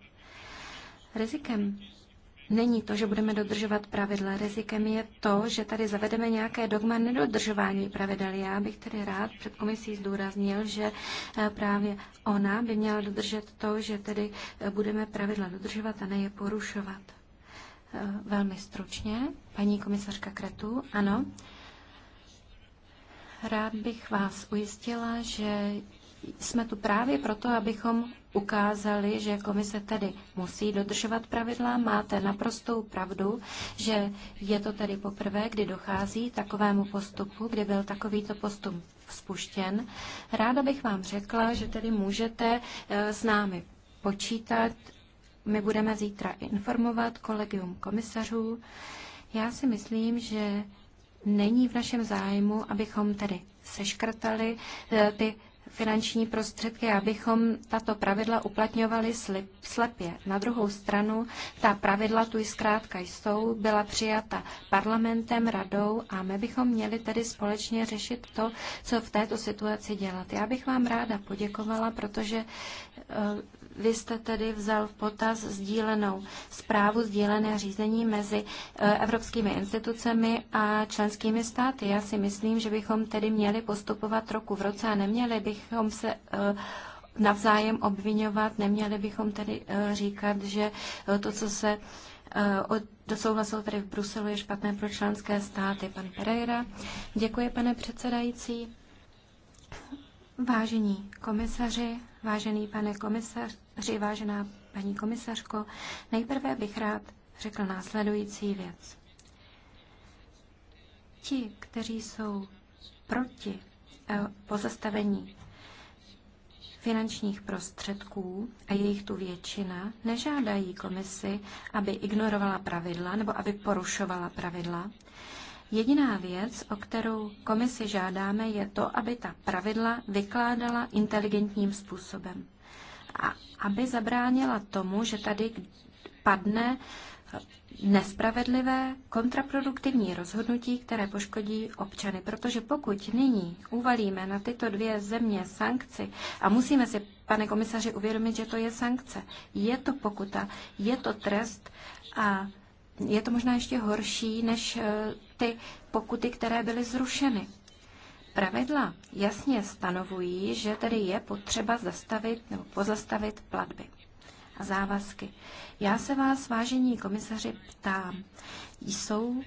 Rizikem není to, že budeme dodržovat pravidla. Rizikem je to, že tady zavedeme nějaké dogma nedodržování pravidel. Já bych tedy rád před komisí zdůraznil, že eh, právě ona by měla dodržet to, že tedy eh, budeme pravidla dodržovat a ne je porušovat. Eh, velmi stručně. Paní komisařka Kretu, ano. Rád bych vás ujistila, že jsme tu právě proto, abychom ukázali, že komise tedy musí dodržovat pravidla. Máte naprostou pravdu, že je to tedy poprvé, kdy dochází takovému postupu, kdy byl takovýto postup spuštěn. Ráda bych vám řekla, že tedy můžete eh, s námi počítat. My budeme zítra informovat kolegium komisařů. Já si myslím, že není v našem zájmu, abychom tedy seškrtali eh, ty finanční prostředky, abychom tato pravidla uplatňovali slip, slepě. Na druhou stranu, ta pravidla tu zkrátka jsou, byla přijata parlamentem, radou a my bychom měli tedy společně řešit to, co v této situaci dělat. Já bych vám ráda poděkovala, protože eh, vy jste tedy vzal v potaz sdílenou zprávu, sdílené řízení mezi e, evropskými institucemi a členskými státy. Já si myslím, že bychom tedy měli postupovat roku v roce a neměli bychom se e, navzájem obvinovat, neměli bychom tedy e, říkat, že to, co se dosouhlasil tady v Bruselu, je špatné pro členské státy. Pan Pereira. Děkuji, pane předsedající. Vážení komisaři, vážený pane komisaři, vážená paní komisařko, nejprve bych rád řekl následující věc. Ti, kteří jsou proti eh, pozastavení finančních prostředků, a jejich tu většina, nežádají komisi, aby ignorovala pravidla nebo aby porušovala pravidla. Jediná věc, o kterou komisi žádáme, je to, aby ta pravidla vykládala inteligentním způsobem. A aby zabránila tomu, že tady padne nespravedlivé, kontraproduktivní rozhodnutí, které poškodí občany. Protože pokud nyní uvalíme na tyto dvě země sankci, a musíme si, pane komisaři, uvědomit, že to je sankce, je to pokuta, je to trest a je to možná ještě horší než eh, ty pokuty, které byly zrušeny. Pravidla jasně stanovují, že tedy je potřeba zastavit nebo pozastavit platby a závazky. Já se vás, vážení komisaři, ptám, jsou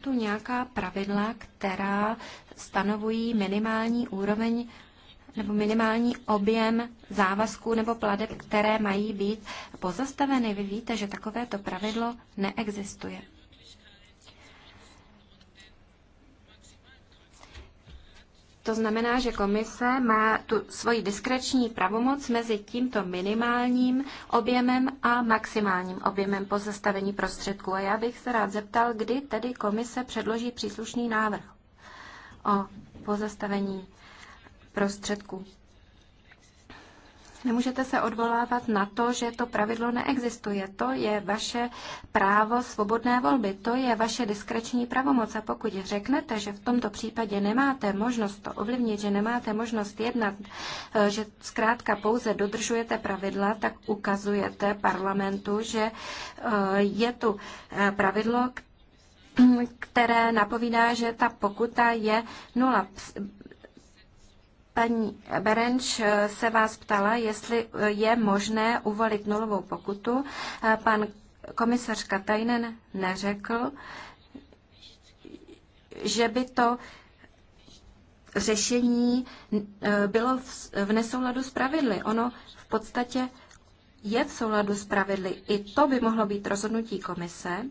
tu nějaká pravidla, která stanovují minimální úroveň nebo minimální objem závazků nebo pladeb, které mají být pozastaveny. Vy víte, že takovéto pravidlo neexistuje. To znamená, že komise má tu svoji diskreční pravomoc mezi tímto minimálním objemem a maximálním objemem pozastavení prostředků. A já bych se rád zeptal, kdy tedy komise předloží příslušný návrh o pozastavení prostředků. Nemůžete se odvolávat na to, že to pravidlo neexistuje. To je vaše právo svobodné volby, to je vaše diskreční pravomoc. A pokud řeknete, že v tomto případě nemáte možnost to ovlivnit, že nemáte možnost jednat, eh, že zkrátka pouze dodržujete pravidla, tak ukazujete parlamentu, že eh, je tu eh, pravidlo, které napovídá, že ta pokuta je nula. Paní Berenč se vás ptala, jestli je možné uvolit nulovou pokutu. Pan komisař Katajnen neřekl, že by to řešení eh, bylo v nesouladu s pravidly. Ono v podstatě je v souladu s pravidly. I to by mohlo být rozhodnutí komise.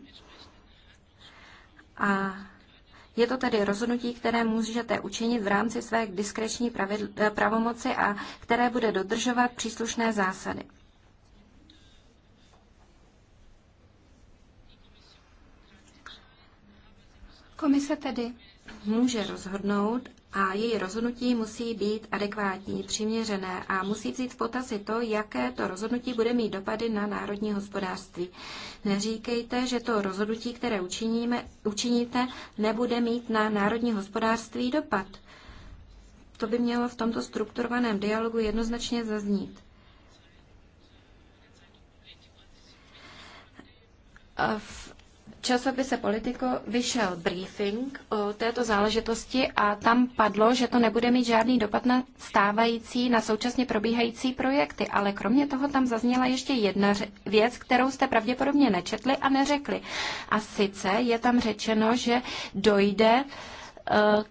A je to tedy rozhodnutí, které můžete učinit v rámci své diskreční eh, pravomoci a které bude dodržovat příslušné zásady. Komise tedy může rozhodnout, a její rozhodnutí musí být adekvátní, přiměřené a musí vzít v potazy to, jaké to rozhodnutí bude mít dopady na národní hospodářství. Neříkejte, že to rozhodnutí, které učiníme, učiníte, nebude mít na národní hospodářství dopad. To by mělo v tomto strukturovaném dialogu jednoznačně zaznít. V časopise Politico vyšel briefing o této záležitosti a tam padlo, že to nebude mít žádný dopad na stávající, na současně probíhající projekty. Ale kromě toho tam zazněla ještě jedna věc, kterou jste pravděpodobně nečetli a neřekli. A sice je tam řečeno, že dojde eh,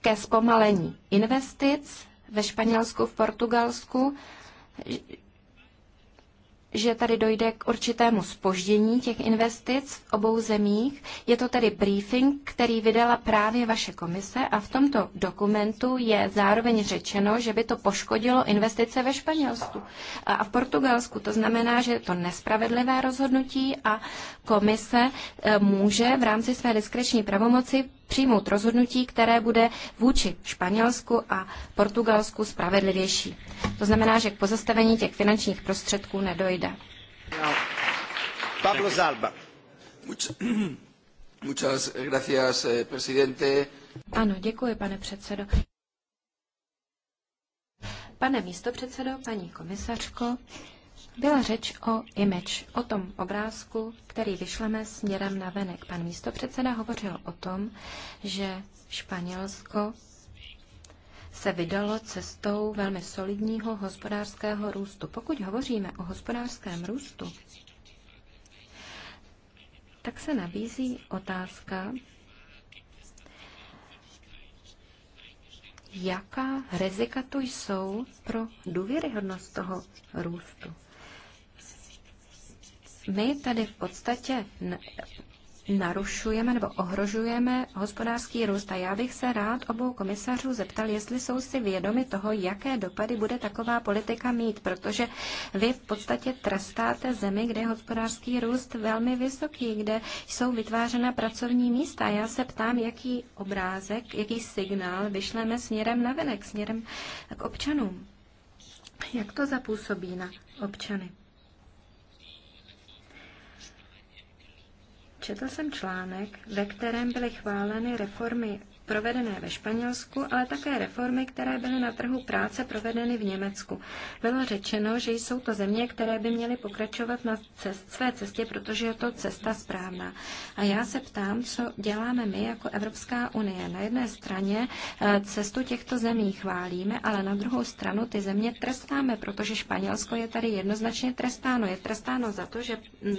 ke zpomalení investic ve Španělsku, v Portugalsku, že tady dojde k určitému spoždění těch investic v obou zemích. Je to tedy briefing, který vydala právě vaše komise a v tomto dokumentu je zároveň řečeno, že by to poškodilo investice ve Španělsku a v Portugalsku. To znamená, že je to nespravedlivé rozhodnutí a komise eh, může v rámci své diskreční pravomoci přijmout rozhodnutí, které bude vůči Španělsku a Portugalsku spravedlivější. To znamená, že k pozastavení těch finančních prostředků nedojde. Pablo Zalba. muchas gracias, eh, presidente. Ano, děkuji, pane předsedo. Pane místopředsedo, paní komisařko, byla řeč o image, o tom obrázku, který vyšleme směrem na venek. Pan místopředseda hovořil o tom, že Španělsko se vydalo cestou velmi solidního hospodářského růstu. Pokud hovoříme o hospodářském růstu, tak se nabízí otázka, jaká rizika to jsou pro důvěryhodnost toho růstu. My tady v podstatě narušujeme nebo ohrožujeme hospodářský růst. A já bych se rád obou komisařů zeptal, jestli jsou si vědomi toho, jaké dopady bude taková politika mít, protože vy v podstatě trestáte zemi, kde je hospodářský růst velmi vysoký, kde jsou vytvářena pracovní místa. Já se ptám, jaký obrázek, jaký signál vyšleme směrem na venek, směrem k občanům. Jak to zapůsobí na občany? Četl jsem článek, ve kterém byly chváleny reformy provedené ve Španělsku, ale také reformy, které byly na trhu práce provedeny v Německu. Bylo řečeno, že jsou to země, které by měly pokračovat na cest, své cestě, protože je to cesta správná. A já se ptám, co děláme my jako Evropská unie. Na jedné straně eh, cestu těchto zemí chválíme, ale na druhou stranu ty země trestáme, protože Španělsko je tady jednoznačně trestáno. Je trestáno za to, že mm,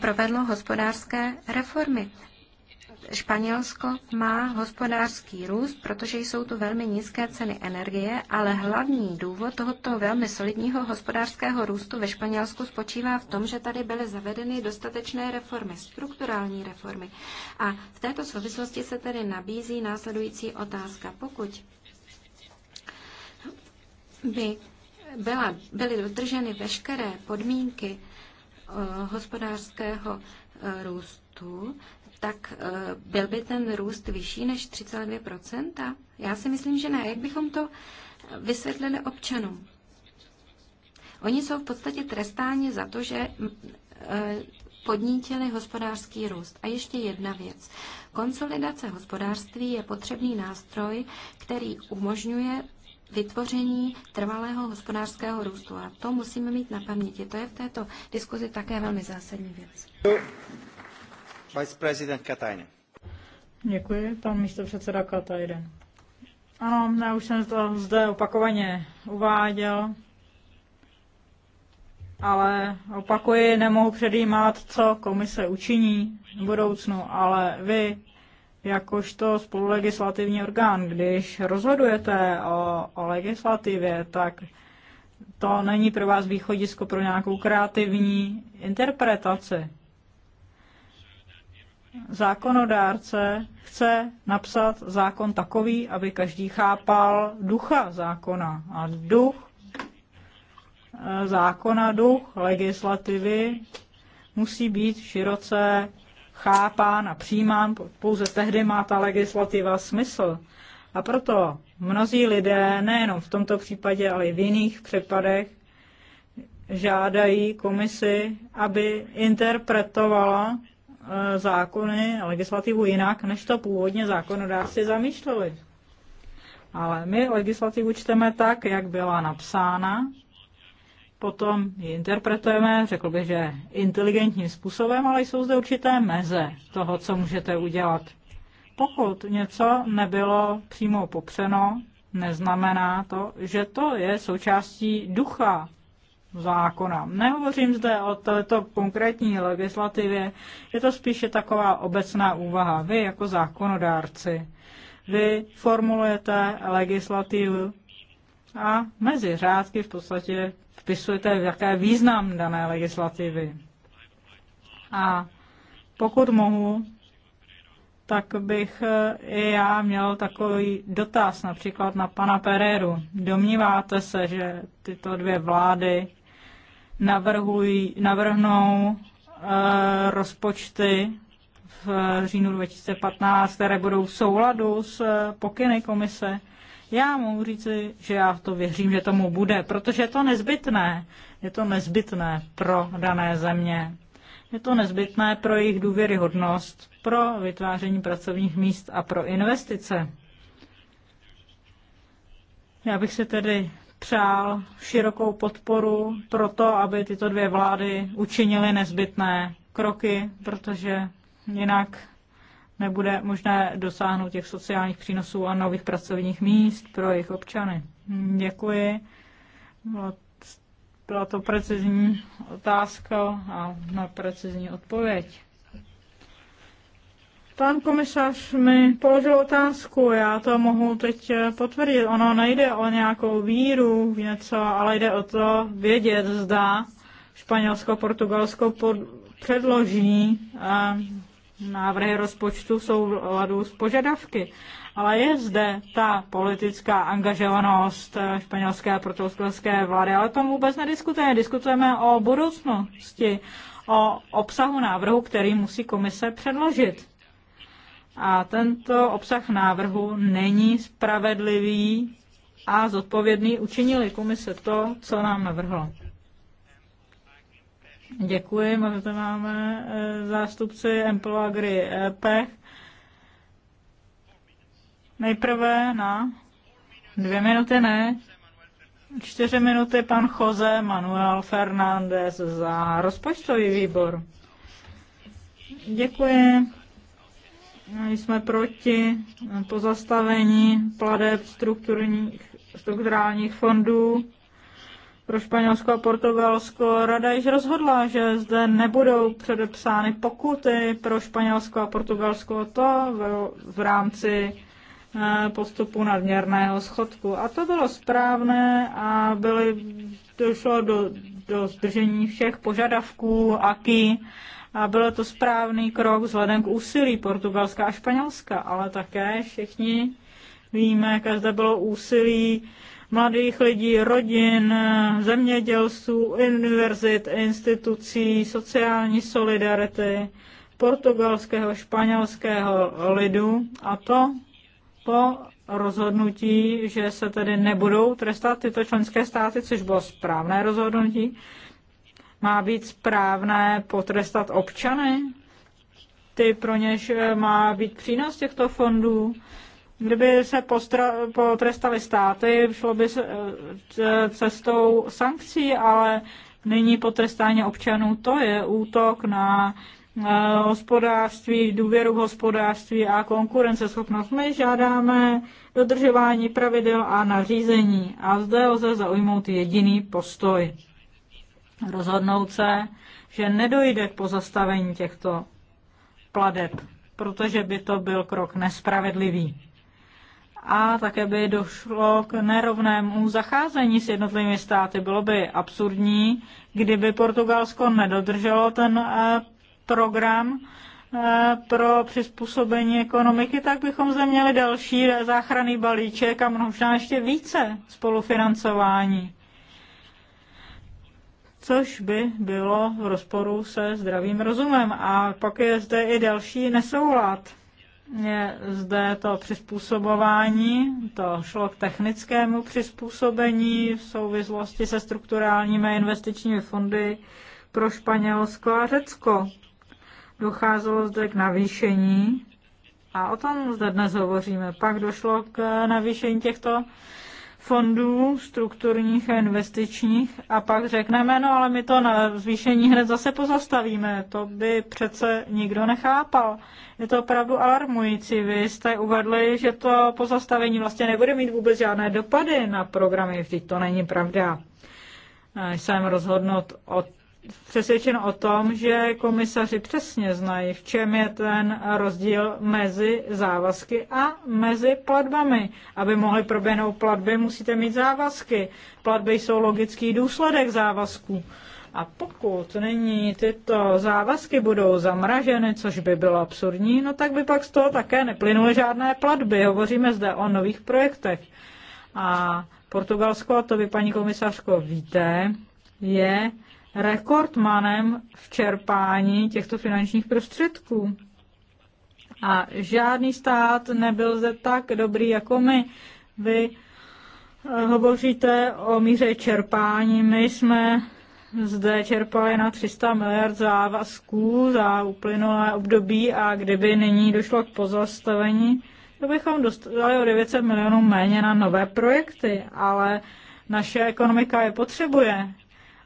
provedlo hospodářské reformy. Španělsko má hospodářský růst, protože jsou tu velmi nízké ceny energie, ale hlavní důvod tohoto velmi solidního hospodářského růstu ve Španělsku spočívá v tom, že tady byly zavedeny dostatečné reformy, strukturální reformy. A v této souvislosti se tedy nabízí následující otázka. Pokud by byla, byly dodrženy veškeré podmínky Eh, hospodářského eh, růstu, tak eh, byl by ten růst vyšší než 3,2 Já si myslím, že ne. Jak bychom to vysvětlili občanům? Oni jsou v podstatě trestáni za to, že podnítili hospodářský růst. A ještě jedna věc. Konsolidace hospodářství je potřebný nástroj, který umožňuje vytvoření trvalého hospodářského růstu. A to musíme mít na paměti. To je v této diskuzi také velmi zásadní věc. Děkuji, pan místo předseda Katajden. Ano, já už jsem to zde opakovaně uváděl, ale opakuji, nemohu předjímat, co komise učiní v budoucnu, ale vy jakožto spolulegislativní orgán, když rozhodujete o, o legislativě, tak to není pro vás východisko pro nějakou kreativní interpretaci. Zákonodárce chce napsat zákon takový, aby každý chápal ducha zákona. A duch e, zákona, duch legislativy musí být široce chápán a přijímán, pouze tehdy má ta legislativa smysl. A proto mnozí lidé, nejenom v tomto případě, ale i v jiných případech, žádají komisi, aby interpretovala eh, zákony a legislativu jinak, než to původně zákonodárci zamýšleli. Ale my legislativu čteme tak, jak byla napsána potom ji interpretujeme, řekl bych, že inteligentním způsobem, ale jsou zde určité meze toho, co můžete udělat. Pokud něco nebylo přímo popřeno, neznamená to, že to je součástí ducha zákona. Nehovořím zde o této konkrétní legislativě, je to spíše taková obecná úvaha. Vy jako zákonodárci, vy formulujete legislativu a mezi řádky v podstatě vpisujete, jaké význam dané legislativy. A pokud mohu, tak bych eh, i já měl takový dotaz například na pana Pereru. Domníváte se, že tyto dvě vlády navrhují, navrhnou e, rozpočty v říjnu 2015, které budou v souladu s eh, pokyny komise, já mohu říci, že já to věřím, že tomu bude, protože je to nezbytné. Je to nezbytné pro dané země. Je to nezbytné pro jejich důvěryhodnost, pro vytváření pracovních míst a pro investice. Já bych si tedy přál širokou podporu pro to, aby tyto dvě vlády učinily nezbytné kroky, protože jinak nebude možné dosáhnout těch sociálních přínosů a nových pracovních míst pro jejich občany. Děkuji. Byla to precizní otázka a na precizní odpověď. Pan komisař mi položil otázku, já to mohu teď potvrdit. Ono nejde o nějakou víru v něco, ale jde o to vědět, zda Španělsko, Portugalsko pod, předloží eh, návrhy rozpočtu v ladu s požadavky. Ale je zde ta politická angažovanost eh, španělské a portugalské vlády, ale tomu vůbec nediskutujeme. Diskutujeme o budoucnosti, o obsahu návrhu, který musí komise předložit. A tento obsah návrhu není spravedlivý a zodpovědný učinili komise to, co nám navrhlo. Děkuji, zde máme eh, zástupci Emplo Agri e Pech. Nejprve na dvě minuty ne, čtyři minuty pan Jose Manuel Fernández za rozpočtový výbor. Děkuji. Jsme proti pozastavení pladeb strukturálních fondů pro Španělsko a Portugalsko. Rada již rozhodla, že zde nebudou předepsány pokuty pro Španělsko a Portugalsko to v, v rámci eh, postupu nadměrného schodku. A to bylo správné a byly, došlo do, do zdržení všech požadavků, aký a byl to správný krok vzhledem k úsilí Portugalska a Španělska, ale také všichni víme, zde bylo úsilí mladých lidí, rodin, zemědělců, univerzit, institucí, sociální solidarity, portugalského, španělského lidu a to po rozhodnutí, že se tedy nebudou trestat tyto členské státy, což bylo správné rozhodnutí. Má být správné potrestat občany, ty pro něž má být přínos těchto fondů. Kdyby se postra- potrestali státy, šlo by se e, e, cestou sankcí, ale nyní potrestání občanů, to je útok na e, hospodářství, důvěru v hospodářství a konkurenceschopnost. My žádáme dodržování pravidel a nařízení a zde lze zaujmout jediný postoj. Rozhodnout se, že nedojde k pozastavení těchto pladeb, protože by to byl krok nespravedlivý a také by došlo k nerovnému zacházení s jednotlivými státy. Bylo by absurdní, kdyby Portugalsko nedodrželo ten eh, program eh, pro přizpůsobení ekonomiky, tak bychom zde měli další záchranný balíček a možná ještě více spolufinancování. Což by bylo v rozporu se zdravým rozumem. A pak je zde i další nesoulad je zde to přizpůsobování, to šlo k technickému přizpůsobení v souvislosti se strukturálními investičními fondy pro Španělsko a Řecko. Docházelo zde k navýšení a o tom zde dnes hovoříme. Pak došlo k navýšení těchto fondů strukturních a investičních a pak řekneme, no ale my to na zvýšení hned zase pozastavíme. To by přece nikdo nechápal. Je to opravdu alarmující. Vy jste uvedli, že to pozastavení vlastně nebude mít vůbec žádné dopady na programy. Vždyť to není pravda. Jsem rozhodnut o přesvědčen o tom, že komisaři přesně znají, v čem je ten rozdíl mezi závazky a mezi platbami. Aby mohly proběhnout platby, musíte mít závazky. Platby jsou logický důsledek závazků. A pokud není tyto závazky budou zamraženy, což by bylo absurdní, no tak by pak z toho také neplynuly žádné platby. Hovoříme zde o nových projektech. A Portugalsko, a to vy, paní komisařko, víte, je rekordmanem v čerpání těchto finančních prostředků. A žádný stát nebyl ze tak dobrý jako my. Vy eh, hovoříte o míře čerpání. My jsme zde čerpali na 300 miliard závazků za uplynulé období a kdyby nyní došlo k pozastavení, to bychom dostali o 900 milionů méně na nové projekty, ale naše ekonomika je potřebuje.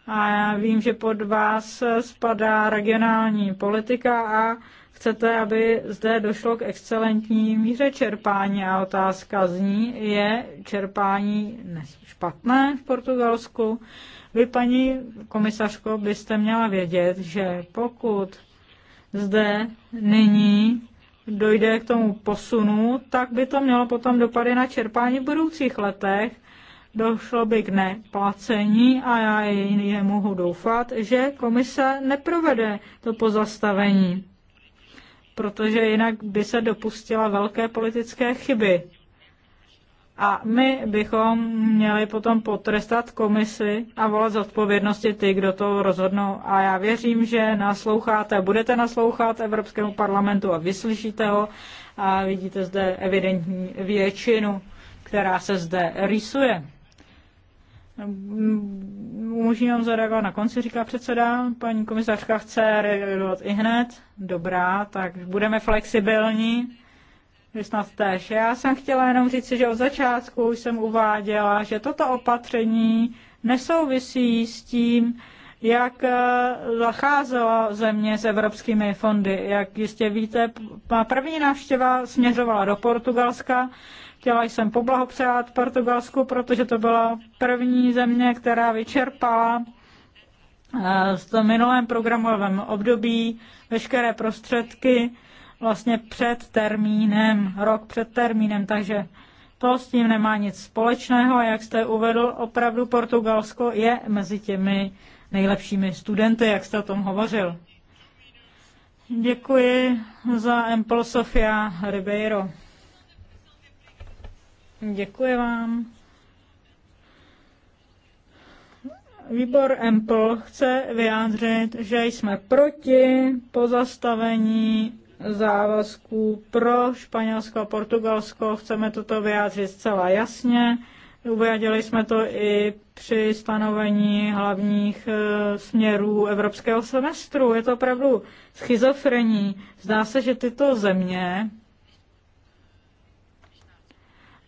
A já vím, že pod vás spadá regionální politika a chcete, aby zde došlo k excelentní míře čerpání. A otázka zní, je čerpání špatné v Portugalsku? Vy, paní komisařko, byste měla vědět, že pokud zde nyní dojde k tomu posunu, tak by to mělo potom dopady na čerpání v budoucích letech došlo by k neplacení a já je mohu doufat, že komise neprovede to pozastavení, protože jinak by se dopustila velké politické chyby. A my bychom měli potom potrestat komisi a volat z odpovědnosti ty, kdo to rozhodnou. A já věřím, že nasloucháte, budete naslouchat Evropskému parlamentu a vyslyšíte ho. A vidíte zde evidentní většinu, která se zde rýsuje. Umožní nám zareagovat na konci, říká předseda. Paní komisařka chce reagovat i hned. Dobrá, tak budeme flexibilní. snad tež. Já jsem chtěla jenom říct, že od začátku jsem uváděla, že toto opatření nesouvisí s tím, jak eh, zacházela země s evropskými fondy. Jak jistě víte, má první návštěva směřovala do Portugalska Chtěla jsem poblahopřát Portugalsku, protože to byla první země, která vyčerpala eh, v tom minulém programovém období veškeré prostředky vlastně před termínem, rok před termínem, takže to s tím nemá nic společného a jak jste uvedl, opravdu Portugalsko je mezi těmi nejlepšími studenty, jak jste o tom hovořil. Děkuji za Empol Sofia Ribeiro. Děkuji vám. Výbor MPL chce vyjádřit, že jsme proti pozastavení závazků pro Španělsko a Portugalsko. Chceme toto vyjádřit zcela jasně. Uvěděli jsme to i při stanovení hlavních e, směrů evropského semestru. Je to opravdu schizofrení. Zdá se, že tyto země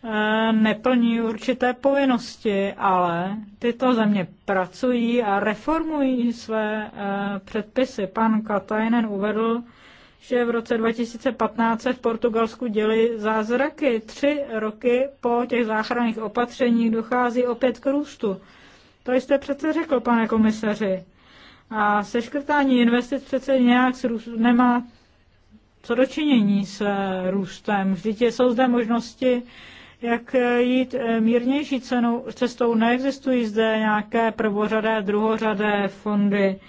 Eh, neplní určité povinnosti, ale tyto země pracují a reformují své eh, předpisy. Pan Katajnen uvedl, že v roce 2015 se v Portugalsku děli zázraky. Tři roky po těch záchranných opatřeních dochází opět k růstu. To jste přece řekl, pane komisaři. A seškrtání investic přece nějak růst, nemá co dočinění s růstem. Vždyť jsou zde možnosti jak eh, jít eh, mírnější cenou, cestou. Neexistují zde nějaké prvořadé, druhořadé fondy.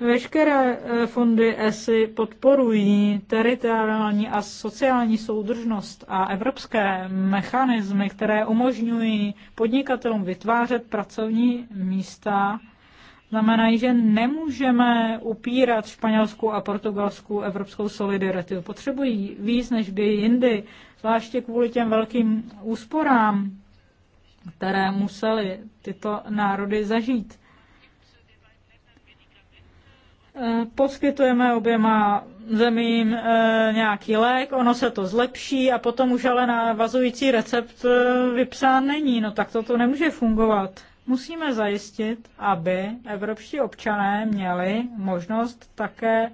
Veškeré eh, fondy ESI podporují teritoriální a sociální soudržnost a evropské mechanismy, které umožňují podnikatelům vytvářet pracovní místa, znamenají, že nemůžeme upírat španělskou a portugalskou evropskou solidaritu. Potřebují víc než kdy jindy zvláště kvůli těm velkým úsporám, které museli tyto národy zažít. E, poskytujeme oběma zemím e, nějaký lék, ono se to zlepší a potom už ale navazující recept e, vypsán není. No tak toto nemůže fungovat. Musíme zajistit, aby evropští občané měli možnost také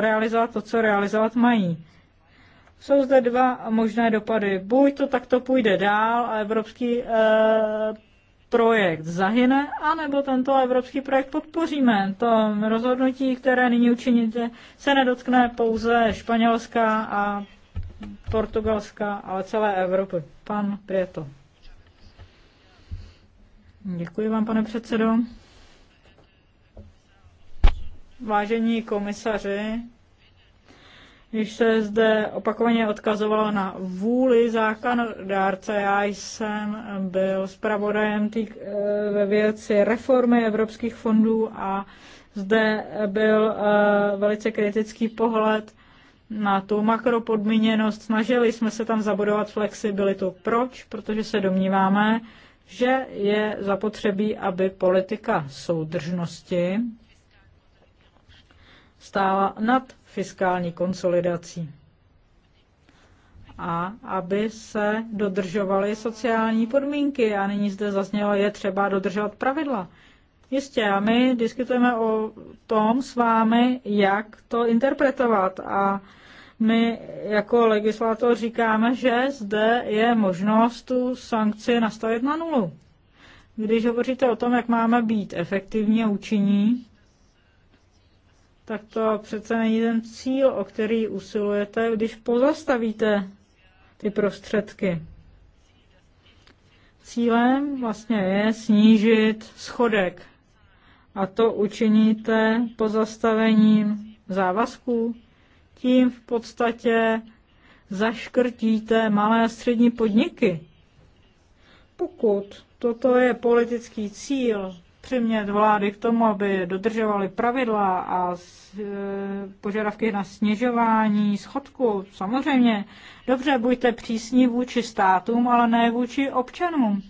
realizovat to, co realizovat mají. Jsou zde dva možné dopady. Buď to takto půjde dál a evropský e, projekt zahyne, anebo tento evropský projekt podpoříme. To rozhodnutí, které nyní učiníte, se nedotkne pouze Španělska a Portugalska, ale celé Evropy. Pan Prieto. Děkuji vám, pane předsedo. Vážení komisaři, když se zde opakovaně odkazovalo na vůli zákonodárce, já jsem byl zpravodajem týk, eh, ve věci reformy evropských fondů a zde byl eh, velice kritický pohled na tu makropodmíněnost. Snažili jsme se tam zabudovat flexibilitu. Proč? Protože se domníváme, že je zapotřebí, aby politika soudržnosti stála nad fiskální konsolidací a aby se dodržovaly sociální podmínky. A nyní zde zaznělo, je třeba dodržovat pravidla. Jistě, a my diskutujeme o tom s vámi, jak to interpretovat. A my jako legislator říkáme, že zde je možnost tu sankci nastavit na nulu. Když hovoříte o tom, jak máme být efektivní a účinní, tak to přece není ten cíl, o který usilujete, když pozastavíte ty prostředky. Cílem vlastně je snížit schodek. A to učiníte pozastavením závazků. Tím v podstatě zaškrtíte malé a střední podniky. Pokud toto je politický cíl, přimět vlády k tomu, aby dodržovaly pravidla a e, požadavky na snižování schodku. Samozřejmě, dobře, buďte přísní vůči státům, ale ne vůči občanům.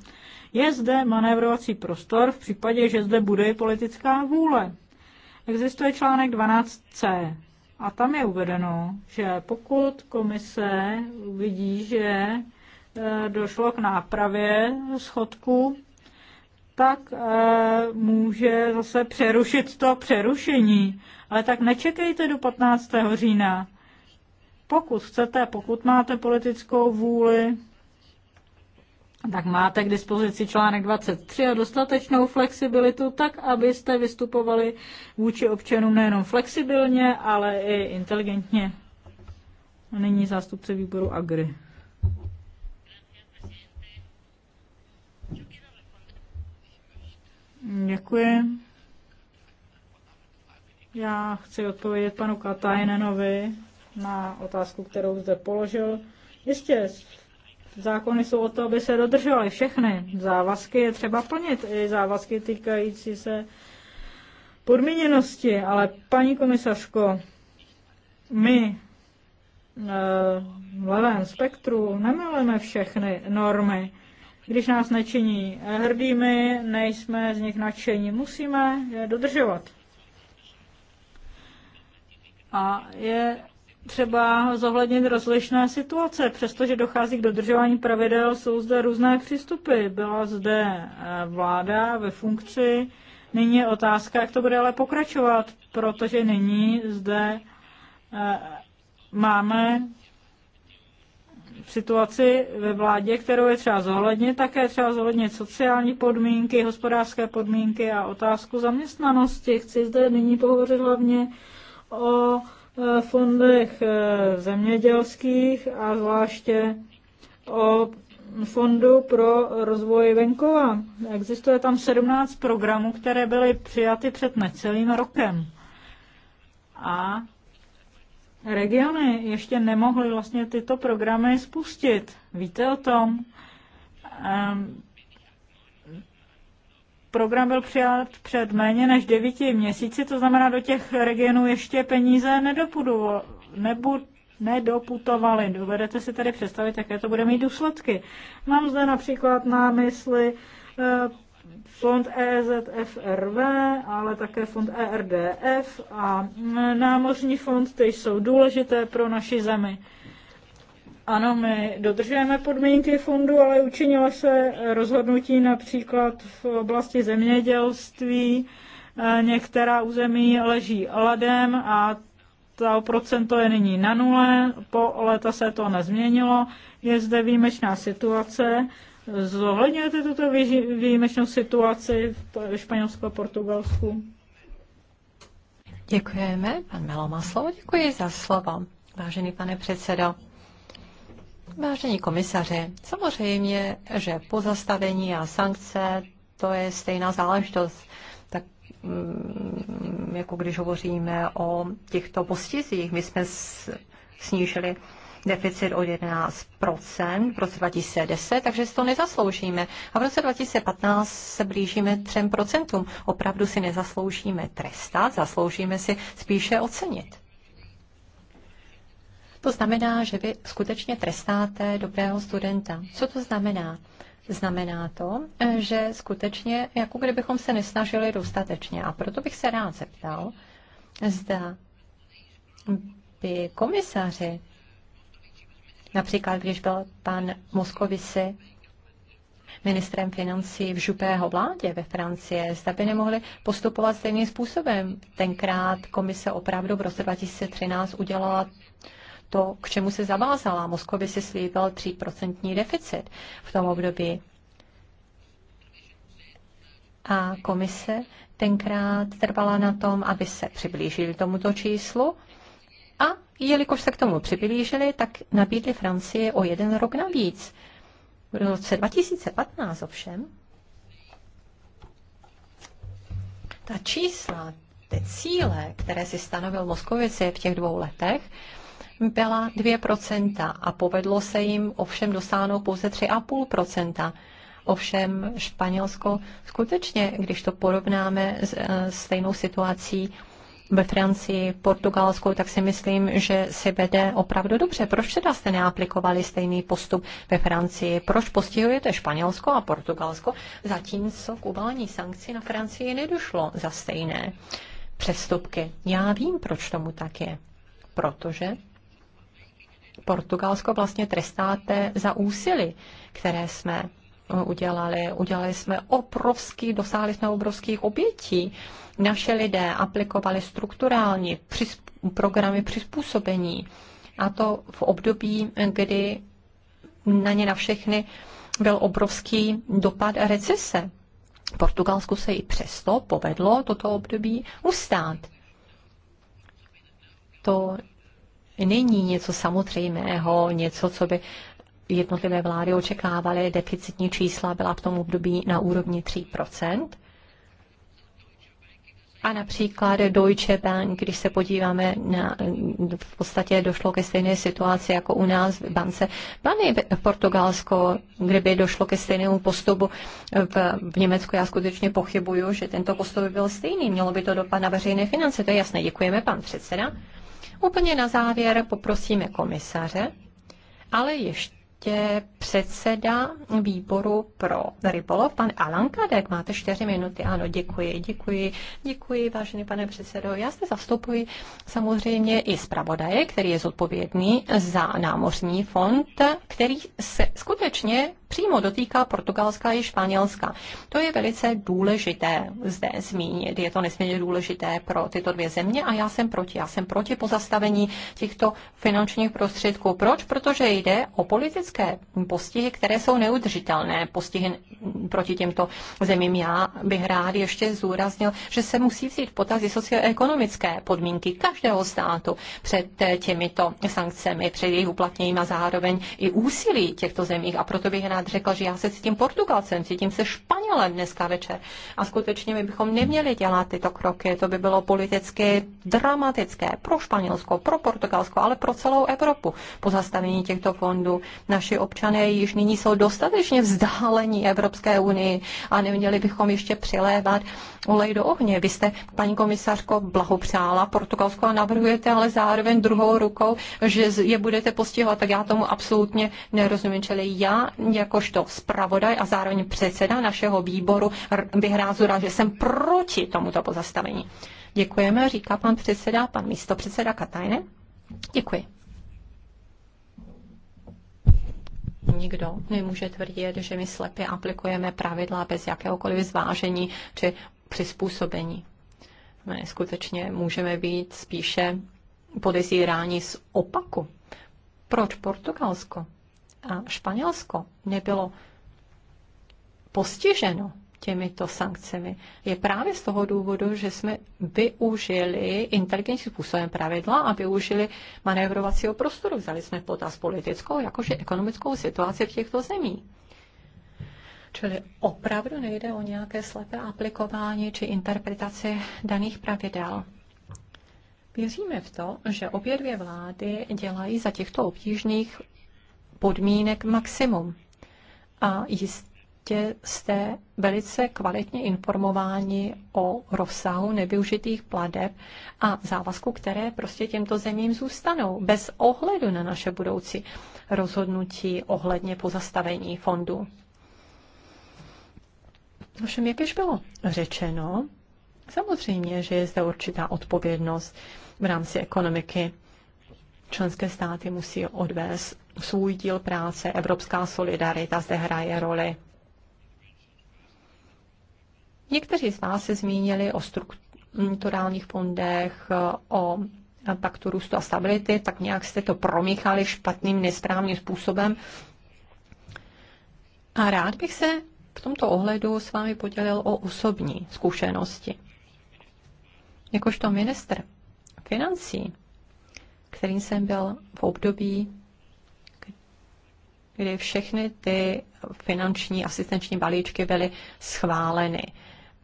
Je zde manévrovací prostor v případě, že zde bude politická vůle. Existuje článek 12c a tam je uvedeno, že pokud komise uvidí, že e, došlo k nápravě schodku, tak e, může zase přerušit to přerušení. Ale tak nečekejte do 15. října. Pokud chcete, pokud máte politickou vůli, tak máte k dispozici článek 23 a dostatečnou flexibilitu, tak abyste vystupovali vůči občanům nejenom flexibilně, ale i inteligentně. Nyní zástupce výboru Agri. Děkuji. Já chci odpovědět panu Katajnenovi na otázku, kterou zde položil. Jistě, zákony jsou o to, aby se dodržovaly všechny. Závazky je třeba plnit, i závazky týkající se podmíněnosti, ale paní komisařko, my eh, v levém spektru nemilujeme všechny normy. Když nás nečiní hrdými, nejsme z nich nadšení, musíme je dodržovat. A je třeba zohlednit rozlišné situace. Přestože dochází k dodržování pravidel, jsou zde různé přístupy. Byla zde eh, vláda ve funkci, nyní je otázka, jak to bude ale pokračovat, protože nyní zde eh, máme situaci ve vládě, kterou je třeba zohlednit, také třeba zohlednit sociální podmínky, hospodářské podmínky a otázku zaměstnanosti. Chci zde nyní pohovořit hlavně o e, fondech e, zemědělských a zvláště o Fondu pro rozvoj venkova. Existuje tam 17 programů, které byly přijaty před necelým rokem. A regiony ještě nemohly vlastně tyto programy spustit. Víte o tom? Ehm, program byl přijat před méně než devíti měsíci, to znamená, do těch regionů ještě peníze nedoputovaly. Dovedete si tady představit, jaké to bude mít důsledky. Mám zde například na mysli eh, fond EZFRV, ale také fond ERDF a námořní fond, ty jsou důležité pro naši zemi. Ano, my dodržujeme podmínky fondu, ale učinilo se rozhodnutí například v oblasti zemědělství. E, některá území leží ledem a to procento je nyní na nule, po léta se to nezměnilo, je zde výjimečná situace Zohledňujete tuto výjimečnou situaci v Španělsku a Portugalsku? Děkujeme. Pan Melo má slovo. Děkuji za slovo, vážený pane předsedo. Vážení komisaři, samozřejmě, že pozastavení a sankce, to je stejná záležitost. Tak mm, jako když hovoříme o těchto postizích, my jsme snížili deficit o 11 v roce 2010, takže si to nezasloužíme. A v roce 2015 se blížíme 3 Opravdu si nezasloužíme trestat, zasloužíme si spíše ocenit. To znamená, že vy skutečně trestáte dobrého studenta. Co to znamená? Znamená to, že skutečně, jako kdybychom se nesnažili dostatečně. A proto bych se rád zeptal, zda by komisaři Například, když byl pan Moskovici ministrem financí v župého vládě ve Francie, zda by nemohli postupovat stejným způsobem. Tenkrát komise opravdu v roce 2013 udělala to, k čemu se zavázala. Moskovi si slíbil 3% deficit v tom období. A komise tenkrát trvala na tom, aby se přiblížili tomuto číslu a jelikož se k tomu přiblížili, tak nabídli Francii o jeden rok navíc. V roce 2015 ovšem ta čísla, ty cíle, které si stanovil Moskovice v těch dvou letech, byla 2% a povedlo se jim ovšem dosáhnout pouze 3,5%. Ovšem Španělsko skutečně, když to porovnáme s eh, stejnou situací ve Francii, Portugalsku, tak si myslím, že si vede opravdu dobře. Proč teda jste neaplikovali stejný postup ve Francii? Proč postihujete Španělsko a Portugalsko, zatímco k uvalení sankcí na Francii nedošlo za stejné přestupky? Já vím, proč tomu tak je. Protože Portugalsko vlastně trestáte za úsilí, které jsme udělali. Udělali jsme obrovský, dosáhli jsme obrovských obětí. Naše lidé aplikovali strukturální přizp- programy přizpůsobení a to v období, kdy na ně na všechny byl obrovský dopad recese. Portugalsku se i přesto povedlo toto období ustát. To není něco samozřejmého, něco, co by jednotlivé vlády očekávaly deficitní čísla, byla v tom období na úrovni 3 a například Deutsche Bank, když se podíváme, na, v podstatě došlo ke stejné situaci jako u nás v bance Bany v Portugalsko, kdyby došlo ke stejnému postupu v, v Německu. Já skutečně pochybuju, že tento postup by byl stejný. Mělo by to dopad na veřejné finance, to je jasné. Děkujeme, pan předseda. Úplně na závěr poprosíme komisaře, ale ještě ještě předseda výboru pro rybolov, pan Alan Kadek. Máte čtyři minuty. Ano, děkuji, děkuji, děkuji, vážený pane předsedo. Já se zastupuji samozřejmě i zpravodaje, který je zodpovědný za námořní fond, který se skutečně přímo dotýká Portugalska i Španělska. To je velice důležité zde zmínit. Je to nesmírně důležité pro tyto dvě země a já jsem proti. Já jsem proti pozastavení těchto finančních prostředků. Proč? Protože jde o politické ekonomické postihy, které jsou neudržitelné postihy proti těmto zemím. Já bych rád ještě zúraznil, že se musí vzít potaz i socioekonomické podmínky každého státu před těmito sankcemi, před jejich uplatněním a zároveň i úsilí těchto zemích. A proto bych rád řekl, že já se cítím Portugalcem, cítím se Španělem dneska večer. A skutečně my bychom neměli dělat tyto kroky. To by bylo politicky dramatické pro Španělsko, pro Portugalsko, ale pro celou Evropu. Po zastavení těchto fondů na naši občané již nyní jsou dostatečně vzdálení Evropské unii a neměli bychom ještě přilévat olej do ohně. Vy jste, paní komisařko, blahopřála Portugalsko a navrhujete, ale zároveň druhou rukou, že je budete postihovat, tak já tomu absolutně nerozumím. Čili já jakožto zpravodaj a zároveň předseda našeho výboru bych rázura, že jsem proti tomuto pozastavení. Děkujeme, říká pan předseda, pan místo předseda Katajne. Děkuji. nikdo nemůže tvrdit, že my slepě aplikujeme pravidla bez jakéhokoliv zvážení či přizpůsobení. My skutečně můžeme být spíše podezíráni z opaku. Proč Portugalsko a Španělsko nebylo postiženo těmito sankcemi. Je právě z toho důvodu, že jsme využili inteligentním způsobem pravidla a využili manévrovacího prostoru. Vzali jsme potaz politickou, jakože ekonomickou situaci v těchto zemí, Čili opravdu nejde o nějaké slepé aplikování či interpretaci daných pravidel. Věříme v to, že obě dvě vlády dělají za těchto obtížných podmínek maximum. A jistě určitě prostě jste velice kvalitně informováni o rozsahu nevyužitých pladeb a závazku, které prostě těmto zemím zůstanou bez ohledu na naše budoucí rozhodnutí ohledně pozastavení fondu. Ovšem, jak již bylo řečeno, samozřejmě, že je zde určitá odpovědnost v rámci ekonomiky. Členské státy musí odvést svůj díl práce, evropská solidarita zde hraje roli. Někteří z vás se zmínili o strukturálních fondech, o paktu růstu a stability, tak nějak jste to promíchali špatným, nesprávným způsobem. A rád bych se v tomto ohledu s vámi podělil o osobní zkušenosti. Jakožto minister financí, kterým jsem byl v období, kdy všechny ty finanční asistenční balíčky byly schváleny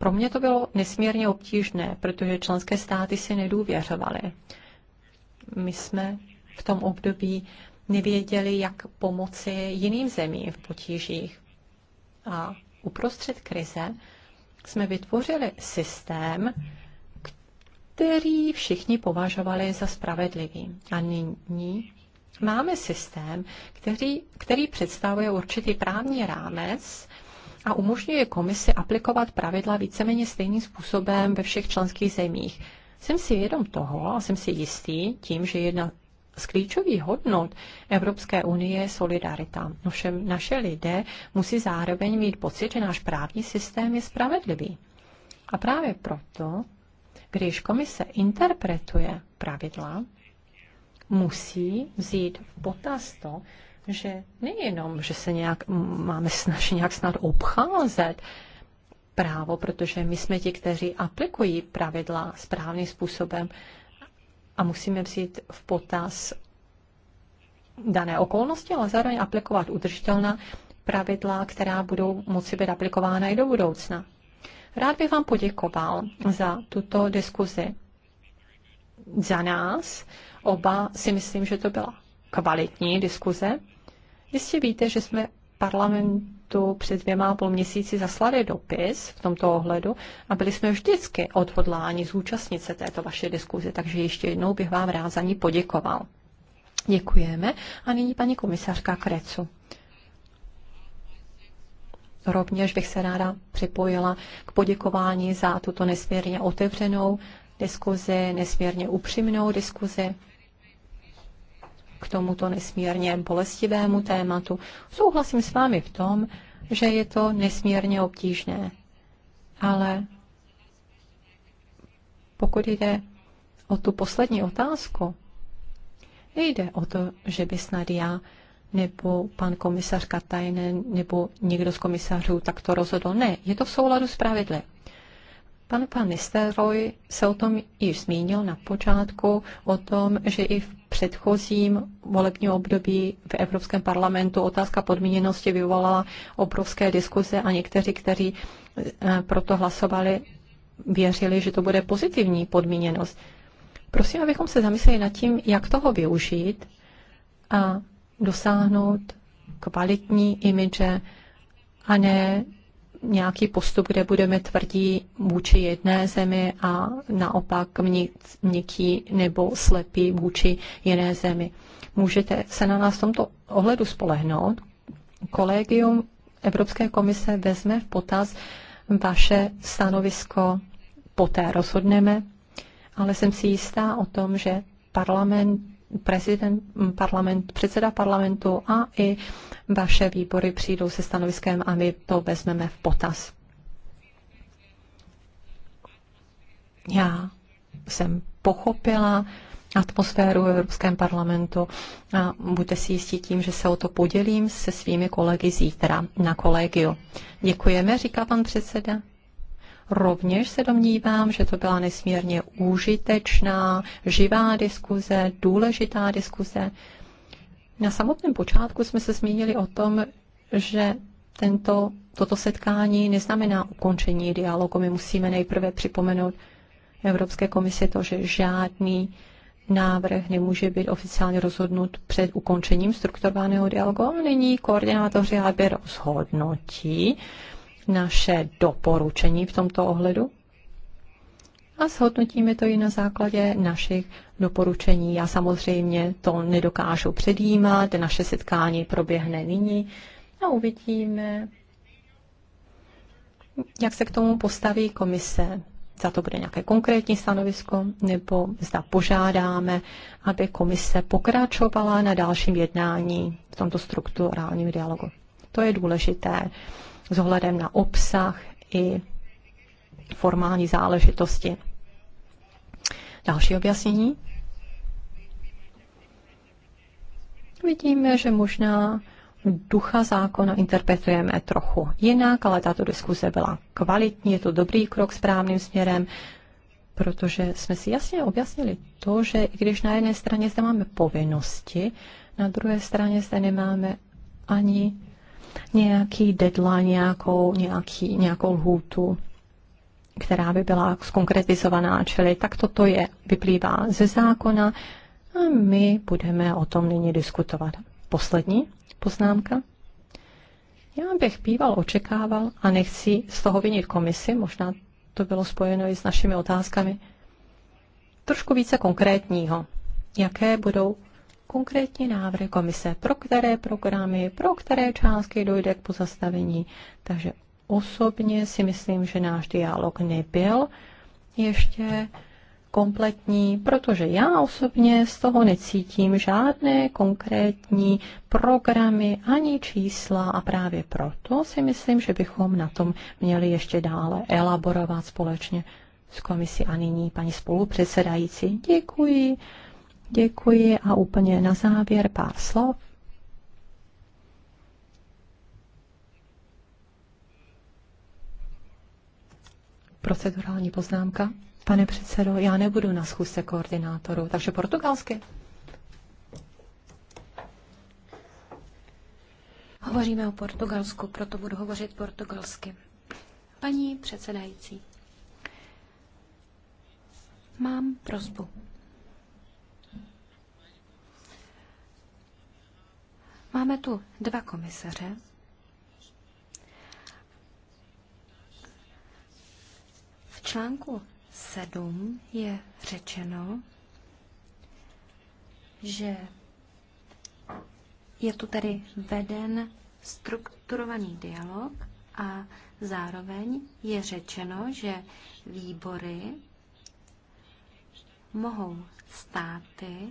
pro mě to bylo nesmírně obtížné, protože členské státy si nedůvěřovaly. My jsme v tom období nevěděli, jak pomoci jiným zemím v potížích. A uprostřed krize jsme vytvořili systém, který všichni považovali za spravedlivý. A nyní máme systém, který, který představuje určitý právní rámec, a umožňuje komisi aplikovat pravidla víceméně stejným způsobem ve všech členských zemích. Jsem si vědom toho a jsem si jistý tím, že jedna z klíčových hodnot Evropské unie je solidarita. Ovšem naše lidé musí zároveň mít pocit, že náš právní systém je spravedlivý. A právě proto, když komise interpretuje pravidla, musí vzít v potaz to, že nejenom, že se nějak máme snažit nějak snad obcházet právo, protože my jsme ti, kteří aplikují pravidla správným způsobem a musíme vzít v potaz dané okolnosti, ale zároveň aplikovat udržitelná pravidla, která budou moci být aplikována i do budoucna. Rád bych vám poděkoval za tuto diskuzi. Za nás oba si myslím, že to byla kvalitní diskuze. Jistě víte, že jsme parlamentu před dvěma a půl měsíci zaslali dopis v tomto ohledu a byli jsme vždycky odhodláni zúčastnit se této vaše diskuze, takže ještě jednou bych vám rád za ní poděkoval. Děkujeme. A nyní paní komisařka Krecu. Rovněž bych se ráda připojila k poděkování za tuto nesmírně otevřenou diskuzi, nesmírně upřímnou diskuzi k tomuto nesmírně bolestivému tématu. Souhlasím s vámi v tom, že je to nesmírně obtížné. Ale pokud jde o tu poslední otázku, nejde o to, že by snad já nebo pan komisař Katajnen nebo někdo z komisařů tak to rozhodl. Ne, je to v souladu s pravidly. Pan pan Nisteroj se o tom již zmínil na počátku, o tom, že i v předchozím volebním období v Evropském parlamentu otázka podmíněnosti vyvolala obrovské diskuze a někteří, kteří eh, proto hlasovali, věřili, že to bude pozitivní podmíněnost. Prosím, abychom se zamysleli nad tím, jak toho využít a dosáhnout kvalitní imidže a ne nějaký postup, kde budeme tvrdí vůči jedné zemi a naopak měkký nebo slepý vůči jiné zemi. Můžete se na nás v tomto ohledu spolehnout. Kolegium Evropské komise vezme v potaz vaše stanovisko, poté rozhodneme, ale jsem si jistá o tom, že parlament prezident parlament, předseda parlamentu a i vaše výbory přijdou se stanoviskem a my to vezmeme v potaz. Já jsem pochopila atmosféru v Evropském parlamentu a buďte si jistí tím, že se o to podělím se svými kolegy zítra na kolegiu. Děkujeme, říká pan předseda. Rovněž se domnívám, že to byla nesmírně užitečná, živá diskuze, důležitá diskuze. Na samotném počátku jsme se zmínili o tom, že tento, toto setkání neznamená ukončení dialogu. My musíme nejprve připomenout Evropské komisi to, že žádný návrh nemůže být oficiálně rozhodnut před ukončením strukturovaného dialogu. Nyní koordinátoři ABR rozhodnotí, naše doporučení v tomto ohledu a shodnotíme to i na základě našich doporučení. Já samozřejmě to nedokážu předjímat, naše setkání proběhne nyní a uvidíme, jak se k tomu postaví komise. Za to bude nějaké konkrétní stanovisko, nebo zda požádáme, aby komise pokračovala na dalším jednání v tomto strukturálním dialogu. To je důležité s ohledem na obsah i formální záležitosti. Další objasnění. Vidíme, že možná ducha zákona interpretujeme trochu jinak, ale tato diskuse byla kvalitní, je to dobrý krok správným směrem, protože jsme si jasně objasnili to, že i když na jedné straně zde máme povinnosti, na druhé straně zde nemáme ani nějaký deadline, nějakou, nějaký, nějakou lhůtu, která by byla skonkretizovaná, čili tak toto je, vyplývá ze zákona a my budeme o tom nyní diskutovat. Poslední poznámka. Já bych býval očekával a nechci z toho vinit komisi, možná to bylo spojeno i s našimi otázkami, trošku více konkrétního. Jaké budou konkrétní návrhy komise, pro které programy, pro které částky dojde k pozastavení. Takže osobně si myslím, že náš dialog nebyl ještě kompletní, protože já osobně z toho necítím žádné konkrétní programy ani čísla a právě proto si myslím, že bychom na tom měli ještě dále elaborovat společně s komisí a nyní paní spolupředsedající. Děkuji Děkuji a úplně na závěr pár slov. Procedurální poznámka. Pane předsedo, já nebudu na schůzce koordinátoru, takže portugalsky. Hovoříme o Portugalsku, proto budu hovořit portugalsky. Paní předsedající, mám prozbu. Máme tu dva komisaře. V článku 7 je řečeno, že je tu tedy veden strukturovaný dialog a zároveň je řečeno, že výbory mohou státy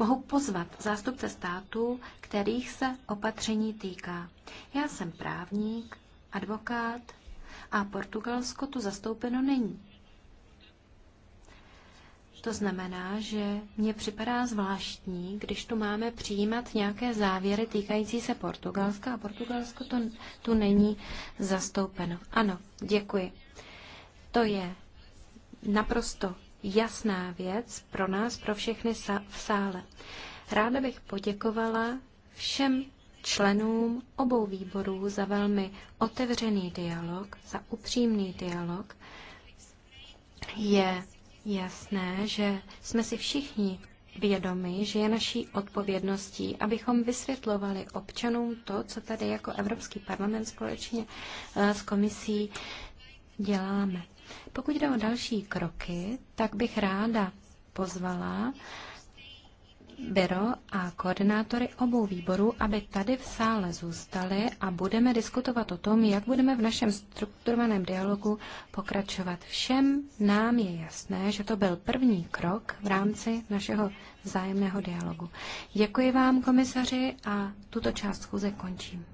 mohu pozvat zástupce států, kterých se opatření týká. Já jsem právník, advokát a Portugalsko tu zastoupeno není. To znamená, že mně připadá zvláštní, když tu máme přijímat nějaké závěry týkající se Portugalska a Portugalsko to, tu není zastoupeno. Ano, děkuji. To je naprosto jasná věc pro nás, pro všechny v sále. Ráda bych poděkovala všem členům obou výborů za velmi otevřený dialog, za upřímný dialog. Je jasné, že jsme si všichni vědomi, že je naší odpovědností, abychom vysvětlovali občanům to, co tady jako Evropský parlament společně eh, s komisí děláme. Pokud jde o další kroky, tak bych ráda pozvala Byro a koordinátory obou výborů, aby tady v sále zůstali a budeme diskutovat o tom, jak budeme v našem strukturovaném dialogu pokračovat. Všem nám je jasné, že to byl první krok v rámci našeho vzájemného dialogu. Děkuji vám, komisaři, a tuto část schůze končím.